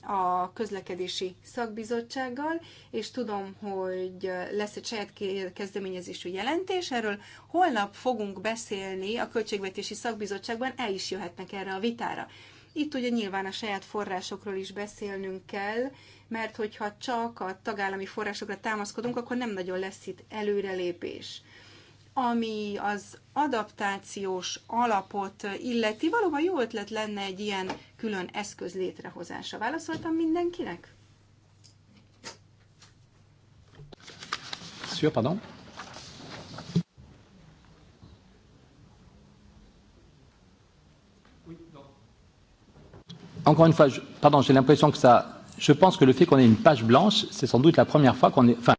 a közlekedési szakbizottsággal, és tudom, hogy lesz egy saját kezdeményezésű jelentés erről. Holnap fogunk beszélni a költségvetési szakbizottságban, el is jöhetnek erre a vitára. Itt ugye nyilván a saját forrásokról is beszélnünk kell, mert hogyha csak a tagállami forrásokra támaszkodunk, akkor nem nagyon lesz itt előrelépés. Ami az adaptációs alapot illeti, valóban jó ötlet lenne egy ilyen külön eszköz létrehozása. Válaszoltam mindenkinek? Monsieur, pardon. Encore une fois, je, pardon, j'ai l'impression que ça. Je pense que le fait qu'on ait une page blanche, c'est sans doute la première fois qu'on est. Enfin,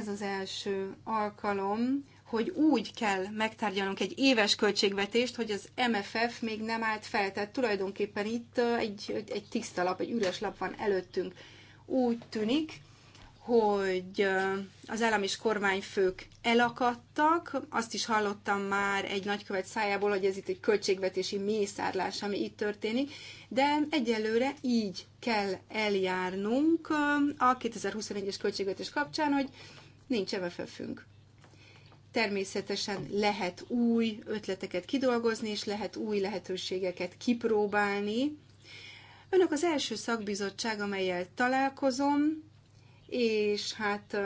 ez az első alkalom, hogy úgy kell megtárgyalnunk egy éves költségvetést, hogy az MFF még nem állt fel. Tehát tulajdonképpen itt egy, egy tiszta lap, egy üres lap van előttünk. Úgy tűnik, hogy az állam és kormányfők elakadtak. Azt is hallottam már egy nagykövet szájából, hogy ez itt egy költségvetési mészárlás, ami itt történik, de egyelőre így kell eljárnunk a 2021-es költségvetés kapcsán, hogy nincs MFF-ünk. Természetesen lehet új ötleteket kidolgozni, és lehet új lehetőségeket kipróbálni. Önök az első szakbizottság, amelyel találkozom, és hát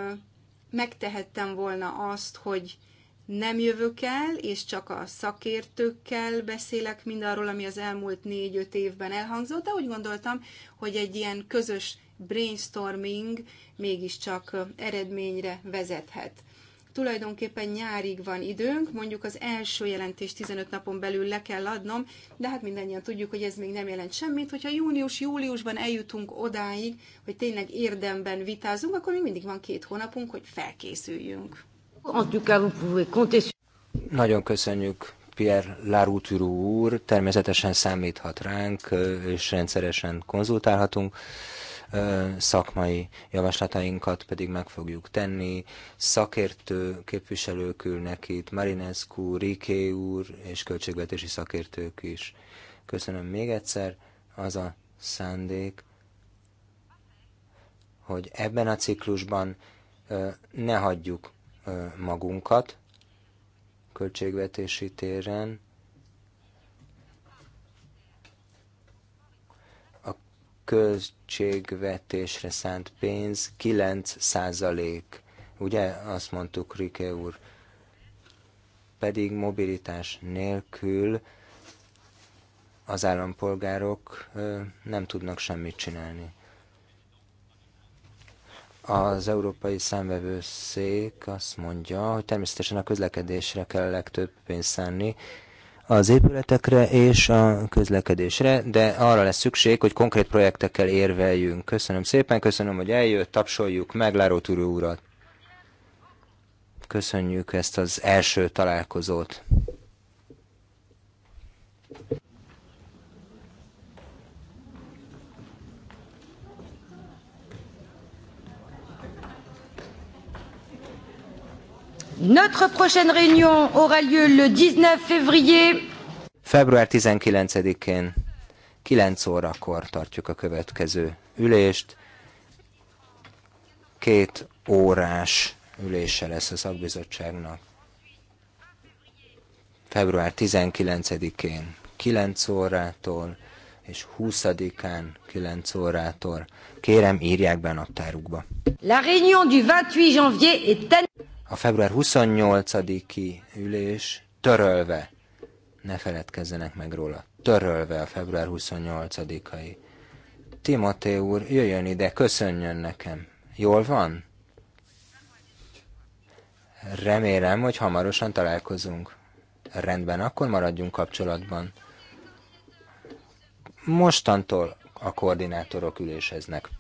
megtehettem volna azt, hogy nem jövök el, és csak a szakértőkkel beszélek mindarról, ami az elmúlt négy-öt évben elhangzott, de úgy gondoltam, hogy egy ilyen közös brainstorming mégiscsak eredményre vezethet. Tulajdonképpen nyárig van időnk, mondjuk az első jelentést 15 napon belül le kell adnom, de hát mindannyian tudjuk, hogy ez még nem jelent semmit. Hogyha június-júliusban eljutunk odáig, hogy tényleg érdemben vitázunk, akkor még mindig van két hónapunk, hogy felkészüljünk. Nagyon köszönjük Pierre Larouture úr természetesen számíthat ránk, és rendszeresen konzultálhatunk szakmai javaslatainkat pedig meg fogjuk tenni. Szakértő képviselők ülnek itt, Marinescu, Riké úr és költségvetési szakértők is. Köszönöm még egyszer, az a szándék, hogy ebben a ciklusban ne hagyjuk magunkat költségvetési téren, költségvetésre szánt pénz 9 százalék. Ugye azt mondtuk, Rike úr, pedig mobilitás nélkül az állampolgárok nem tudnak semmit csinálni. Az Európai Számvevőszék azt mondja, hogy természetesen a közlekedésre kell a legtöbb pénzt szánni, az épületekre és a közlekedésre, de arra lesz szükség, hogy konkrét projektekkel érveljünk. Köszönöm szépen, köszönöm, hogy eljött, tapsoljuk meg Láró Turó urat. Köszönjük ezt az első találkozót. Notre prochaine réunion aura lieu le 19 février. Február 19-én 9 órakor tartjuk a következő ülést. Két órás ülése lesz a szakbizottságnak. Február 19-én 9 órától és 20-án 9 órától. Kérem, írják be a naptárukba. La réunion du 28 janvier est a február 28-i ülés törölve, ne feledkezzenek meg róla, törölve a február 28-ai. Timoté úr, jöjjön ide, köszönjön nekem. Jól van? Remélem, hogy hamarosan találkozunk. Rendben, akkor maradjunk kapcsolatban. Mostantól a koordinátorok üléseznek.